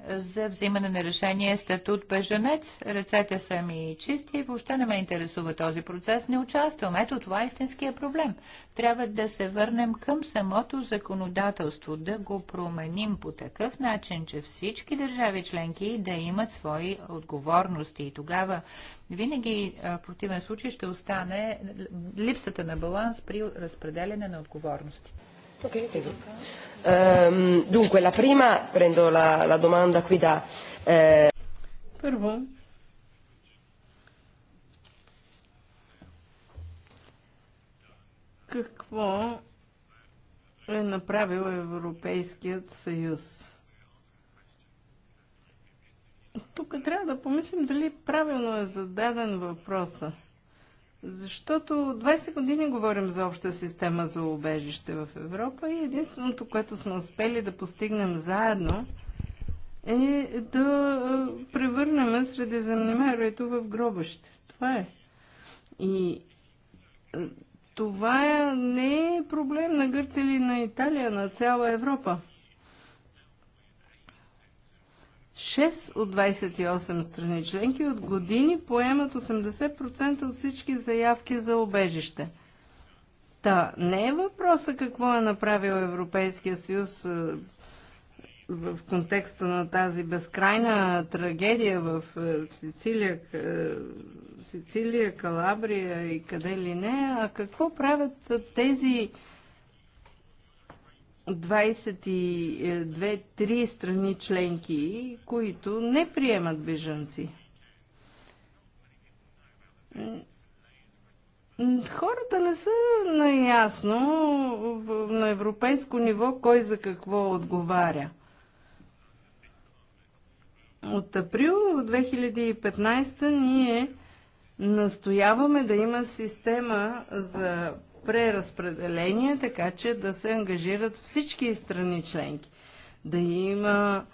за взимане на решение статут беженец. Ръцете са ми чисти и въобще не ме интересува този процес. Не участвам. Ето това е истинския проблем. Трябва да се върнем към самото законодателство, да го променим по такъв начин, че всички държави членки да имат свои отговорности. И тогава винаги в противен случай ще остане липсата на баланс при разпределяне на отговорности. Okay. credo. dunque, la prima, prendo la, la domanda qui da... Eh... Първо, какво е направил Европейският съюз? тук трябва да помислим дали правилно е зададен въпроса. Защото 20 години говорим за обща система за убежище в Европа и единственото, което сме успели да постигнем заедно, е да превърнем Средиземноморието в гробаще. Това е. И това не е проблем на Гърция или на Италия, на цяла Европа. 6 от 28 страни членки от години поемат 80% от всички заявки за обежище. Та не е въпроса какво е направил Европейския съюз е, в контекста на тази безкрайна трагедия в е, Сицилия, е, Сицилия Калабрия и къде ли не, а какво правят тези 22-3 страни членки, които не приемат бежанци. Хората не са наясно на европейско ниво кой за какво отговаря. От април 2015 ние настояваме да има система за преразпределение, така че да се ангажират всички страни членки. Да има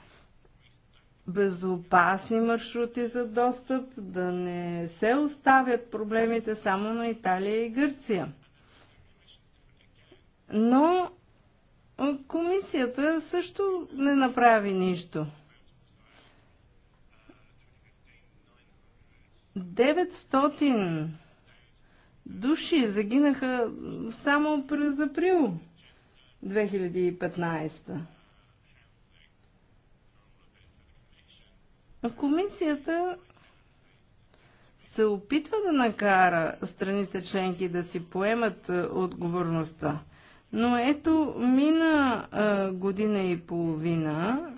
безопасни маршрути за достъп, да не се оставят проблемите само на Италия и Гърция. Но комисията също не направи нищо. 900 души загинаха само през април 2015. Комисията се опитва да накара страните членки да си поемат е, отговорността. Но ето, мина е, година и половина,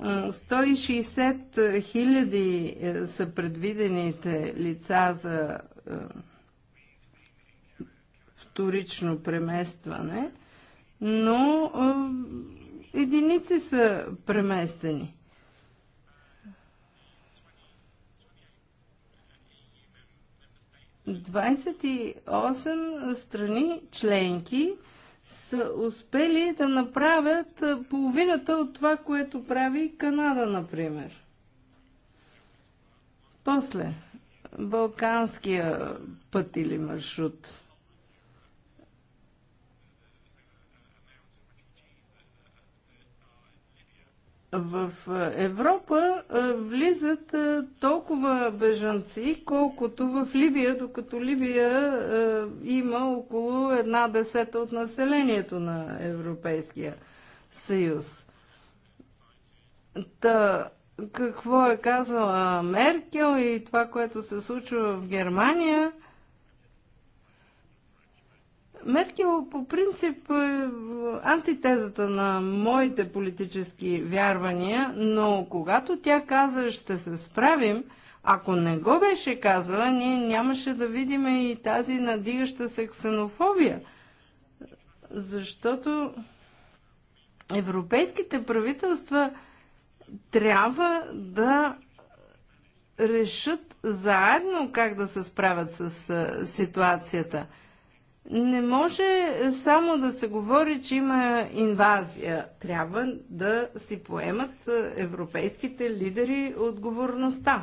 160 е, хиляди са предвидените лица за вторично преместване, но единици са преместени. Двадесет и осем страни членки са успели да направят половината от това, което прави Канада, например. После, Балканския път или маршрут. в е, Европа е, влизат е, толкова бежанци, колкото в Либия, докато Либия има около една десета от населението на Европейския съюз. Та, какво е казала Меркел и това, което се случва в Германия, Меркел по принцип е антитезата на моите политически вярвания, но когато тя каза ще се справим, ако не го беше казала, ние нямаше да видим и тази надигаща се ксенофобия. Защото европейските правителства трябва да решат заедно как да се справят с е, ситуацията – не може само да се говори, че има инвазия. Трябва да си поемат е, европейските лидери отговорността.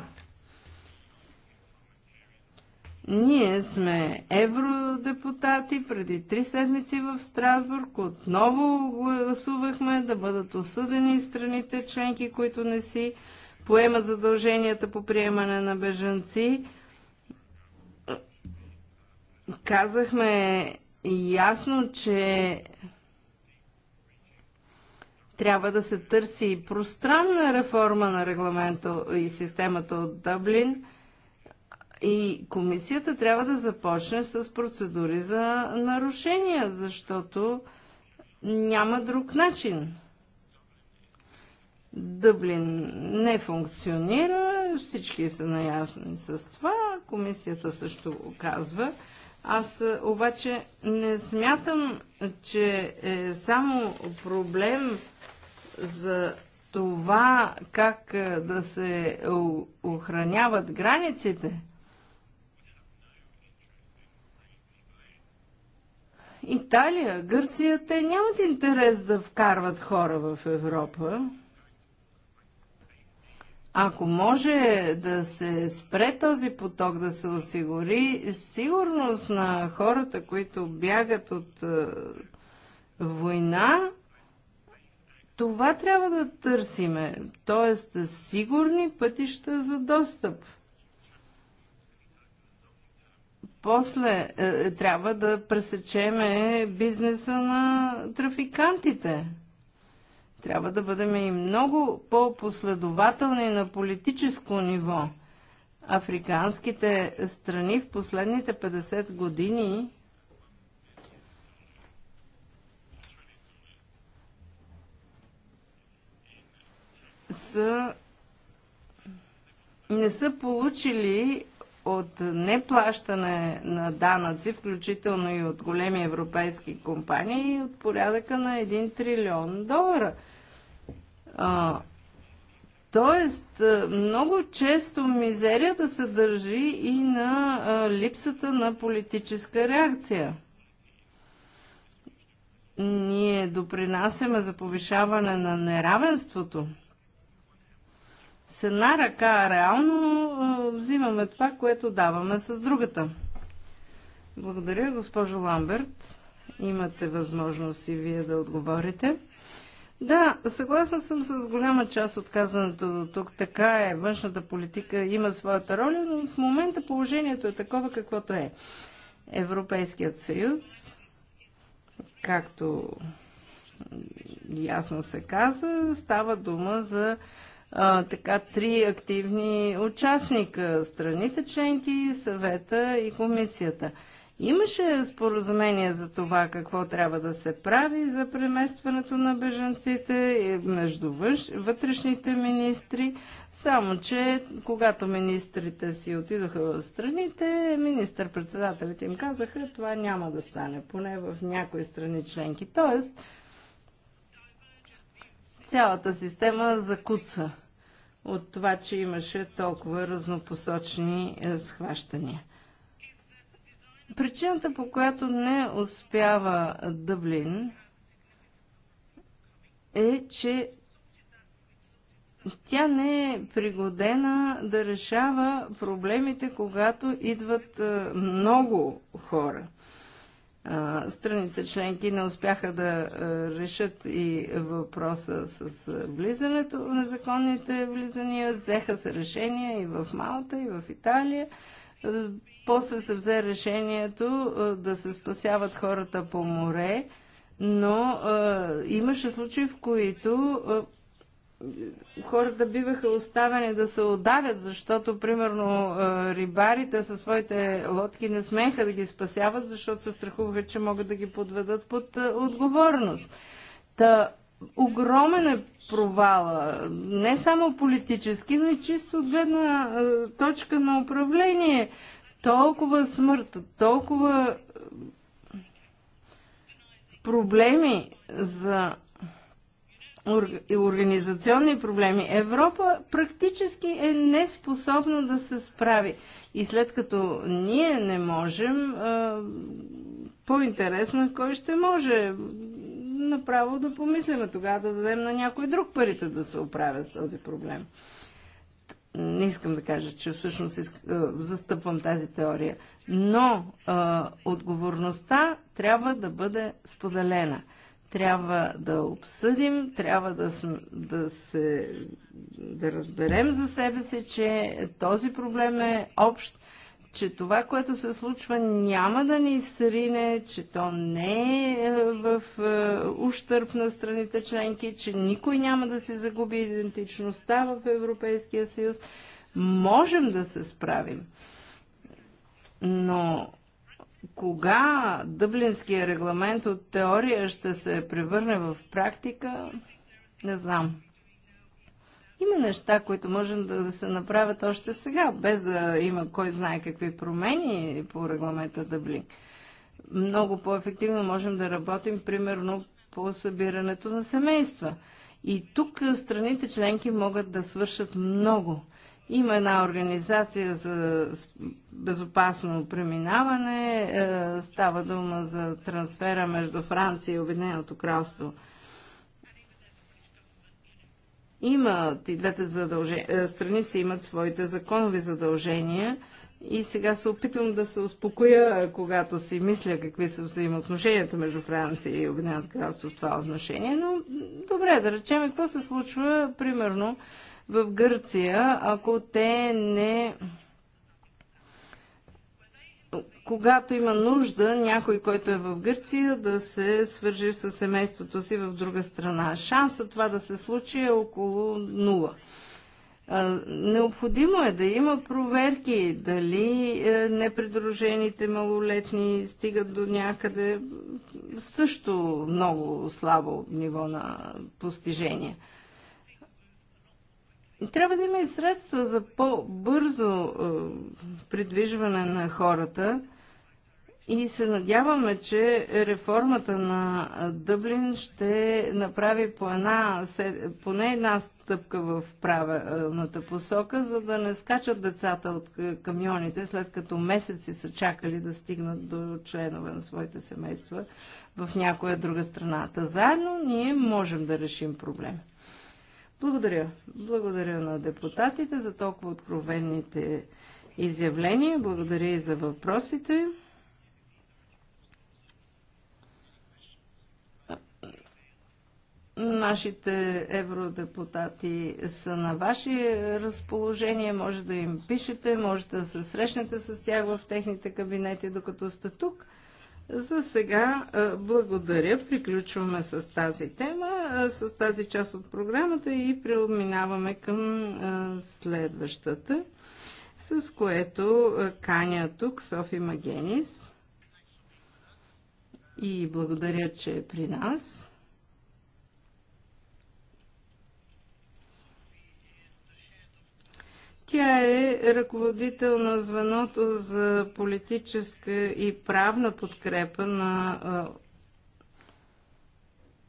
Ние сме евродепутати. Преди три седмици в Страсбург отново гласувахме да бъдат осъдени страните членки, които не си поемат задълженията по приемане на бежанци казахме ясно, че трябва да се търси и пространна реформа на регламента и системата от Дъблин и комисията трябва да започне с процедури за нарушения, защото няма друг начин. Дъблин не функционира, всички са наясни с това, комисията също го казва. Аз е, обаче не смятам, че е само проблем за това как е, да се е, охраняват границите. Италия, Гърция, те нямат интерес да вкарват хора в Европа. Ако може да се спре този поток, да се осигури сигурност на хората, които бягат от е, война, това трябва да търсиме, т.е. сигурни пътища за достъп. После е, е, трябва да пресечеме бизнеса на трафикантите. Трябва да бъдем и много по-последователни на политическо ниво. Африканските страни в последните 50 години са, не са получили от неплащане на данъци, включително и от големи европейски компании, от порядъка на 1 трилион долара. А, тоест, много често мизерията се държи и на а, липсата на политическа реакция. Ние допринасяме за повишаване на неравенството с една ръка реално а, взимаме това, което даваме с другата. Благодаря, госпожо Ламберт. Имате възможност и вие да отговорите. Да, съгласна съм с голяма част от казаното до тук. Така е, външната политика има своята роля, но в момента положението е такова каквото е. Европейският съюз, както ясно се каза, става дума за а, така три активни участника страните членки, съвета и комисията. Имаше споразумение за това какво трябва да се прави за преместването на бежанците между вътрешните министри, само че когато министрите си отидоха в страните, министър-председателите им казаха, това няма да стане, поне в някои страни членки. Тоест, цялата система закуца от това, че имаше толкова разнопосочни е, схващания. Причината, по която не успява Дъблин, е, че тя не е пригодена да решава проблемите, когато идват много хора. Страните членки не успяха да решат и въпроса с влизането, незаконните влизания. Взеха се решения и в Малта, и в Италия. После се взе решението да се спасяват хората по море, но имаше случаи, в които хората биваха оставени да се отдавят, защото, примерно, рибарите със своите лодки не смеха да ги спасяват, защото се страхуваха, че могат да ги подведат под отговорност. Та, огромен е провала. Не само политически, но и чисто от гледна точка на управление. Толкова смърт, толкова проблеми за организационни проблеми. Европа практически е неспособна да се справи. И след като ние не можем, по-интересно е, кой ще може направо да помислиме тогава да дадем на някой друг парите да се оправя с този проблем. Не искам да кажа, че всъщност е, застъпвам тази теория, но а, е, отговорността трябва да бъде споделена трябва да обсъдим, трябва да, да, се, да разберем за себе си, че този проблем е общ че това, което се случва, няма да ни срине, че то не е, е в е, ущърп на страните членки, че никой няма да си загуби идентичността в Европейския съюз. Можем да се справим. Но кога Дъблинския регламент от теория ще се превърне в практика, не знам. Има неща, които може да се направят още сега, без да има кой знае какви промени по регламента Дъблин. Много по-ефективно можем да работим, примерно, по събирането на семейства. И тук страните членки могат да свършат много. Има една организация за безопасно преминаване. Е, става дума за трансфера между Франция и Обединеното кралство – имат и двете задължения, е, страни си имат своите законови задължения и сега се опитвам да се успокоя, когато си мисля какви са взаимоотношенията между Франция и Обединеното кралство в това отношение, но добре, да речем, какво се случва, примерно, в Гърция, ако те не когато има нужда някой, който е в Гърция, да се свържи с семейството си в друга страна. Шансът това да се случи е около нула. Необходимо е да има проверки дали е, непридружените малолетни стигат до някъде също много слабо ниво на постижение. Трябва да има и средства за по-бързо е, придвижване на хората и се надяваме, че реформата на Дъблин ще направи по една, поне една стъпка в правилната посока, за да не скачат децата от камионите, след като месеци са чакали да стигнат до членове на своите семейства в някоя друга страна. Та заедно ние можем да решим проблема. Благодаря. Благодаря на депутатите за толкова откровените изявления. Благодаря и за въпросите. Нашите евродепутати са на ваше разположение, може да им пишете, може да се срещнете с тях в техните кабинети, докато сте тук. За сега е, благодаря, приключваме с тази тема, е, с тази част от програмата и преминаваме към е, следващата, с което каня тук Софи Магенис. И благодаря, че е при нас. Тя е ръководител на звеното за политическа и правна подкрепа на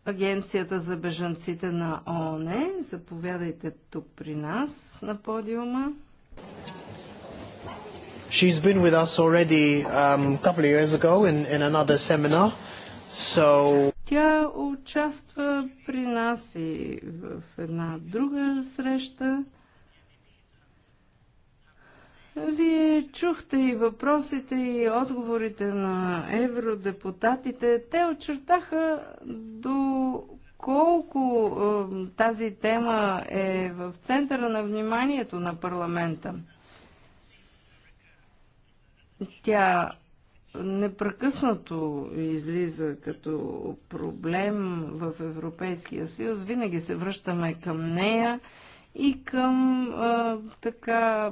Агенцията за бежанците на ООН. Заповядайте тук при нас на подиума. She's been with us already um, a couple of years ago in, in another seminar. So... Тя участва при нас и в една друга среща. Вие чухте и въпросите и отговорите на евродепутатите. Те очертаха до колко е, тази тема е в центъра на вниманието на парламента. Тя непрекъснато излиза като проблем в Европейския съюз. Винаги се връщаме към нея и към е, така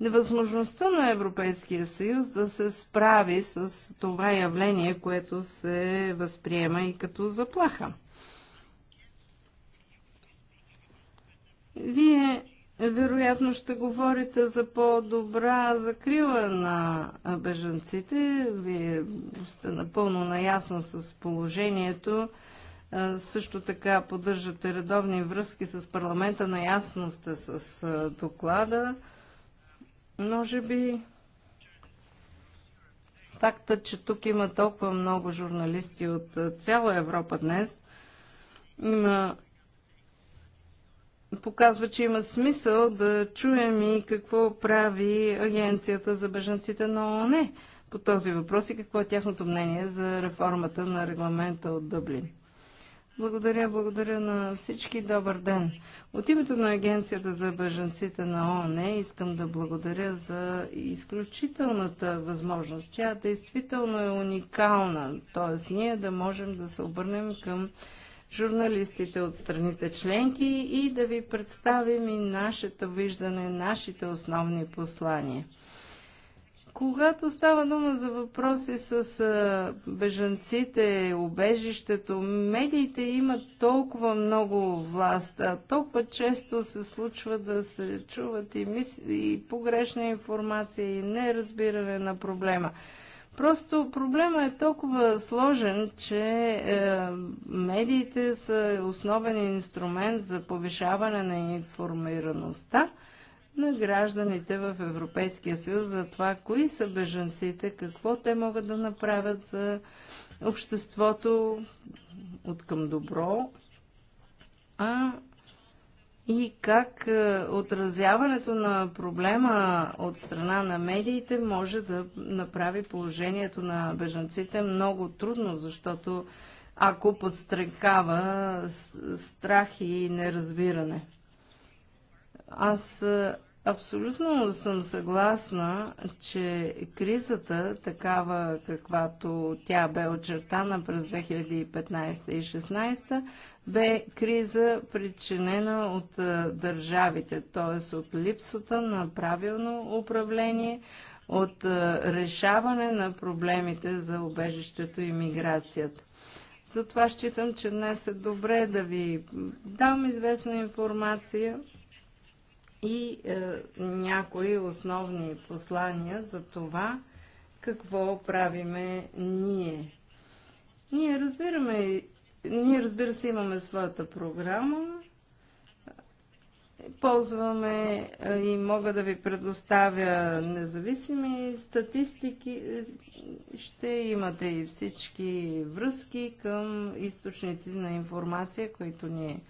невъзможността на Европейския съюз да се справи с това явление, което се възприема и като заплаха. Вие вероятно ще говорите за по-добра закрила на бежанците. Вие сте напълно наясно с положението също така поддържате редовни връзки с парламента, наясно сте с доклада. Може би факта, че тук има толкова много журналисти от цяла Европа днес, има показва, че има смисъл да чуем и какво прави Агенцията за бежанците на ООН по този въпрос и какво е тяхното мнение за реформата на регламента от Дъблин. Благодаря, благодаря на всички. Добър ден. От името на Агенцията за бъженците на ООН искам да благодаря за изключителната възможност. Тя действително е уникална, т.е. ние да можем да се обърнем към журналистите от страните членки и да ви представим и нашето виждане, нашите основни послания – когато става дума за въпроси с бежанците, убежището, медиите имат толкова много власт, а толкова често се случва да се чуват и, мис... и погрешна информация, и неразбиране на проблема. Просто проблема е толкова сложен, че е, медиите са основен инструмент за повишаване на информираността на гражданите в Европейския съюз за това, кои са бежанците, какво те могат да направят за обществото от към добро, а и как е, отразяването на проблема от страна на медиите може да направи положението на бежанците много трудно, защото ако подстрекава страх и неразбиране. Аз е, абсолютно съм съгласна, че кризата, такава каквато тя бе очертана през 2015 и 2016, бе криза причинена от е, държавите, т.е. от липсата на правилно управление, от е, решаване на проблемите за убежището и миграцията. Затова считам, че днес е добре да ви дам известна информация и е, някои основни послания за това какво правиме ние. Ние разбираме, ние разбира се имаме своята програма, ползваме е, и мога да ви предоставя независими статистики. Ще имате и всички връзки към източници на информация, които ние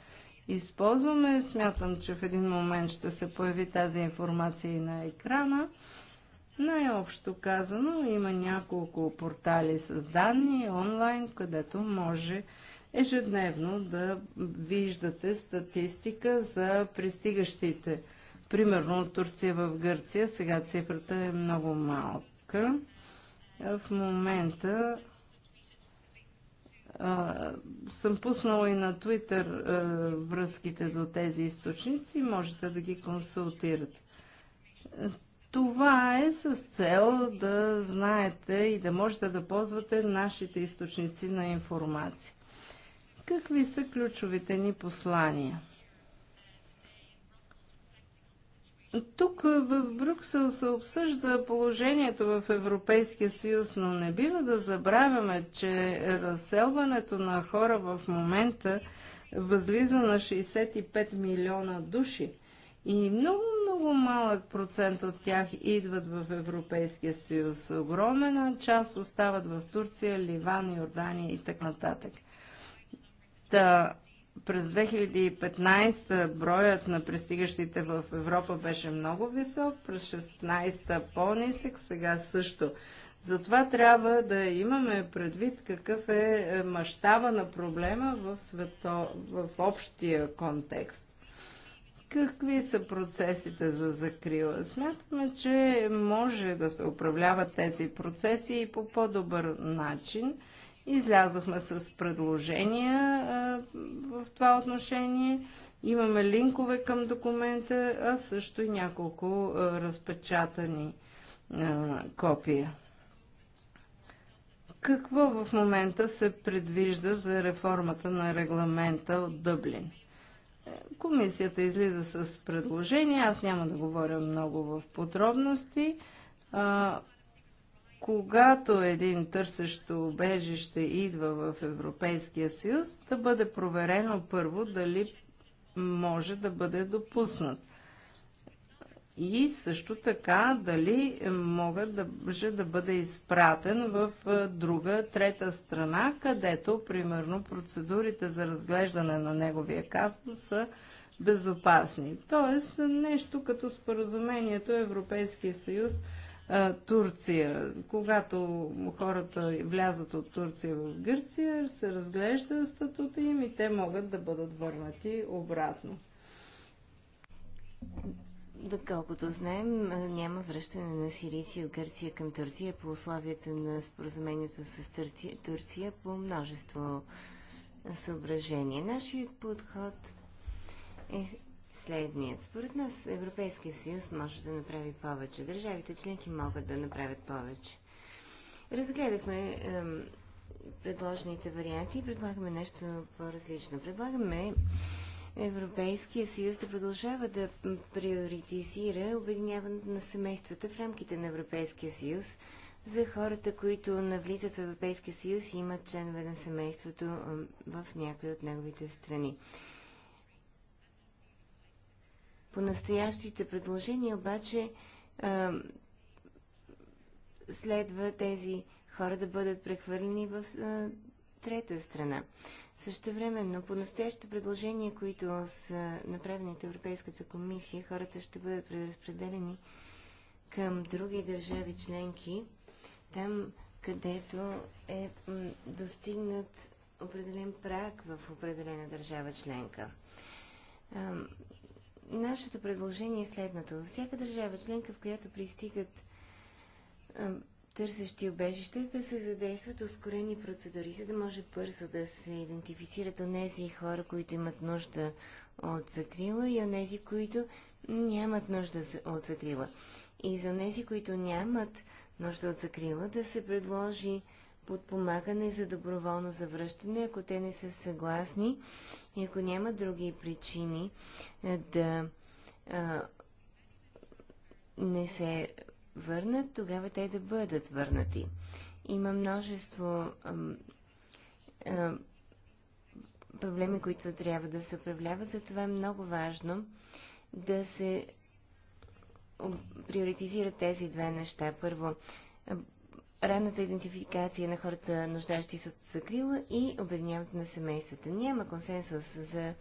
използваме. Смятам, че в един момент ще се появи тази информация и на екрана. Най-общо казано, има няколко портали с данни онлайн, където може ежедневно да виждате статистика за пристигащите. Примерно от Турция в Гърция, сега цифрата е много малка. В момента съм пуснала и на Twitter връзките до тези източници, можете да ги консултирате. Това е с цел да знаете и да можете да ползвате нашите източници на информация. Какви са ключовите ни послания? Тук в Брюксел се обсъжда положението в Европейския съюз, но не бива да забравяме, че разселването на хора в момента възлиза на 65 милиона души. И много, много малък процент от тях идват в Европейския съюз. Огромена част остават в Турция, Ливан, Йордания и така нататък. Та, през 2015 броят на пристигащите в Европа беше много висок, през 16-та по-нисък, сега също. Затова трябва да имаме предвид какъв е, е мащаба на проблема в, свето, в общия контекст. Какви са процесите за закрила? Смятаме, че може да се управляват тези процеси и по по-добър начин – Излязохме с предложения в това отношение. Имаме линкове към документа, а също и няколко разпечатани копия. Какво в момента се предвижда за реформата на регламента от Дъблин? Комисията излиза с предложение, аз няма да говоря много в подробности когато един търсещо убежище идва в Европейския съюз, да бъде проверено първо дали може да бъде допуснат. И също така дали могат да, може да бъде изпратен в друга, трета страна, където, примерно, процедурите за разглеждане на неговия казус са безопасни. Тоест, нещо като споразумението Европейския съюз – Турция. Когато хората влязат от Турция в Гърция, се разглежда статута им и те могат да бъдат върнати обратно. Доколкото знаем, няма връщане на сирийци от Гърция към Турция по условията на споразумението с Турция, Турция по множество съображения. Нашият подход е следният. Според нас Европейския съюз може да направи повече. Държавите членки могат да направят повече. Разгледахме ем, предложените варианти и предлагаме нещо по-различно. Предлагаме Европейския съюз да продължава да приоритизира обединяването на семействата в рамките на Европейския съюз за хората, които навлизат в Европейския съюз и имат членове на семейството в някои от неговите страни. По настоящите предложения обаче а, следва тези хора да бъдат прехвърлени в а, трета страна. Също времено, по настоящите предложения, които са направени от Европейската комисия, хората ще бъдат преразпределени към други държави членки, там където е достигнат определен прак в определена държава членка нашето предложение е следното. Във всяка държава членка, в която пристигат търсещи обежище, да се задействат ускорени процедури, за да може бързо да се идентифицират онези хора, които имат нужда от закрила и онези, които нямат нужда от закрила. И за онези, които нямат нужда от закрила, да се предложи подпомагане за доброволно завръщане, ако те не са съгласни и ако няма други причини е, да а, не се върнат, тогава те да бъдат върнати. Има множество а, а, проблеми, които трябва да се управляват, затова е много важно да се приоритизират тези две неща. Първо, ранната идентификация на хората, нуждащи се от закрила и обединяването на семействата. Няма консенсус за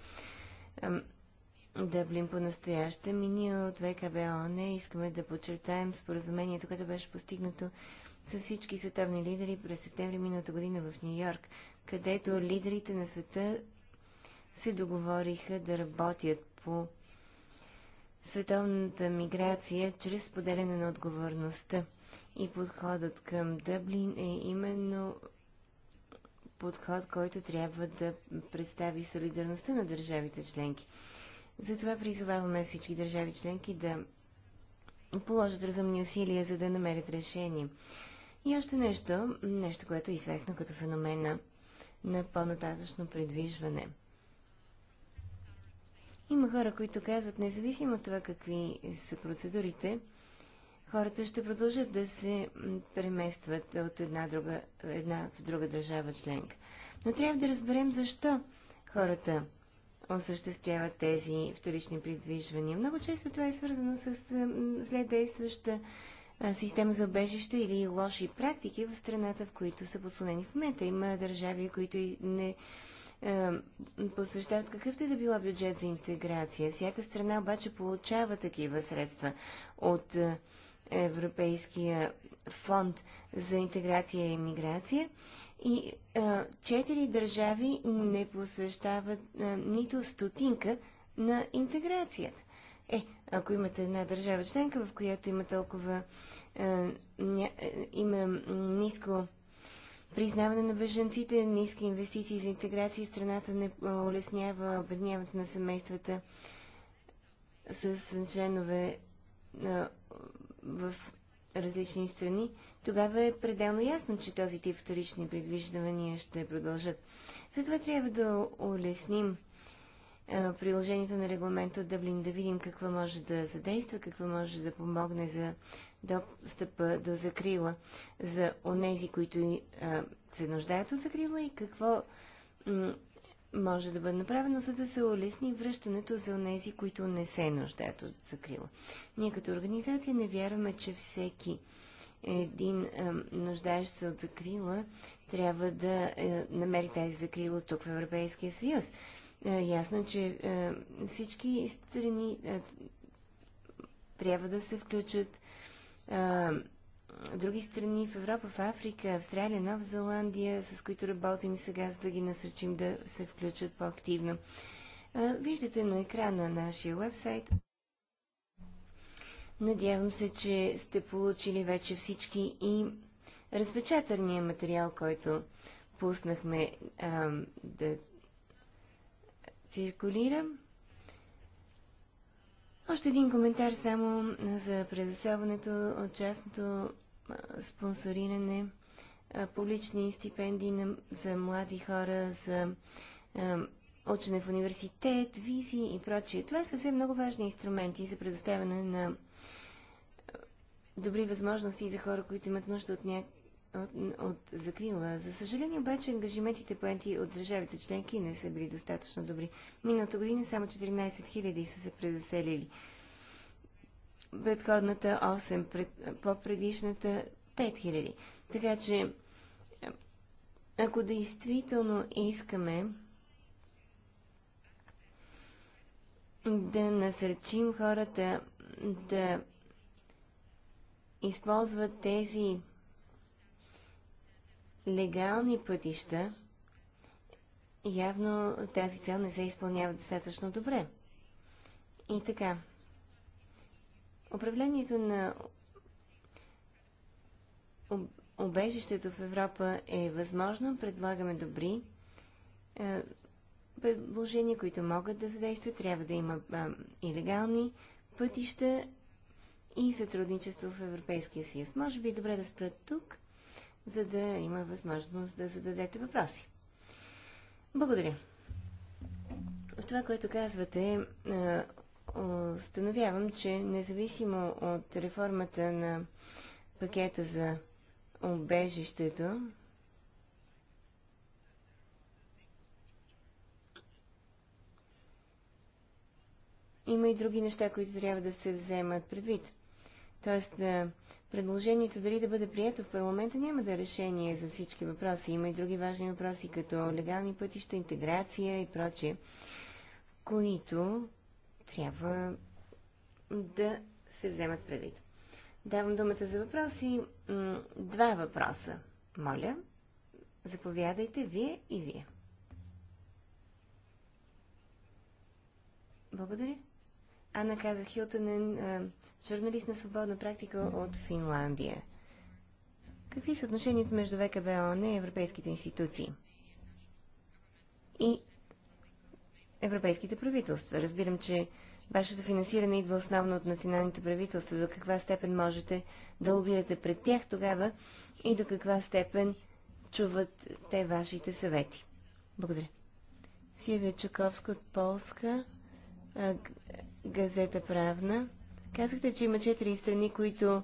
Дъблин по-настояще. Ние от ВКБО не искаме да подчертаем споразумението, което беше постигнато с всички световни лидери през септември миналата година в Нью Йорк, където лидерите на света се договориха да работят по световната миграция чрез поделяне на отговорността и подходът към Дъблин е именно подход, който трябва да представи солидарността на държавите членки. Затова призоваваме всички държави членки да положат разумни усилия, за да намерят решение. И още нещо, нещо, което е известно като феномена на по-нататъчно предвижване. Има хора, които казват, независимо от това какви са процедурите, хората ще продължат да се преместват от една, друга, една в друга държава членка. Но трябва да разберем защо хората осъществяват тези вторични придвижвания. Много често това е свързано с зле действаща система за обежище или лоши практики в страната, в които са послонени. в момента. Има държави, които не посвещават какъвто и е да било бюджет за интеграция. Всяка страна обаче получава такива средства от Европейския фонд за интеграция и миграция. И а, четири държави не посвещават а, нито стотинка на интеграцията. Е, ако имате една държава членка, в която има толкова а, ня, има ниско признаване на бежанците, ниски инвестиции за интеграция, страната не улеснява обедняването на семействата с членове на в различни страни, тогава е пределно ясно, че този тип вторични предвиждавания ще продължат. Затова трябва да улесним приложението на регламента от Дъблин, да видим какво може да задейства, какво може да помогне за достъпа до закрила за онези, които се нуждаят от закрила и какво може да бъде направено, за да се улесни връщането за тези, които не се нуждаят от закрила. Ние като организация не вярваме, че всеки един е, нуждаещ се от закрила трябва да е, намери тази закрила тук в Европейския съюз. Е, ясно, че е, всички страни е, трябва да се включат. Е, други страни в Европа, в Африка, Австралия, Нова Зеландия, с които работим сега, за да ги насръчим да се включат по-активно. Виждате на екрана на нашия вебсайт. Надявам се, че сте получили вече всички и разпечатания материал, който пуснахме а, да циркулира. Още един коментар само за презаселването от частното спонсориране, публични стипендии за млади хора, за учене в университет, визи и прочие. Това са все много важни инструменти за предоставяне на добри възможности за хора, които имат нужда от, ня... от, от закрила. За съжаление обаче ангажиментите поети от държавите членки не са били достатъчно добри. Миналата година само 14 000 са се презаселили предходната 8, пред, по-предишната 5000. Така че, ако действително искаме да насърчим хората да използват тези легални пътища, явно тази цел не се изпълнява достатъчно добре. И така, Управлението на обежището в Европа е възможно. Предлагаме добри е, предложения, които могат да задействат. Трябва да има и легални пътища и сътрудничество в Европейския съюз. Може би е добре да спрат тук, за да има възможност да зададете въпроси. Благодаря. Това, което казвате, е, установявам, че независимо от реформата на пакета за обежището, има и други неща, които трябва да се вземат предвид. Тоест, предложението дали да бъде прието в парламента няма да е решение за всички въпроси. Има и други важни въпроси, като легални пътища, интеграция и прочие, които трябва да се вземат предвид. Давам думата за въпроси. Два въпроса. Моля, заповядайте вие и вие. Благодаря. Анна каза Хилтънен, е, журналист на свободна практика от Финландия. Какви са отношенията между ВКБ ООН и европейските институции? И европейските правителства. Разбирам, че вашето финансиране идва основно от националните правителства. До каква степен можете да лобирате пред тях тогава и до каква степен чуват те вашите съвети? Благодаря. Силвия Чуковска от Полска, газета Правна. Казахте, че има четири страни, които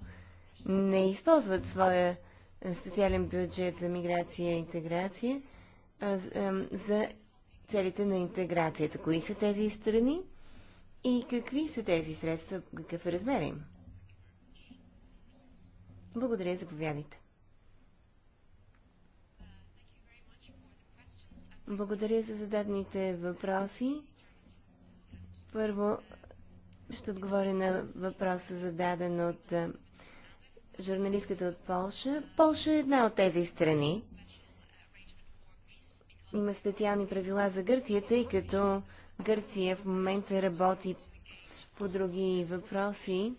не използват своя специален бюджет за миграция и интеграция за целите на интеграцията. Кои са тези страни и какви са тези средства, какъв е размер им? Благодаря, заповядайте. Благодаря за зададените въпроси. Първо ще отговоря на въпроса зададен от журналистката от Полша. Полша е една от тези страни има специални правила за Гърция, тъй като Гърция в момента работи по други въпроси.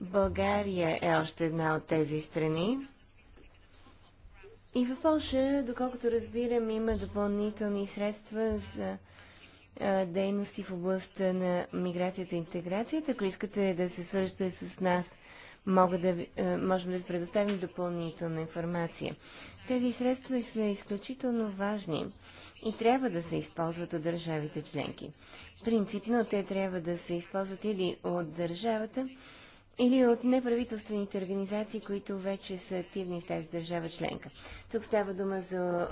България е още една от тези страни. И в Польша, доколкото разбирам, има допълнителни средства за дейности в областта на миграцията и интеграцията. Ако искате да се свържете с нас, мога да, можем да ви предоставим допълнителна информация. Тези средства са изключително важни и трябва да се използват от държавите членки. Принципно те трябва да се използват или от държавата, или от неправителствените организации, които вече са активни в тази държава членка. Тук става дума за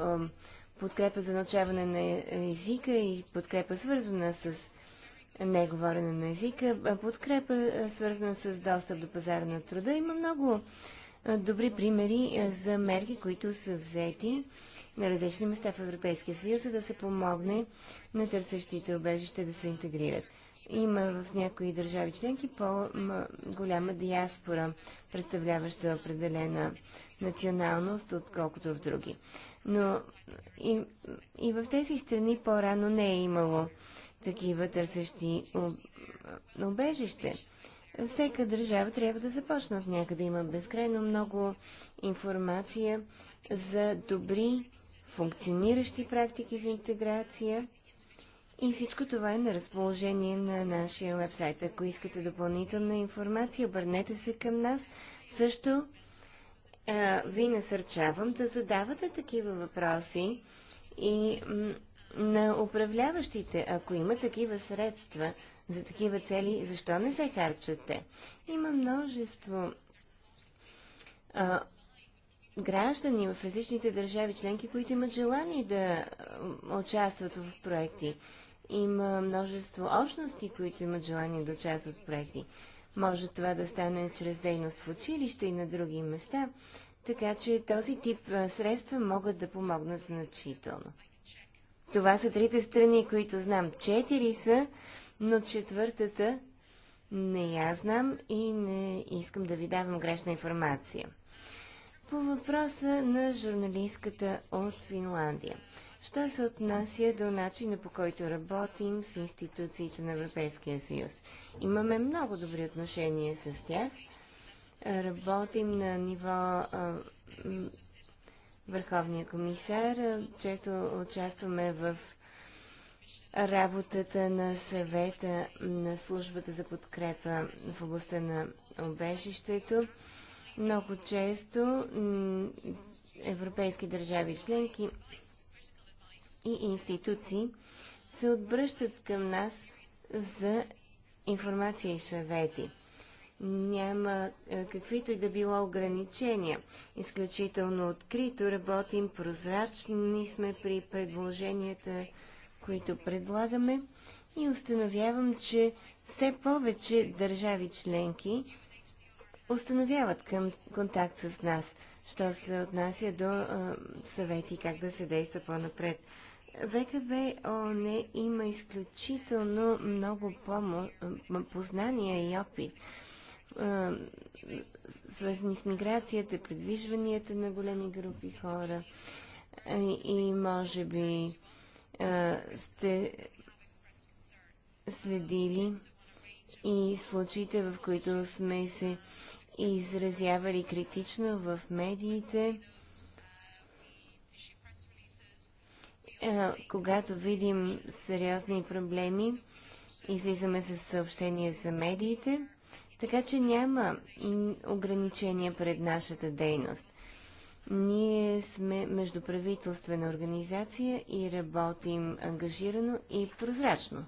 подкрепа за научаване на езика и подкрепа свързана с неговорене на езика, подкрепа свързана с достъп до пазара на труда. Има много добри примери за мерки, които са взети на различни места в Европейския съюз, за да се помогне на търсещите обежище да се интегрират. Има в някои държави членки по-голяма диаспора, представляваща определена националност, отколкото в други. Но и, и в тези страни по-рано не е имало такива търсещи обежище. Всяка държава трябва да започне от някъде. Има безкрайно много информация за добри, функциониращи практики за интеграция. И всичко това е на разположение на нашия вебсайт. Ако искате допълнителна информация, обърнете се към нас. Също а, ви насърчавам да задавате такива въпроси и на управляващите, ако има такива средства за такива цели, защо не се харчат те? Има множество а, граждани в различните държави членки, които имат желание да участват в проекти. Има множество общности, които имат желание да участват в проекти. Може това да стане чрез дейност в училище и на други места, така че този тип средства могат да помогнат значително. Това са трите страни, които знам. Четири са но четвъртата не я знам и не искам да ви давам грешна информация. По въпроса на журналистката от Финландия. Що се отнася до начина по който работим с институциите на Европейския съюз? Имаме много добри отношения с тях. Работим на ниво а, Върховния комисар, чето участваме в работата на съвета на службата за подкрепа в областта на обежището. Много често европейски държави членки и институции се отбръщат към нас за информация и съвети. Няма е, каквито и да било ограничения. Изключително открито работим, прозрачни сме при предложенията които предлагаме и установявам, че все повече държави членки установяват към контакт с нас, що се отнася до а, съвети как да се действа по-напред. ВКБ ООН има изключително много помо... познания и опит, а, свързани с миграцията, предвижванията на големи групи хора а, и може би сте следили и случаите, в които сме се изразявали критично в медиите. когато видим сериозни проблеми, излизаме с съобщения за медиите, така че няма ограничения пред нашата дейност. Ние сме междуправителствена организация и работим ангажирано и прозрачно.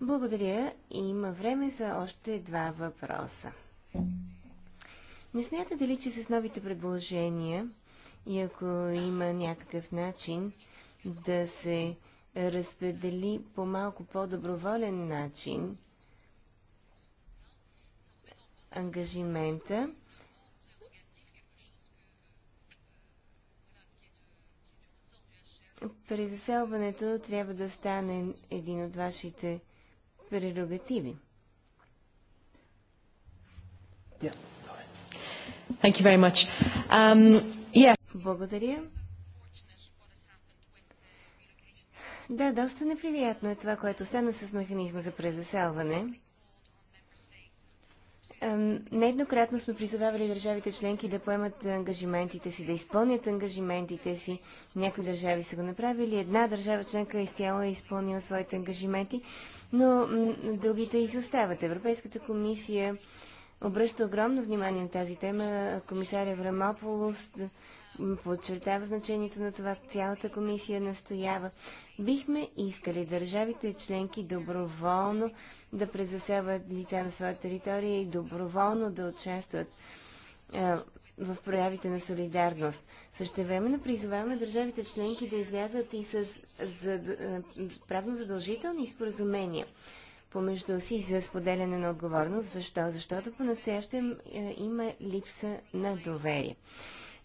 Благодаря. и Има време за още два въпроса. Не смятате ли, че с новите предложения и ако има някакъв начин да се разпредели по малко по-доброволен начин ангажимента, При заселването трябва да стане един от вашите прерогативи. Yeah. Thank you very much. Um, yeah. Благодаря. Да, доста неприятно е това, което стана с механизма за презаселване. Нееднократно сме призовавали държавите членки да поемат ангажиментите си, да изпълнят ангажиментите си. Някои държави са го направили. Една държава членка изцяло е изпълнила своите ангажименти, но другите изостават. Европейската комисия обръща огромно внимание на тази тема. Комисаря Врамополост подчертава значението на това, цялата комисия настоява. Бихме искали държавите членки доброволно да презаселват лица на своя територия и доброволно да участват в проявите на солидарност. Същевременно призоваваме държавите членки да излязат и с зад, правно задължителни споразумения помежду си за споделяне на отговорност. Защо? Защото по-настоящем е, има липса на доверие.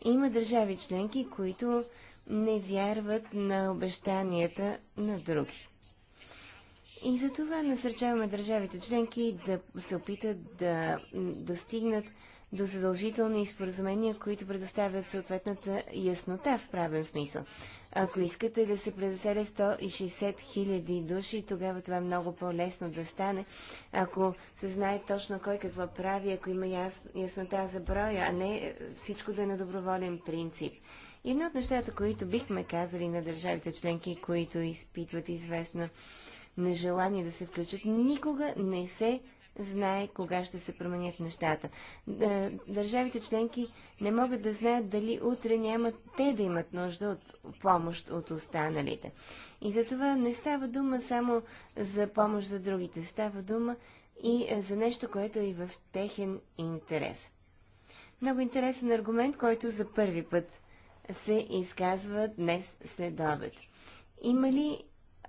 Има държави членки, които не вярват на обещанията на други. И за това насърчаваме държавите членки да се опитат да достигнат до задължителни споразумения, които предоставят съответната яснота в правен смисъл. Ако искате да се предоставя 160 хиляди души, тогава това е много по-лесно да стане, ако се знае точно кой какво прави, ако има яс... яснота за броя, а не всичко да е на доброволен принцип. едно от нещата, които бихме казали на държавите членки, които изпитват известно нежелание да се включат, никога не се знае кога ще се променят нещата. Държавите членки не могат да знаят дали утре нямат те да имат нужда от помощ от останалите. И за това не става дума само за помощ за другите, става дума и е, за нещо, което е и в техен интерес. Много интересен аргумент, който за първи път се изказва днес след обед. Има ли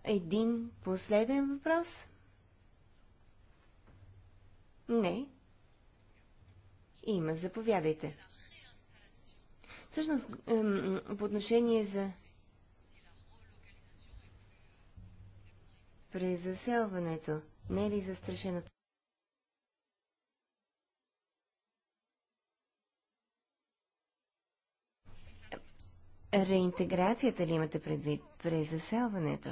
един последен въпрос? Не. Има, заповядайте. Всъщност, по отношение за презаселването, не е ли застрашеното? Реинтеграцията ли имате предвид? Презаселването?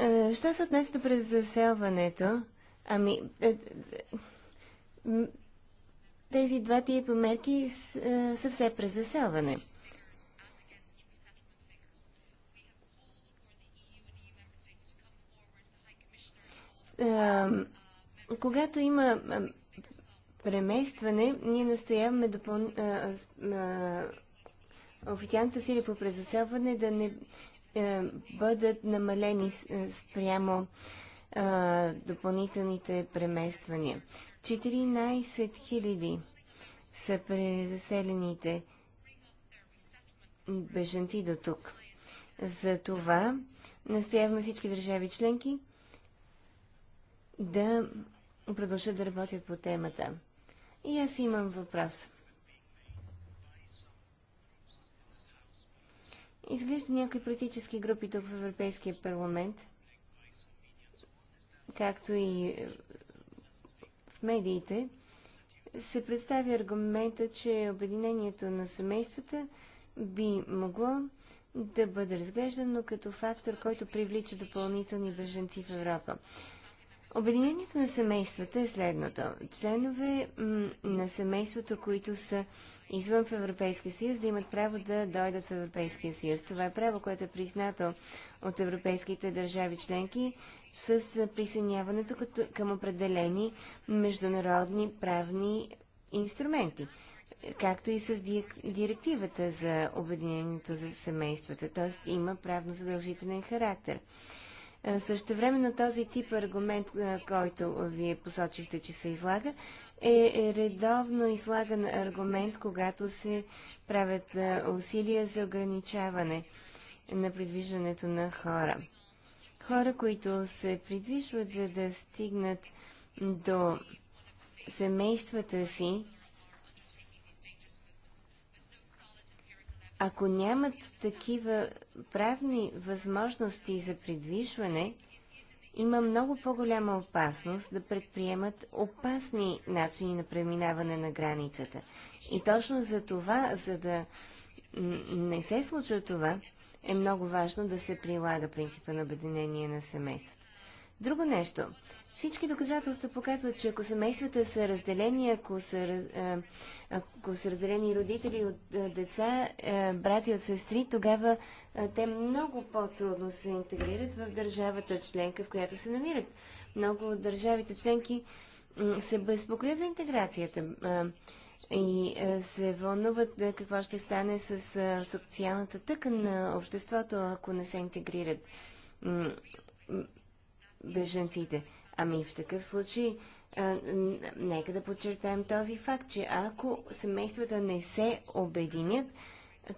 Е, що се отнесе до презаселването? Ами, е, е, тези два типа мерки са все през Когато има преместване, ние настояваме допълнително официалната сили по презаселване да не е, бъдат намалени е, спрямо допълнителните премествания. 14 000 са презаселените бежанци до тук. За това настояваме всички държави членки да продължат да работят по темата. И аз имам въпрос. Изглежда някои политически групи тук в Европейския парламент, както и е, в медиите, се представи аргумента, че обединението на семействата би могло да бъде разглеждано като фактор, който привлича допълнителни беженци в Европа. Обединението на семействата е следното. Членове на семейството, които са извън в Европейския съюз, да имат право да дойдат в Европейския съюз. Това е право, което е признато от европейските държави членки с присъединяването към определени международни правни инструменти както и с директивата за обединението за семействата, т.е. има правно задължителен характер. Е, също време на този тип аргумент, е, който вие посочихте, че се излага, е редовно излаган аргумент, когато се правят усилия за ограничаване на придвижването на хора. Хора, които се придвижват, за да стигнат до семействата си, ако нямат такива правни възможности за придвижване, има много по-голяма опасност да предприемат опасни начини на преминаване на границата. И точно за това, за да не се случва това, е много важно да се прилага принципа на обединение на семейството. Друго нещо. Всички доказателства показват, че ако семействата са разделени, ако са, ако са разделени родители от деца, брати от сестри, тогава те много по-трудно се интегрират в държавата членка, в която се намират. Много от държавите членки се безпокоят за интеграцията и се вълнуват какво ще стане с социалната тъкан на обществото, ако не се интегрират беженците. Ами в такъв случай, а, нека да подчертаем този факт, че ако семействата не се обединят,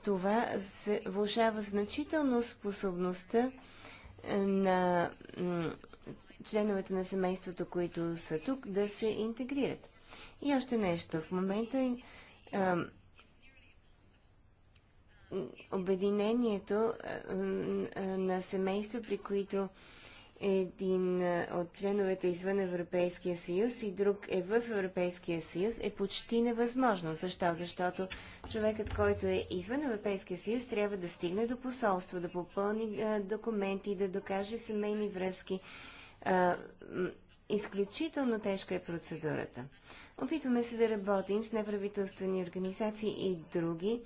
това се влушава значително способността на членовете на семейството, които са тук, да се интегрират. И още нещо. В момента а, обединението а, на семейства, при които един от членовете извън Европейския съюз и друг е в Европейския съюз, е почти невъзможно. Защо? Защото човекът, който е извън Европейския съюз, трябва да стигне до посолство, да попълни документи, да докаже семейни връзки. изключително тежка е процедурата. Опитваме се да работим с неправителствени организации и други,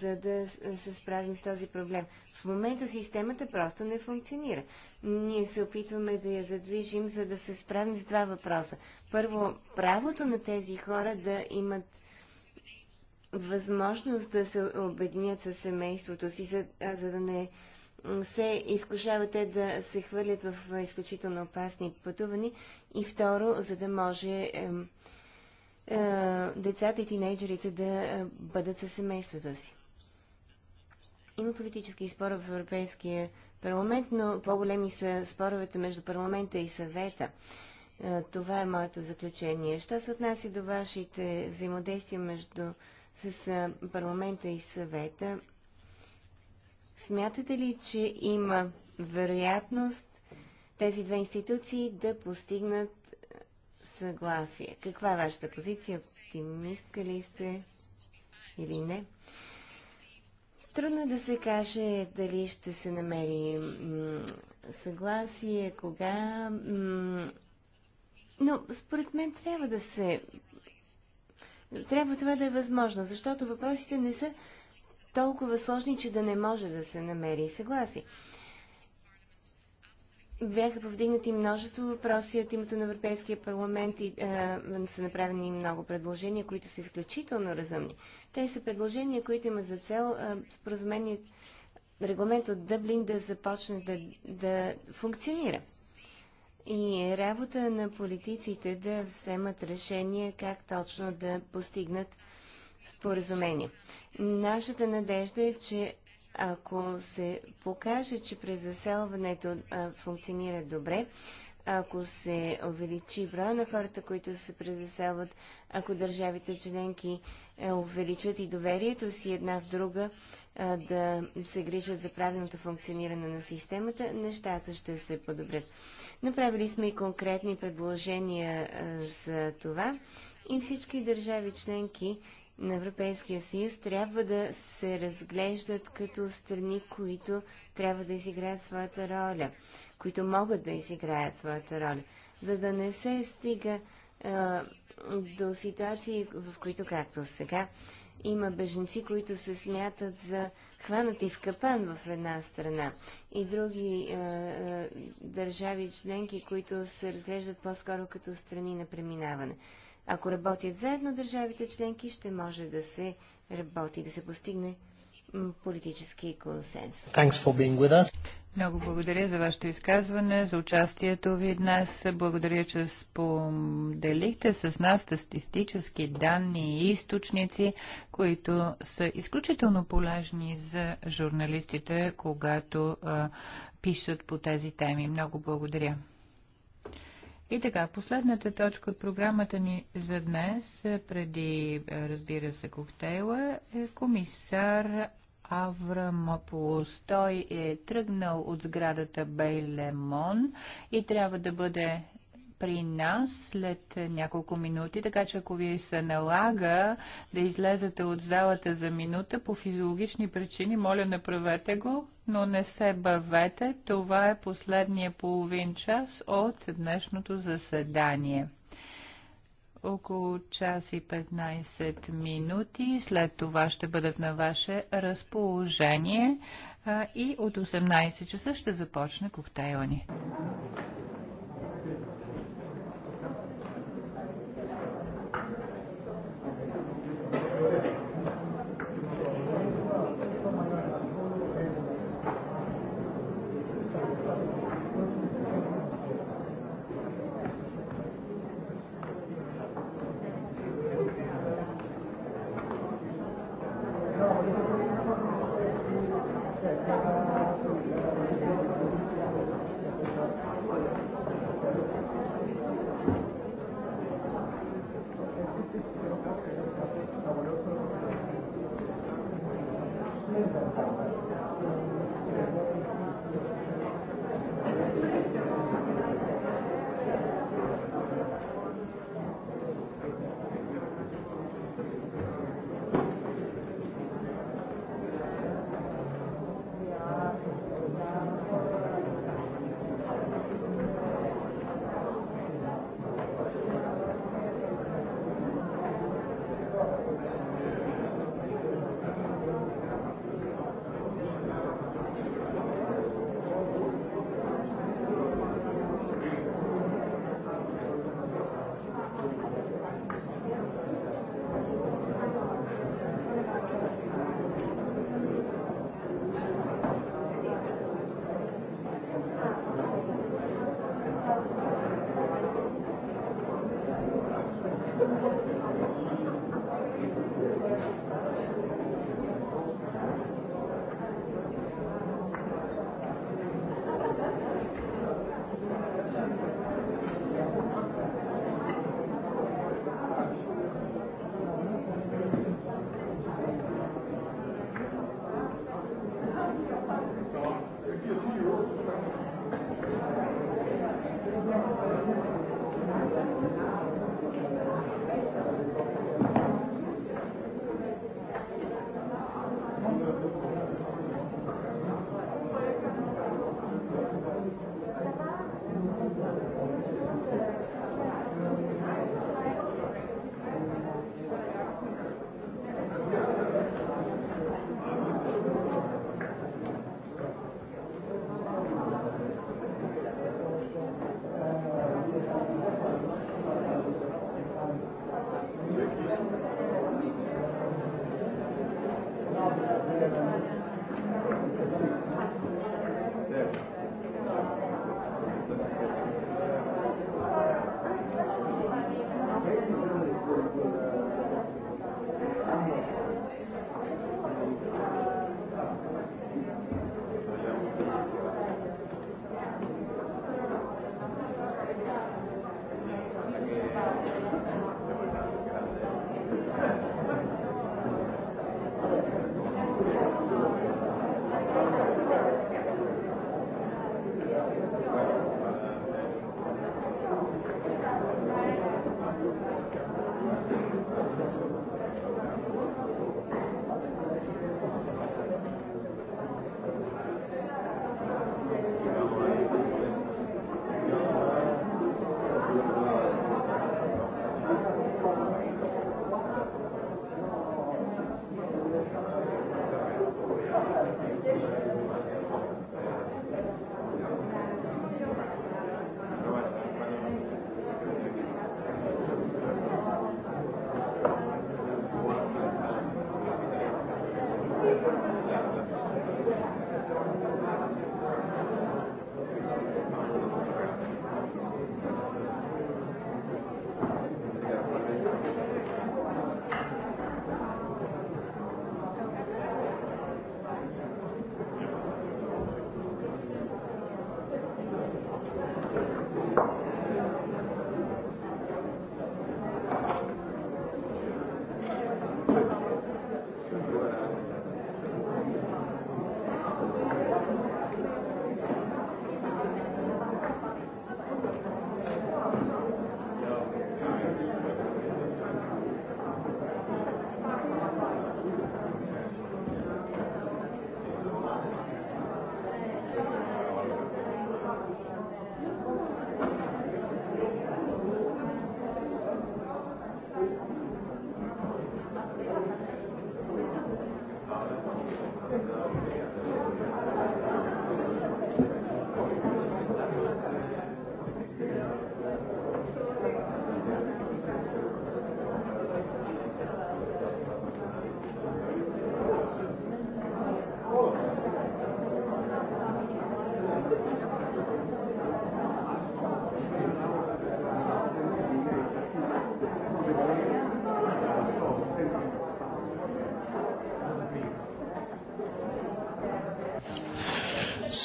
за да се справим с този проблем. В момента системата просто не функционира. Ние се опитваме да я задвижим, за да се справим с два въпроса. Първо, правото на тези хора да имат възможност да се обединят със семейството си, за, за да не се те да се хвърлят в изключително опасни пътувани. И второ, за да може ем, е, децата и тинейджерите да е, бъдат със семейството си. Има политически спор в Европейския парламент, но по-големи са споровете между парламента и съвета. Е, това е моето заключение. Що се отнася до вашите взаимодействия между с парламента и съвета, смятате ли, че има вероятност тези две институции да постигнат съгласие. Каква е вашата позиция? Оптимистка ли сте или не? Трудно е да се каже дали ще се намери съгласие, кога. Но според мен трябва да се. Трябва това да е възможно, защото въпросите не са толкова сложни, че да не може да се намери съгласие. Бяха повдигнати множество въпроси от името на Европейския парламент и а, е, са направени много предложения, които са изключително разумни. Те са предложения, които имат за цел е, споразумение регламент от Дъблин да започне да, да функционира. И работа на политиците да вземат решения как точно да постигнат споразумение. Нашата надежда е, че ако се покаже, че през заселването функционира добре, ако се увеличи броя на хората, които се презаселват, ако държавите членки е, увеличат и доверието си една в друга, да се грижат за правилното функциониране на системата, нещата ще се подобрят. Направили сме и конкретни предложения за това и всички държави членки на Европейския съюз трябва да се разглеждат като страни, които трябва да изиграят своята роля, които могат да изиграят своята роля, за да не се стига а, до ситуации, в които, както сега, има беженци, които се смятат за хванати в капан в една страна и други е, държави членки, които се разглеждат по-скоро като страни на преминаване. Ако работят заедно държавите членки, ще може да се работи, да се постигне политически консенсус. Много благодаря за вашето изказване, за участието ви днес. Благодаря, че споделихте с нас статистически данни и източници, които са изключително полезни за журналистите, когато а, пишат по тези теми. Много благодаря. И така, последната точка от програмата ни за днес, е преди, е, разбира се, коктейла, е комисар Аврамополос. Той е тръгнал от сградата Бейлемон и трябва да бъде при нас след няколко минути, така че ако ви се налага да излезете от залата за минута по физиологични причини, моля направете го, но не се бавете. Това е последния половин час от днешното заседание около час и 15 минути. След това ще бъдат на ваше разположение и от 18 часа ще започне коктейла ни.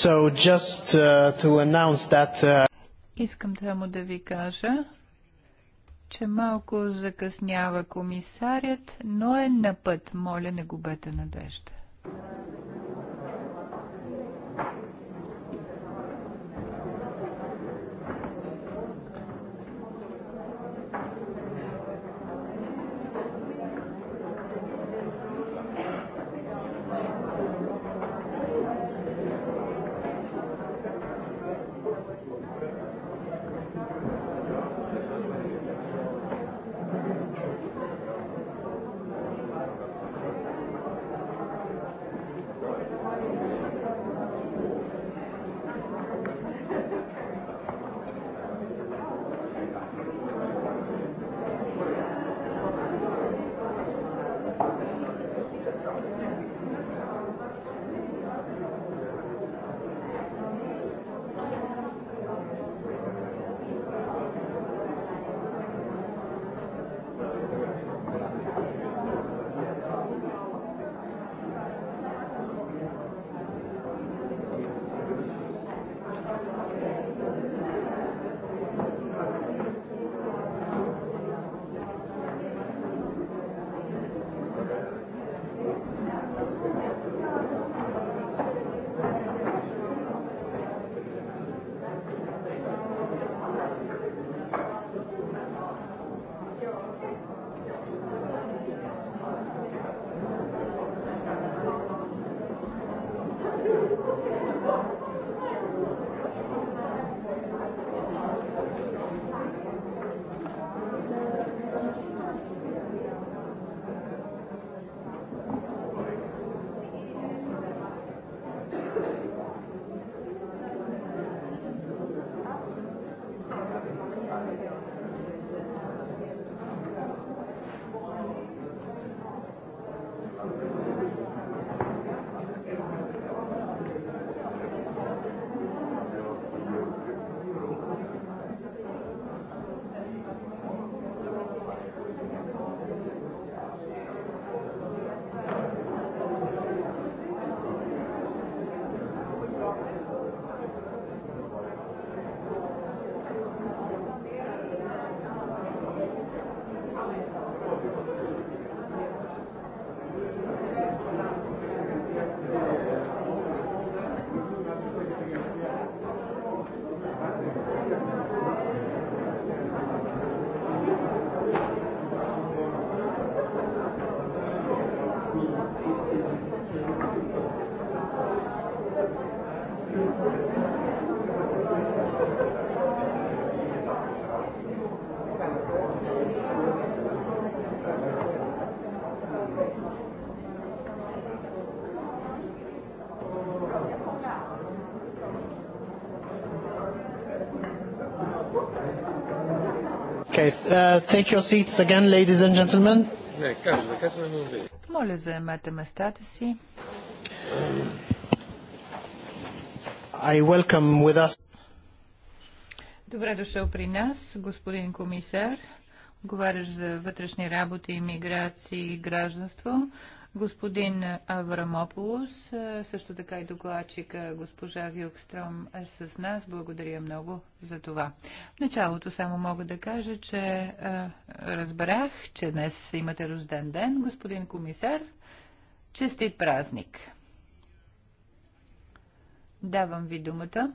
So just uh, to announce that uh... Искам само да ви кажа, че малко закъснява комисарят, но е на път. Моля, не губете надежда. Okay, uh, take your seats again, ladies and gentlemen. Моля, заемете местата си. I welcome with us. Добре дошъл при нас, господин комисар, отговарящ за вътрешни работи, иммиграции и гражданство. Uh, Господин Аврамополос, също така и докладчика госпожа Вилкстром е с нас. Благодаря много за това. В началото само мога да кажа, че разбрах, че днес имате рожден ден, господин комисар. Честит празник! Давам ви думата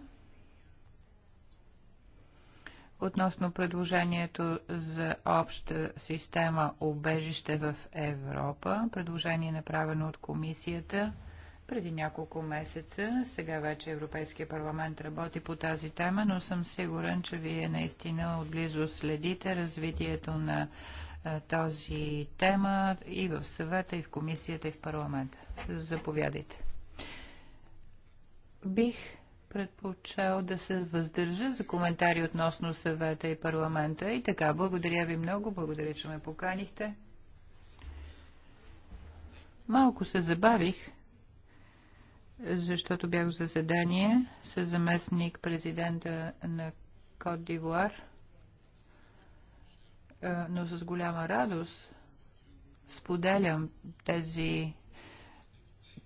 относно предложението за обща система обежище в Европа, предложение направено от комисията преди няколко месеца. Сега вече Европейския парламент работи по тази тема, но съм сигурен, че вие наистина отблизо следите развитието на този тема и в съвета, и в комисията, и в парламента. Заповядайте. Бих предпочел да се въздържа за коментари относно съвета и парламента. И така, благодаря ви много, благодаря, че ме поканихте. Малко се забавих, защото бях в заседание с заместник президента на Кот Дивуар, е, но с голяма радост споделям тези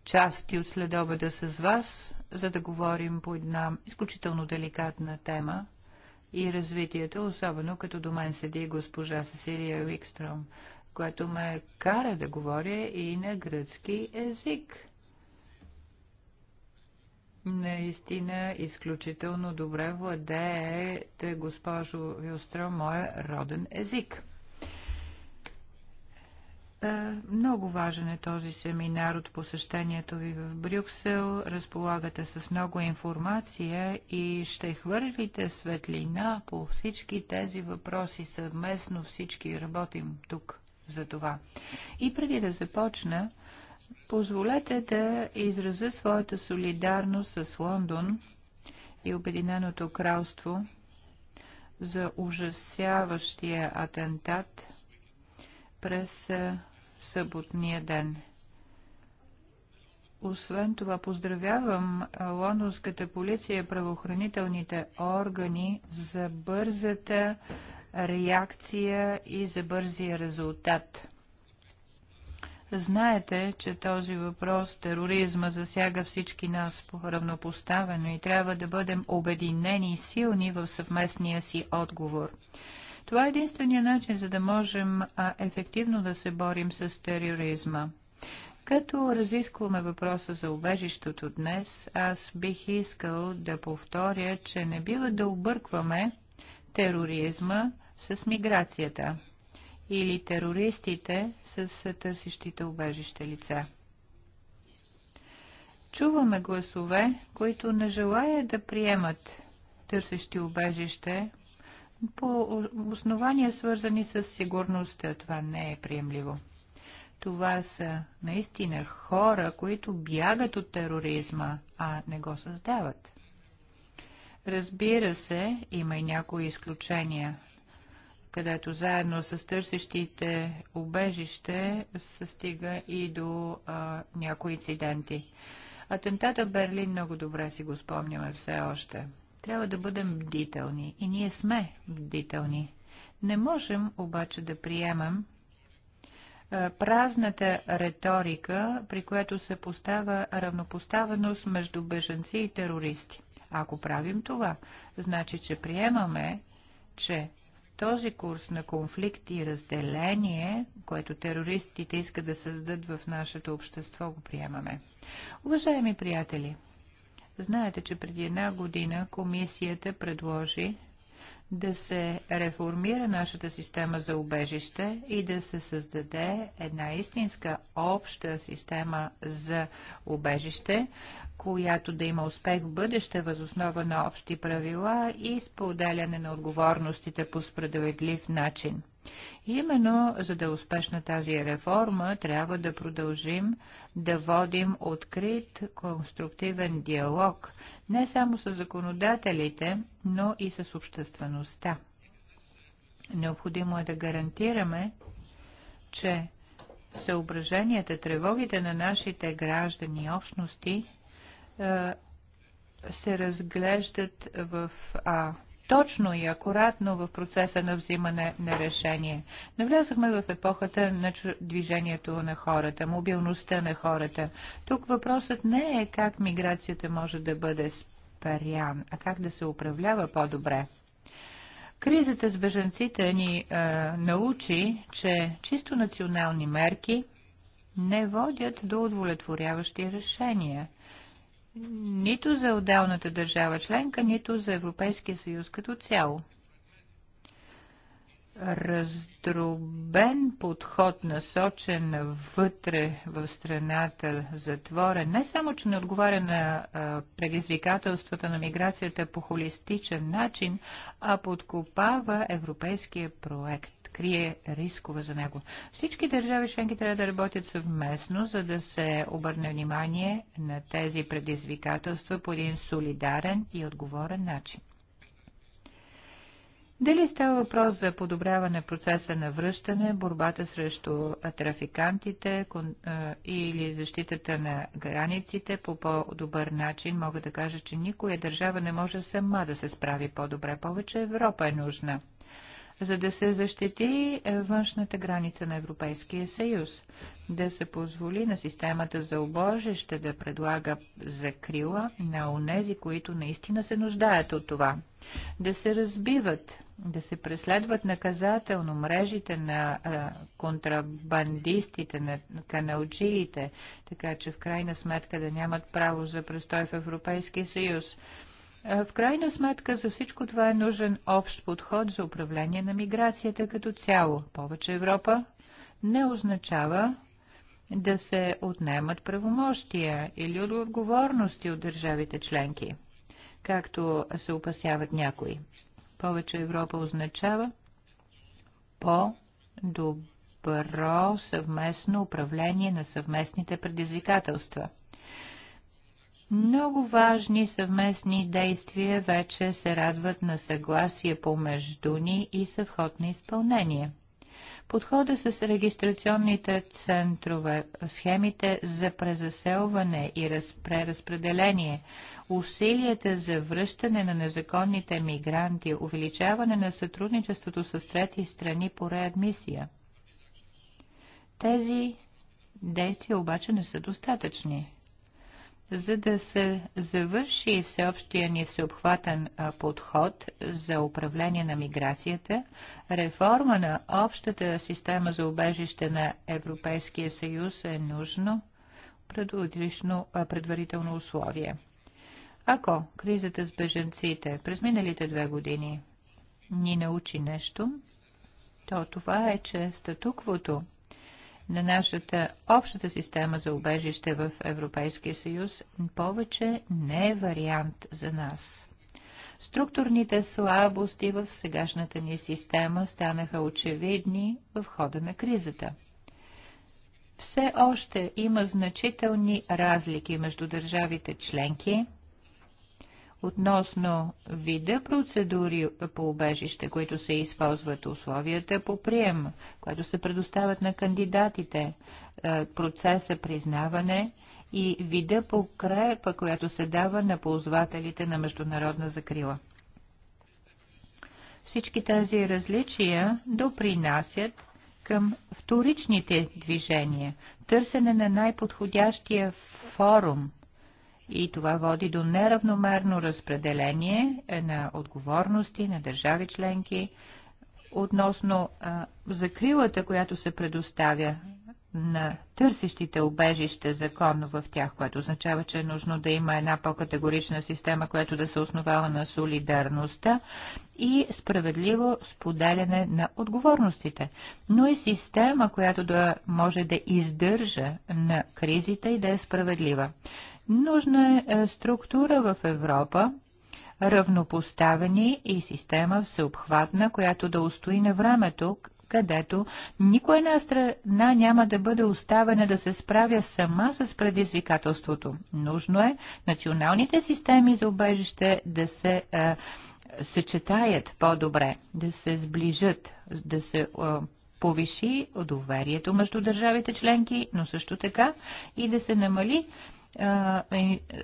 части от следобеда с вас за да говорим по една изключително деликатна тема и развитието, особено като до мен седи госпожа Сесилия Уикстром, която ме кара да говоря и на гръцки език. Наистина, изключително добре владеете, госпожо Вилстро, моя роден език. Е, много важен е този семинар от посещението ви в Брюксел. Разполагате с много информация и ще хвърлите светлина по всички тези въпроси. Съвместно всички работим тук за това. И преди да започна, позволете да изразя своята солидарност с Лондон и Обединеното кралство за ужасяващия атентат през съботния ден. Освен това, поздравявам лондонската полиция и правоохранителните органи за бързата реакция и за бързия резултат. Знаете, че този въпрос, тероризма, засяга всички нас равнопоставено и трябва да бъдем обединени и силни в съвместния си отговор. Това е единствения начин, за да можем ефективно да се борим с тероризма. Като разискваме въпроса за убежището днес, аз бих искал да повторя, че не бива да объркваме тероризма с миграцията или терористите с търсещите убежище лица. Чуваме гласове, които не желаят да приемат търсещи убежище по основания свързани с сигурността. Това не е приемливо. Това са наистина хора, които бягат от тероризма, а не го създават. Разбира се, има и някои изключения, където заедно с търсещите убежище се стига и до а, някои инциденти. Атентата в Берлин много добре си го спомняме все още – трябва да бъдем бдителни и ние сме бдителни. Не можем обаче да приемам празната риторика, при която се поставя равнопоставеност между беженци и терористи. Ако правим това, значи, че приемаме, че този курс на конфликт и разделение, което терористите искат да създадат в нашето общество, го приемаме. Уважаеми приятели, Знаете, че преди една година комисията предложи да се реформира нашата система за убежище и да се създаде една истинска обща система за убежище, която да има успех в бъдеще възоснова на общи правила и споделяне на отговорностите по справедлив начин. Именно за да е успешна тази реформа, трябва да продължим да водим открит, конструктивен диалог не само с законодателите, но и с обществеността. Необходимо е да гарантираме, че съображенията, тревогите на нашите граждани и общности е, се разглеждат в а, точно и акуратно в процеса на взимане на решение. Навлязахме в епохата на движението на хората, мобилността на хората. Тук въпросът не е как миграцията може да бъде спарян, а как да се управлява по-добре. Кризата с беженците ни е, научи, че чисто национални мерки не водят до удовлетворяващи решения нито за отделната държава членка, нито за Европейския съюз като цяло. Раздробен подход, насочен вътре в страната, затворен, не само, че не отговаря на предизвикателствата на миграцията по холистичен начин, а подкопава европейския проект крие рискове за него. Всички държави членки трябва да работят съвместно, за да се обърне внимание на тези предизвикателства по един солидарен и отговорен начин. Дали става въпрос за подобряване процеса на връщане, борбата срещу трафикантите или защитата на границите по по-добър начин, мога да кажа, че никоя държава не може сама да се справи по-добре. Повече Европа е нужна за да се защити е, външната граница на Европейския съюз, да се позволи на системата за обожище да предлага закрила на онези, които наистина се нуждаят от това, да се разбиват, да се преследват наказателно мрежите на а, контрабандистите, на каналджиите, така че в крайна сметка да нямат право за престой в Европейския съюз е, в крайна сметка за всичко това е нужен общ подход за управление на миграцията като цяло. Повече Европа не означава да се отнемат правомощия или отговорности от държавите членки, както се опасяват някои. Повече Европа означава по-добро съвместно управление на съвместните предизвикателства. Много важни съвместни действия вече се радват на съгласие помежду ни и са вход на изпълнение. Подхода с регистрационните центрове, схемите за презаселване и преразпределение, усилията за връщане на незаконните мигранти, увеличаване на сътрудничеството с трети страни по реадмисия. Тези действия обаче не са достатъчни за да се завърши всеобщия ни всеобхватен подход за управление на миграцията, реформа на общата система за убежище на Европейския съюз е нужно предварително условие. Ако кризата с беженците през миналите две години ни научи нещо, то това е, че статуквото на нашата общата система за убежище в Европейския съюз повече не е вариант за нас. Структурните слабости в сегашната ни система станаха очевидни в хода на кризата. Все още има значителни разлики между държавите членки – относно вида процедури по убежище, които се използват, условията по прием, които се предоставят на кандидатите, е, процеса признаване и вида покрепа, която се дава на ползвателите на международна закрила. Всички тези различия допринасят към вторичните движения, търсене на най-подходящия форум – и това води до неравномерно разпределение на отговорности на държави членки относно а, закрилата, която се предоставя на търсещите убежище законно в тях, което означава, че е нужно да има една по-категорична система, която да се основава на солидарността и справедливо споделяне на отговорностите, но и система, която да може да издържа на кризите и да е справедлива. Нужна е, е структура в Европа, равнопоставени и система всеобхватна, която да устои на времето, където никоя една страна няма да бъде оставена да се справя сама с предизвикателството. Нужно е националните системи за убежище да се е, съчетаят по-добре, да се сближат, да се е, повиши доверието между държавите членки, но също така и да се намали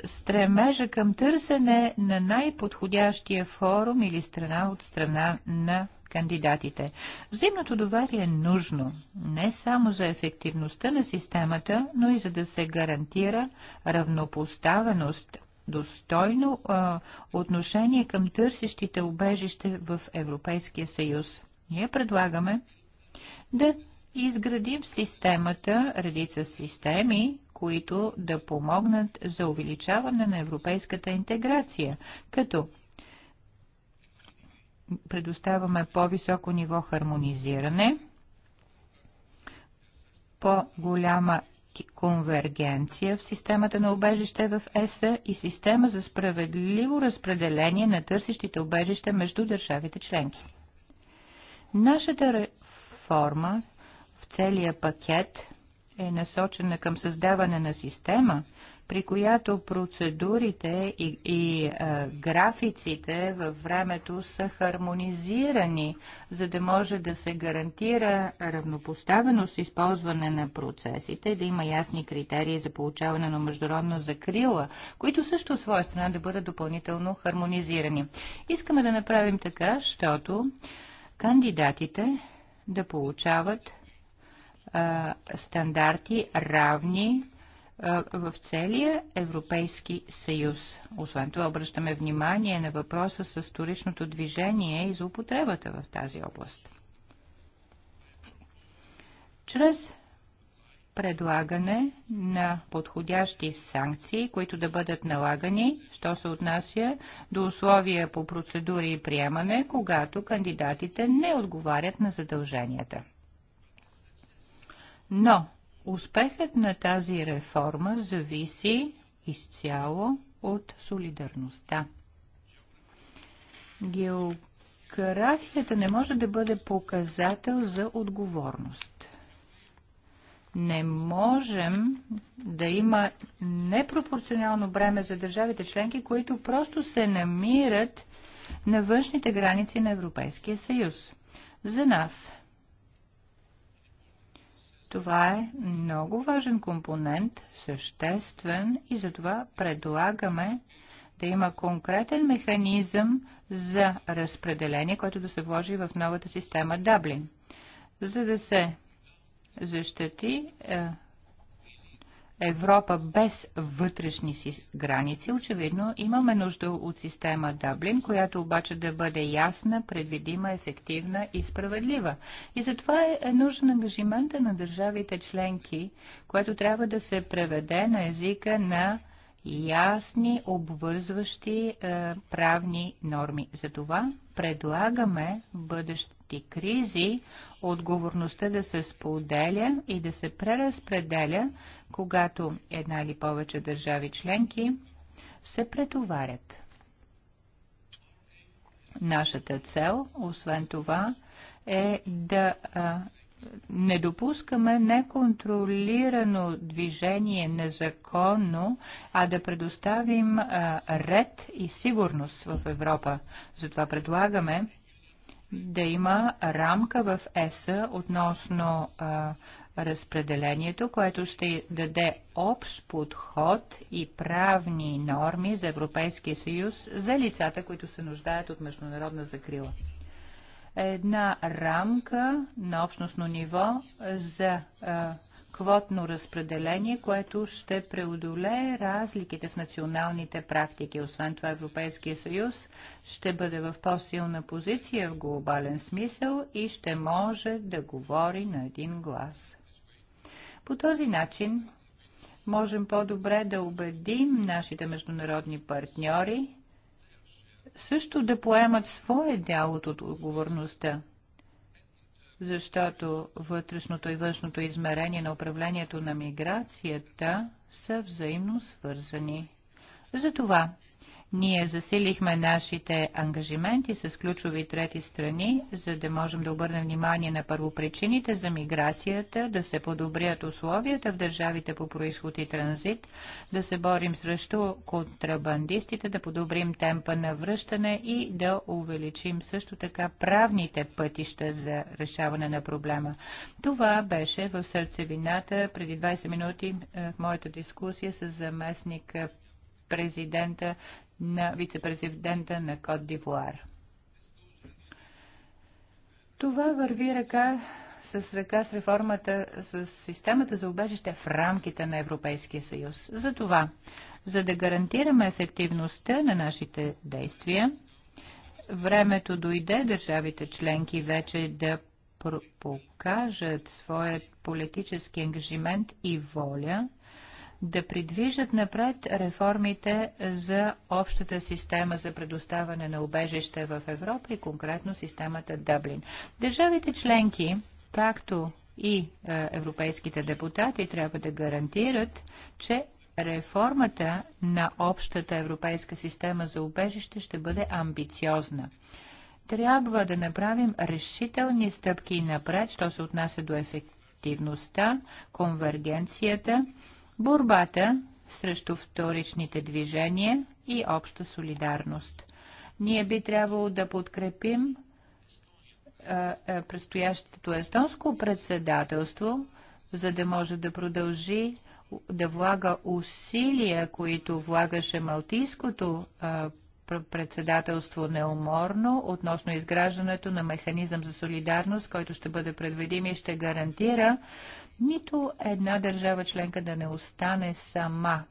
стремежа към търсене на най-подходящия форум или страна от страна на кандидатите. Взаимното доверие е нужно не само за ефективността на системата, но и за да се гарантира равнопоставеност, достойно а, отношение към търсещите убежище в Европейския съюз. Ние предлагаме да изградим системата, редица системи, които да помогнат за увеличаване на европейската интеграция, като предоставяме по-високо ниво хармонизиране, по-голяма конвергенция в системата на убежище в ЕСА и система за справедливо разпределение на търсещите убежище между държавите членки. Нашата реформа в целия пакет е насочена към създаване на система, при която процедурите и, и а, графиците във времето са хармонизирани, за да може да се гарантира равнопоставеност използване на процесите, да има ясни критерии за получаване на международна закрила, които също от своя страна да бъдат допълнително хармонизирани. Искаме да направим така, защото кандидатите да получават стандарти равни в целия Европейски съюз. Освен това обръщаме внимание на въпроса с вторичното движение и злоупотребата в тази област. Чрез предлагане на подходящи санкции, които да бъдат налагани, що се отнася до условия по процедури и приемане, когато кандидатите не отговарят на задълженията. Но успехът на тази реформа зависи изцяло от солидарността. Географията не може да бъде показател за отговорност. Не можем да има непропорционално бреме за държавите членки, които просто се намират на външните граници на Европейския съюз. За нас това е много важен компонент, съществен и затова предлагаме да има конкретен механизъм за разпределение, който да се вложи в новата система Даблин, за да се защити е, Европа без вътрешни си граници, очевидно имаме нужда от система Даблин, която обаче да бъде ясна, предвидима, ефективна и справедлива. И затова е, е нужен ангажимента на държавите членки, което трябва да се преведе на езика на ясни, обвързващи е, правни норми. Затова предлагаме бъдещ кризи, отговорността да се споделя и да се преразпределя, когато една или повече държави членки се претоварят. Нашата цел, освен това, е да а, не допускаме неконтролирано движение незаконно, а да предоставим а, ред и сигурност в Европа. Затова предлагаме да има рамка в ЕСА относно а, разпределението, което ще даде общ подход и правни норми за Европейския съюз за лицата, които се нуждаят от международна закрила една рамка на общностно ниво за квотно разпределение, което ще преодолее разликите в националните практики. Освен това Европейския съюз ще бъде в по-силна позиция в глобален смисъл и ще може да говори на един глас. По този начин можем по-добре да убедим нашите международни партньори също да поемат своя дял от отговорността, защото вътрешното и външното измерение на управлението на миграцията са взаимно свързани. Затова ние засилихме нашите ангажименти с ключови трети страни, за да можем да обърнем внимание на първопричините за миграцията, да се подобрят условията в държавите по происход и транзит, да се борим срещу контрабандистите, да подобрим темпа на връщане и да увеличим също така правните пътища за решаване на проблема. Това беше в сърцевината преди 20 минути е, в моята дискусия с заместник е, президента на вице-президента на Кот Дивуар. Това върви ръка с ръка с реформата, с системата за убежище в рамките на Европейския съюз. За това, за да гарантираме ефективността на нашите действия, времето дойде държавите членки вече да покажат своят политически ангажимент и воля да придвижат напред реформите за общата система за предоставане на убежище в Европа и конкретно системата Дъблин. Държавите членки, както и е, европейските депутати, трябва да гарантират, че реформата на общата европейска система за убежище ще бъде амбициозна трябва да направим решителни стъпки напред, що се отнася до ефективността, конвергенцията борбата срещу вторичните движения и обща солидарност. Ние би трябвало да подкрепим предстоящото естонско председателство, за да може да продължи да влага усилия, които влагаше Малтийското а, председателство неуморно относно изграждането на механизъм за солидарност, който ще бъде предвидим и ще гарантира нито една държава членка да не остане сама.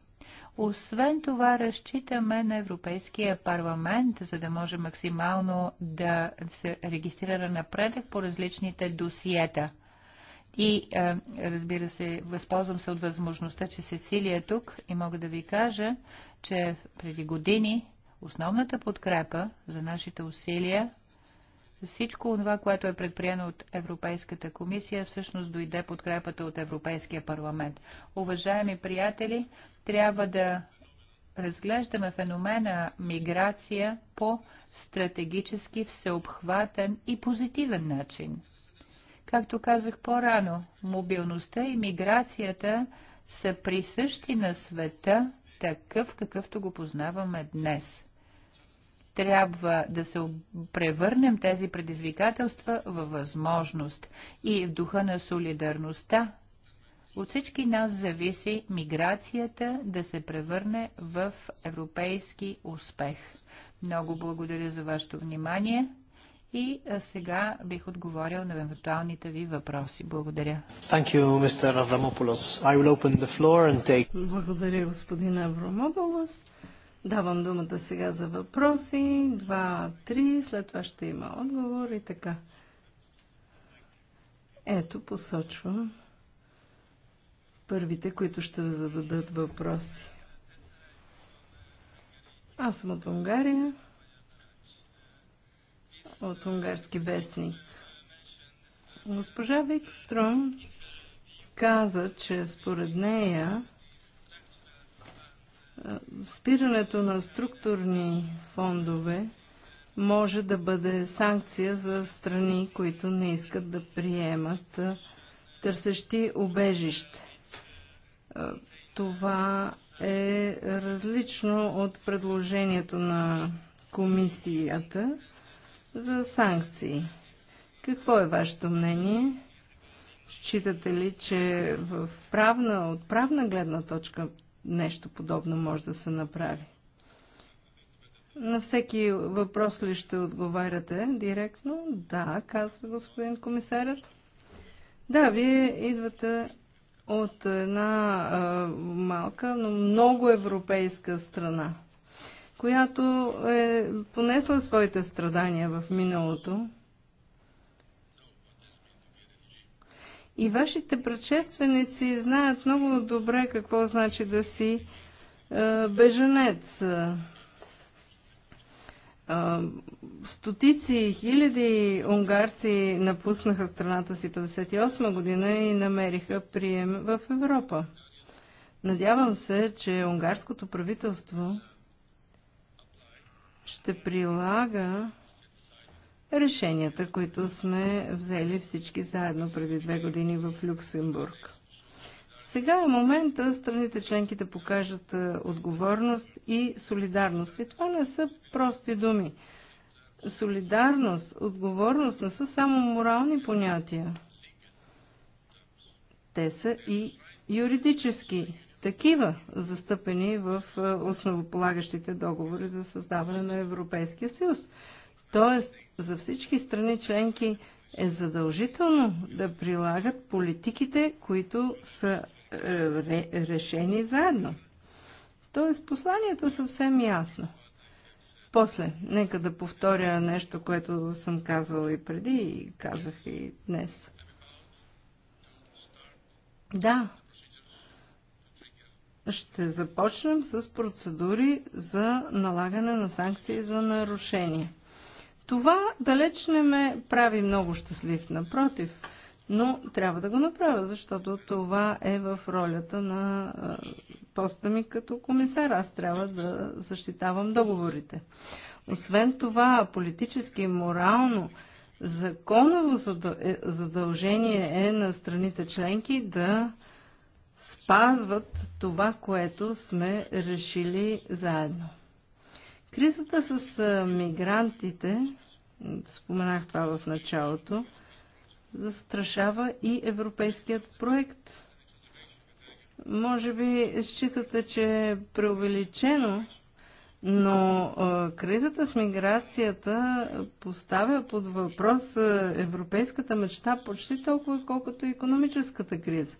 Освен това, разчитаме на Европейския парламент, за да може максимално да се регистрира напредък по различните досиета. И е, разбира се, възползвам се от възможността, че Сецилия е тук и мога да ви кажа, че преди години основната подкрепа за нашите усилия всичко това, което е предприено от Европейската комисия, всъщност дойде подкрепата от Европейския парламент. Уважаеми приятели, трябва да разглеждаме феномена миграция по стратегически всеобхватен и позитивен начин. Както казах по-рано, мобилността и миграцията са присъщи на света такъв, какъвто го познаваме днес – трябва да се превърнем тези предизвикателства във възможност и в духа на солидарността. От всички нас зависи миграцията да се превърне в европейски успех. Много благодаря за вашето внимание и сега бих отговорил на евентуалните ви въпроси. Благодаря. You, take... Благодаря, господин Аврамополос. Давам думата сега за въпроси. Два, три, след това ще има отговор и така. Ето, посочвам първите, които ще зададат въпроси. Аз съм от Унгария, от унгарски вестник. Госпожа Викстрон каза, че според нея е, спирането на структурни фондове може да бъде санкция за страни, които не искат да приемат е, търсещи обежище. Е, това е различно от предложението на комисията за санкции. Какво е вашето мнение? Считате ли, че в правна, от правна гледна точка нещо подобно може да се направи. На всеки въпрос ли ще отговаряте директно? Да, казва господин комисарят. Да, вие идвате от една а, малка, но много европейска страна, която е понесла своите страдания в миналото. И вашите предшественици знаят много добре какво значи да си е, беженец. Е, стотици, хиляди унгарци напуснаха страната си 58 година и намериха прием в Европа. Надявам се, че унгарското правителство ще прилага решенията, които сме взели всички заедно преди две години в Люксембург. Сега е момента страните членки да покажат отговорност и солидарност. И това не са прости думи. Солидарност, отговорност не са само морални понятия. Те са и юридически такива, застъпени в основополагащите договори за създаване на Европейския съюз. Тоест, за всички страни членки е задължително да прилагат политиките, които са е, ре, решени заедно. Тоест, посланието е съвсем ясно. После, нека да повторя нещо, което съм казвал и преди и казах и днес. Да, ще започнем с процедури за налагане на санкции за нарушения. Това далеч не ме прави много щастлив, напротив, но трябва да го направя, защото това е в ролята на поста ми като комисар. Аз трябва да защитавам договорите. Освен това, политически и морално, законово е, задължение е на страните членки да спазват това, което сме решили заедно. Кризата с мигрантите, споменах това в началото, застрашава и европейският проект. Може би считате, че е преувеличено, но а, кризата с миграцията поставя под въпрос а, европейската мечта почти толкова, колкото и економическата криза.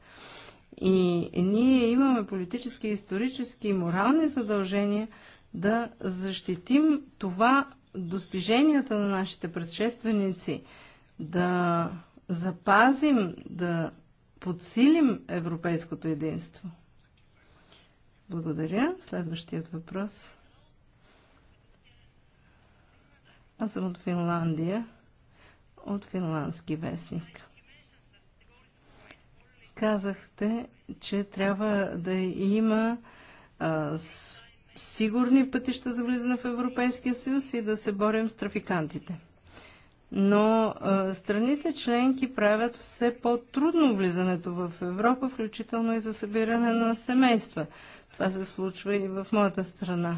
И ние имаме политически, исторически и морални задължения – да защитим това достиженията на нашите предшественици, да запазим, да подсилим европейското единство. Благодаря. Следващият въпрос. Аз съм от Финландия, от финландски вестник. Казахте, че трябва да има а, сигурни пътища за влизане в Европейския съюз и да се борим с трафикантите. Но а, страните членки правят все по-трудно влизането в Европа, включително и за събиране на семейства. Това се случва и в моята страна.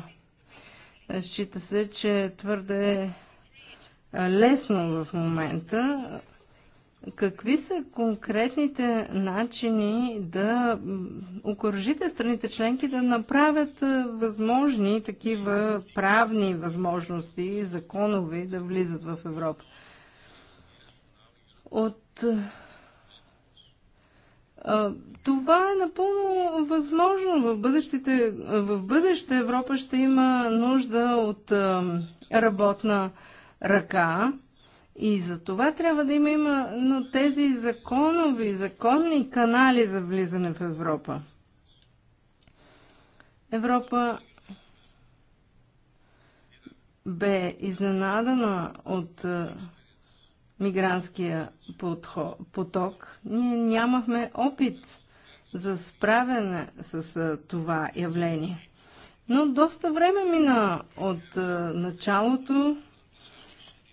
Счита се, че твърде лесно в момента Какви са конкретните начини да окоръжите страните членки да направят възможни такива правни възможности, законови, да влизат в Европа? От това е напълно възможно. В, бъдещите, в бъдеще Европа ще има нужда от работна ръка, и за това трябва да има но тези законови, законни канали за влизане в Европа. Европа бе изненадана от е, мигрантския поток. Ние нямахме опит за справяне с е, това явление. Но доста време мина от е, началото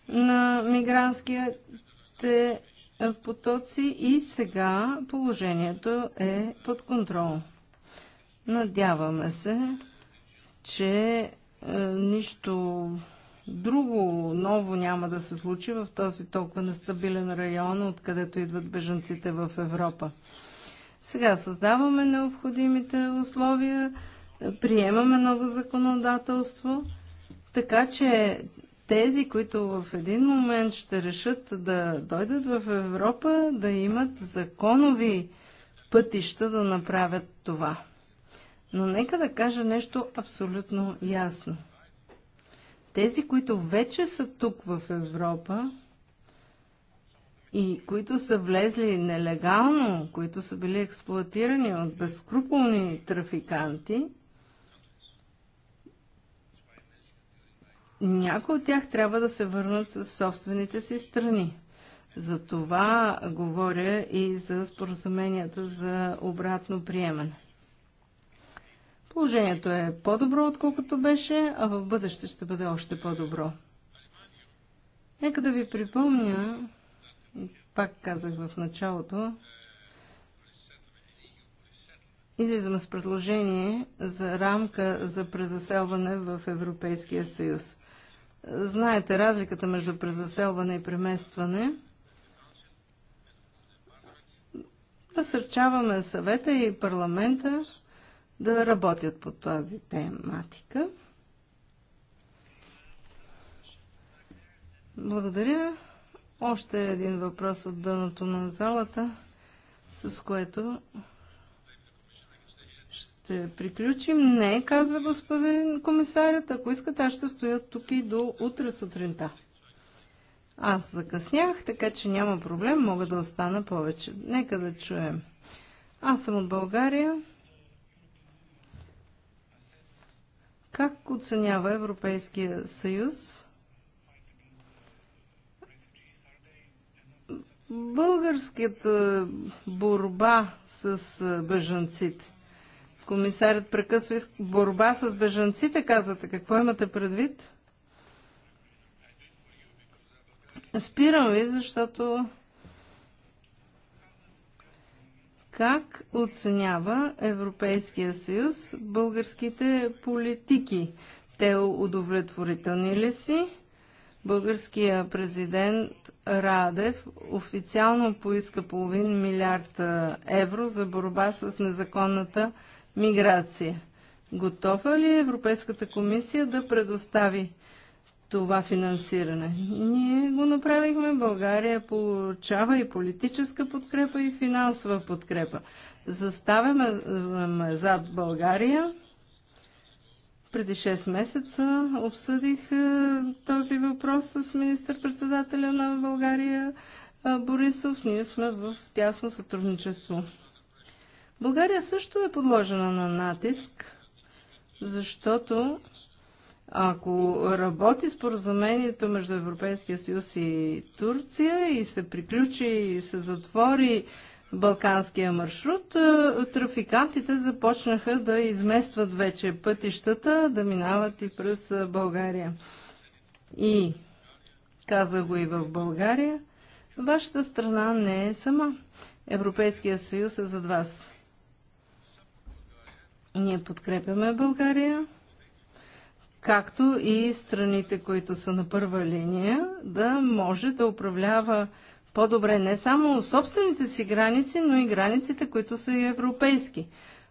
на мигрантските е, потоци и сега положението е под контрол. Надяваме се, че е, нищо друго ново няма да се случи в този толкова нестабилен район, откъдето идват бежанците в Европа. Сега създаваме необходимите условия, приемаме ново законодателство, така че тези, които в един момент ще решат да дойдат в Европа, да имат законови пътища да направят това. Но нека да кажа нещо абсолютно ясно. Тези, които вече са тук в Европа и които са влезли нелегално, които са били експлуатирани от безкруполни трафиканти, някои от тях трябва да се върнат с собствените си страни. За това говоря и за споразуменията за обратно приемане. Положението е по-добро, отколкото беше, а в бъдеще ще бъде още по-добро. Нека да ви припомня, пак казах в началото, излизам с предложение за рамка за презаселване в Европейския съюз. Знаете разликата между презаселване и преместване. Насърчаваме съвета и парламента да работят по тази тематика. Благодаря. Още един въпрос от дъното на залата, с което ще приключим? Не, казва господин комисарят. Ако искат, аз ще стоя тук и до утре сутринта. Аз закъснях, така че няма проблем, мога да остана повече. Нека да чуем. Аз съм от България. Как оценява Европейския съюз? Българската борба с бежанците. Комисарят прекъсва борба с бежанците, казвате. Какво имате предвид? Спирам ви, защото как оценява Европейския съюз българските политики? Те удовлетворителни ли си? Българския президент Радев официално поиска половин милиард евро за борба с незаконната миграция. Готова ли е Европейската комисия да предостави това финансиране? Ние го направихме. България получава и политическа подкрепа, и финансова подкрепа. Заставяме зад България. Преди 6 месеца обсъдих е, този въпрос с министър-председателя на България Борисов. Ние сме в тясно сътрудничество. България също е подложена на натиск, защото ако работи споразумението между Европейския съюз и Турция и се приключи и се затвори Балканския маршрут, трафикантите започнаха да изместват вече пътищата, да минават и през България. И, каза го и в България, вашата страна не е сама. Европейския съюз е зад вас. Ние подкрепяме България, както и страните, които са на първа линия, да може да управлява по-добре не само собствените си граници, но и границите, които са и европейски.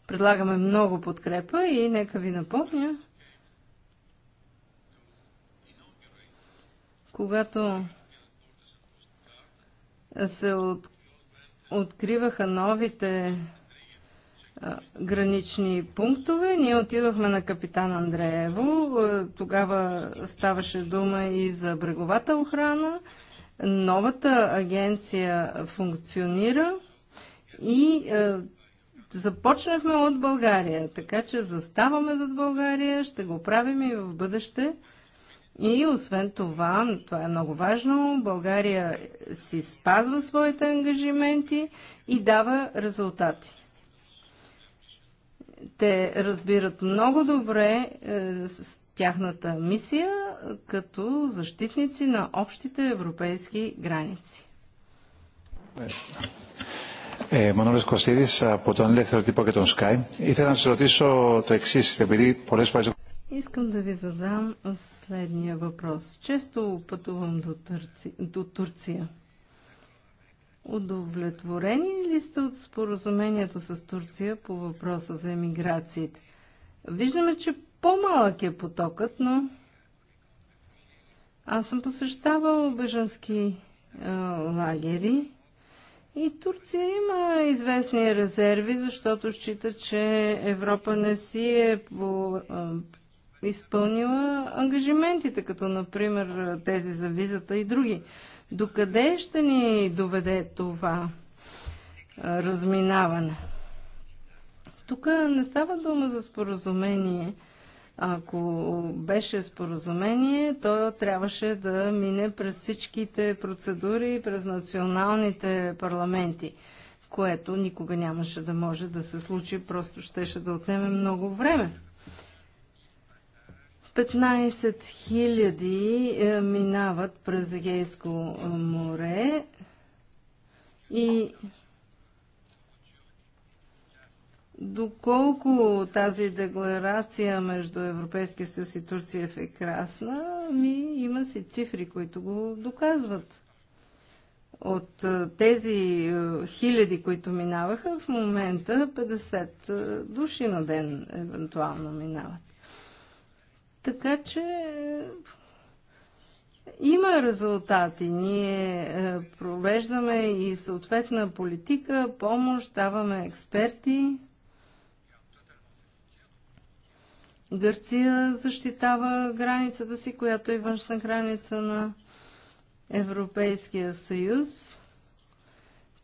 Предлагаме много подкрепа и нека ви напомня, когато се от, откриваха новите гранични пунктове. Ние отидохме на капитан Андреево. Тогава ставаше дума и за бреговата охрана. Новата агенция функционира и е, започнахме от България. Така че заставаме зад България, ще го правим и в бъдеще. И освен това, това е много важно, България си спазва своите ангажименти и дава резултати. Те разбират много добре е, с тяхната мисия като защитници на общите европейски граници. Ε, Μανώλης Κωστίδης από τον Ελεύθερο Τύπο και τον Sky. Ήθελα να σας ρωτήσω το εξής, επειδή πολλές φορές... Искам да ви задам следния въпрос. Често пътувам до, Турци... до Турция. Удовлетворени ли сте от споразумението с Турция по въпроса за емиграциите? Виждаме, че по-малък е потокът, но аз съм посещавал бежански е, лагери и Турция има известни резерви, защото счита, че Европа не си е по, е, изпълнила ангажиментите, като например е, тези за визата и други. Докъде ще ни доведе това разминаване? Тук не става дума за споразумение. Ако беше споразумение, то трябваше да мине през всичките процедури, през националните парламенти, което никога нямаше да може да се случи, просто щеше да отнеме много време. 15 000 е, минават през Егейско море и доколко тази декларация между Европейския съюз и Турция е прекрасна, ми има си цифри, които го доказват. От е, тези е, хиляди, които минаваха, в момента 50 души на ден евентуално минават. Така че е, има резултати. Ние е, провеждаме и съответна политика, помощ, даваме експерти. Гърция защитава границата си, която е външна граница на Европейския съюз.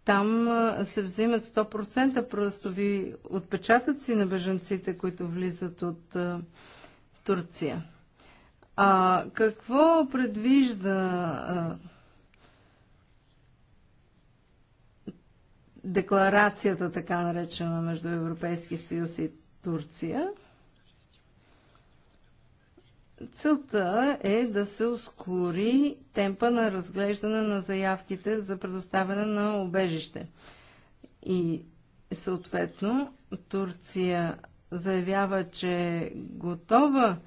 Там е, се взимат 100% пръстови отпечатъци на бежанците, които влизат от Турция. А какво предвижда а, декларацията, така наречена, между Европейски съюз и Турция? Целта е да се ускори темпа на разглеждане на заявките за предоставяне на обежище. И съответно Турция заявява, че е готова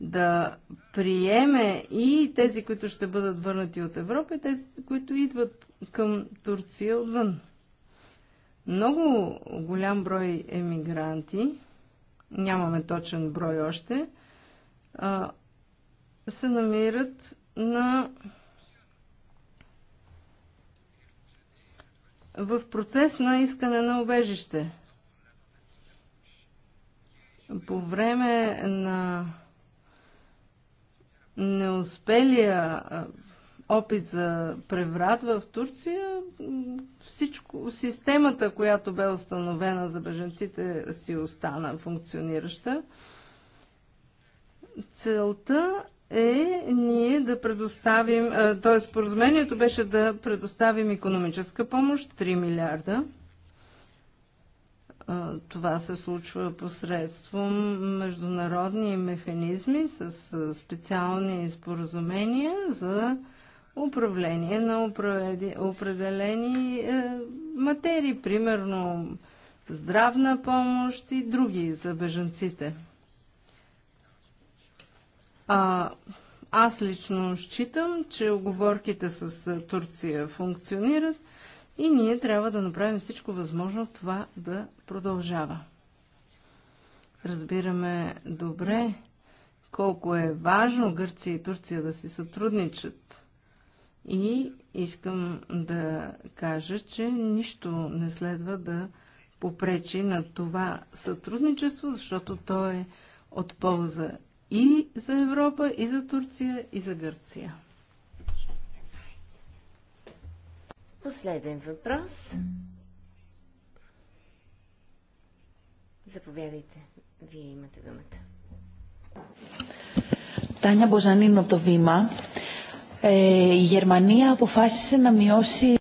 да приеме и тези, които ще бъдат върнати от Европа, и тези, които идват към Турция отвън. Много голям брой емигранти, нямаме точен брой още, се намират на в процес на искане на обежище. По време на неуспелия опит за преврат в Турция, всичко, системата, която бе установена за беженците, си остана функционираща. Целта е ние да предоставим, т.е. споразумението беше да предоставим економическа помощ 3 милиарда – това се случва посредством международни механизми с специални споразумения за управление на определени е, материи, примерно здравна помощ и други за бежанците. А, аз лично считам, че оговорките с Турция функционират – и ние трябва да направим всичко възможно това да продължава. Разбираме добре колко е важно Гърция и Турция да си сътрудничат. И искам да кажа, че нищо не следва да попречи на това сътрудничество, защото то е от полза и за Европа, и за Турция, и за Гърция. Последен въпрос. Заповядайте. Вие имате думата. Таня Μποζανίνο από вима. Βήμα. Ε, η Γερμανία αποφάσισε να μειώσει...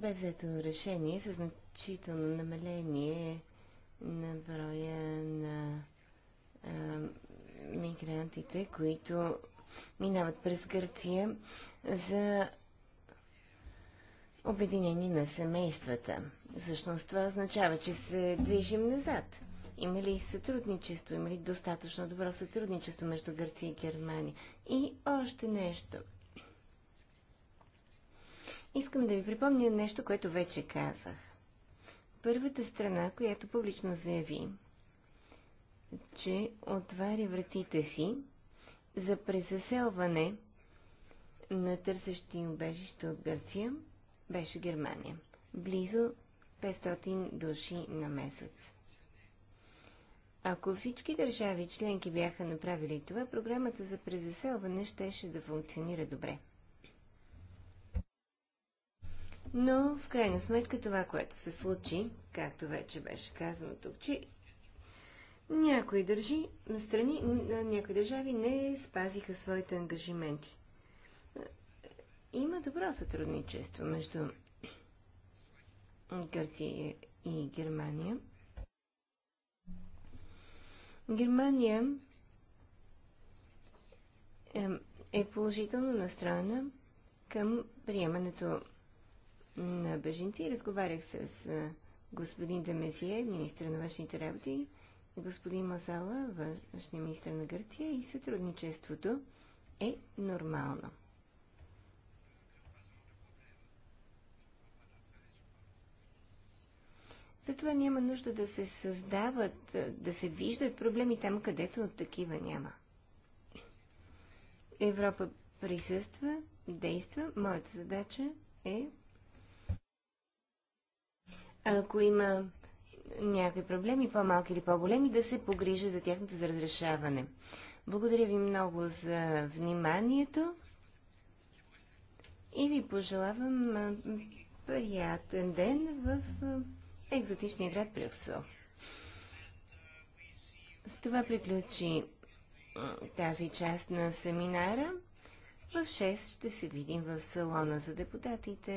Бе взето решение за значително намаление на броя на а, мигрантите, които минават през Гърция за обединени на семействата. Всъщност това означава, че се движим назад. Има ли сътрудничество, има ли достатъчно добро сътрудничество между Гърция и Германия? И още нещо. Искам да ви припомня нещо, което вече казах. Първата страна, която публично заяви, че отваря вратите си за презаселване на търсещи убежище от Гърция беше Германия. Близо 500 души на месец. Ако всички държави членки бяха направили това, програмата за презаселване щеше да функционира добре. Но, в крайна сметка, това, което се случи, както вече беше казано тук, че някои държи, страни, някои държави не спазиха своите ангажименти. Има добро сътрудничество между Гърция и Германия. Германия е положително настроена към приемането на беженци. Разговарях с е, господин Демезие, министр на външните работи, господин Мазала, външния министр на Гърция, и сътрудничеството е нормално. Затова няма нужда да се създават, да се виждат проблеми там, където такива няма. Европа присъства, действа. Моята задача е ако има някои проблеми, по-малки или по-големи, да се погрижа за тяхното за разрешаване. Благодаря ви много за вниманието и ви пожелавам приятен ден в екзотичния град Брюксел. С това приключи тази част на семинара. В 6 ще се видим в салона за депутатите.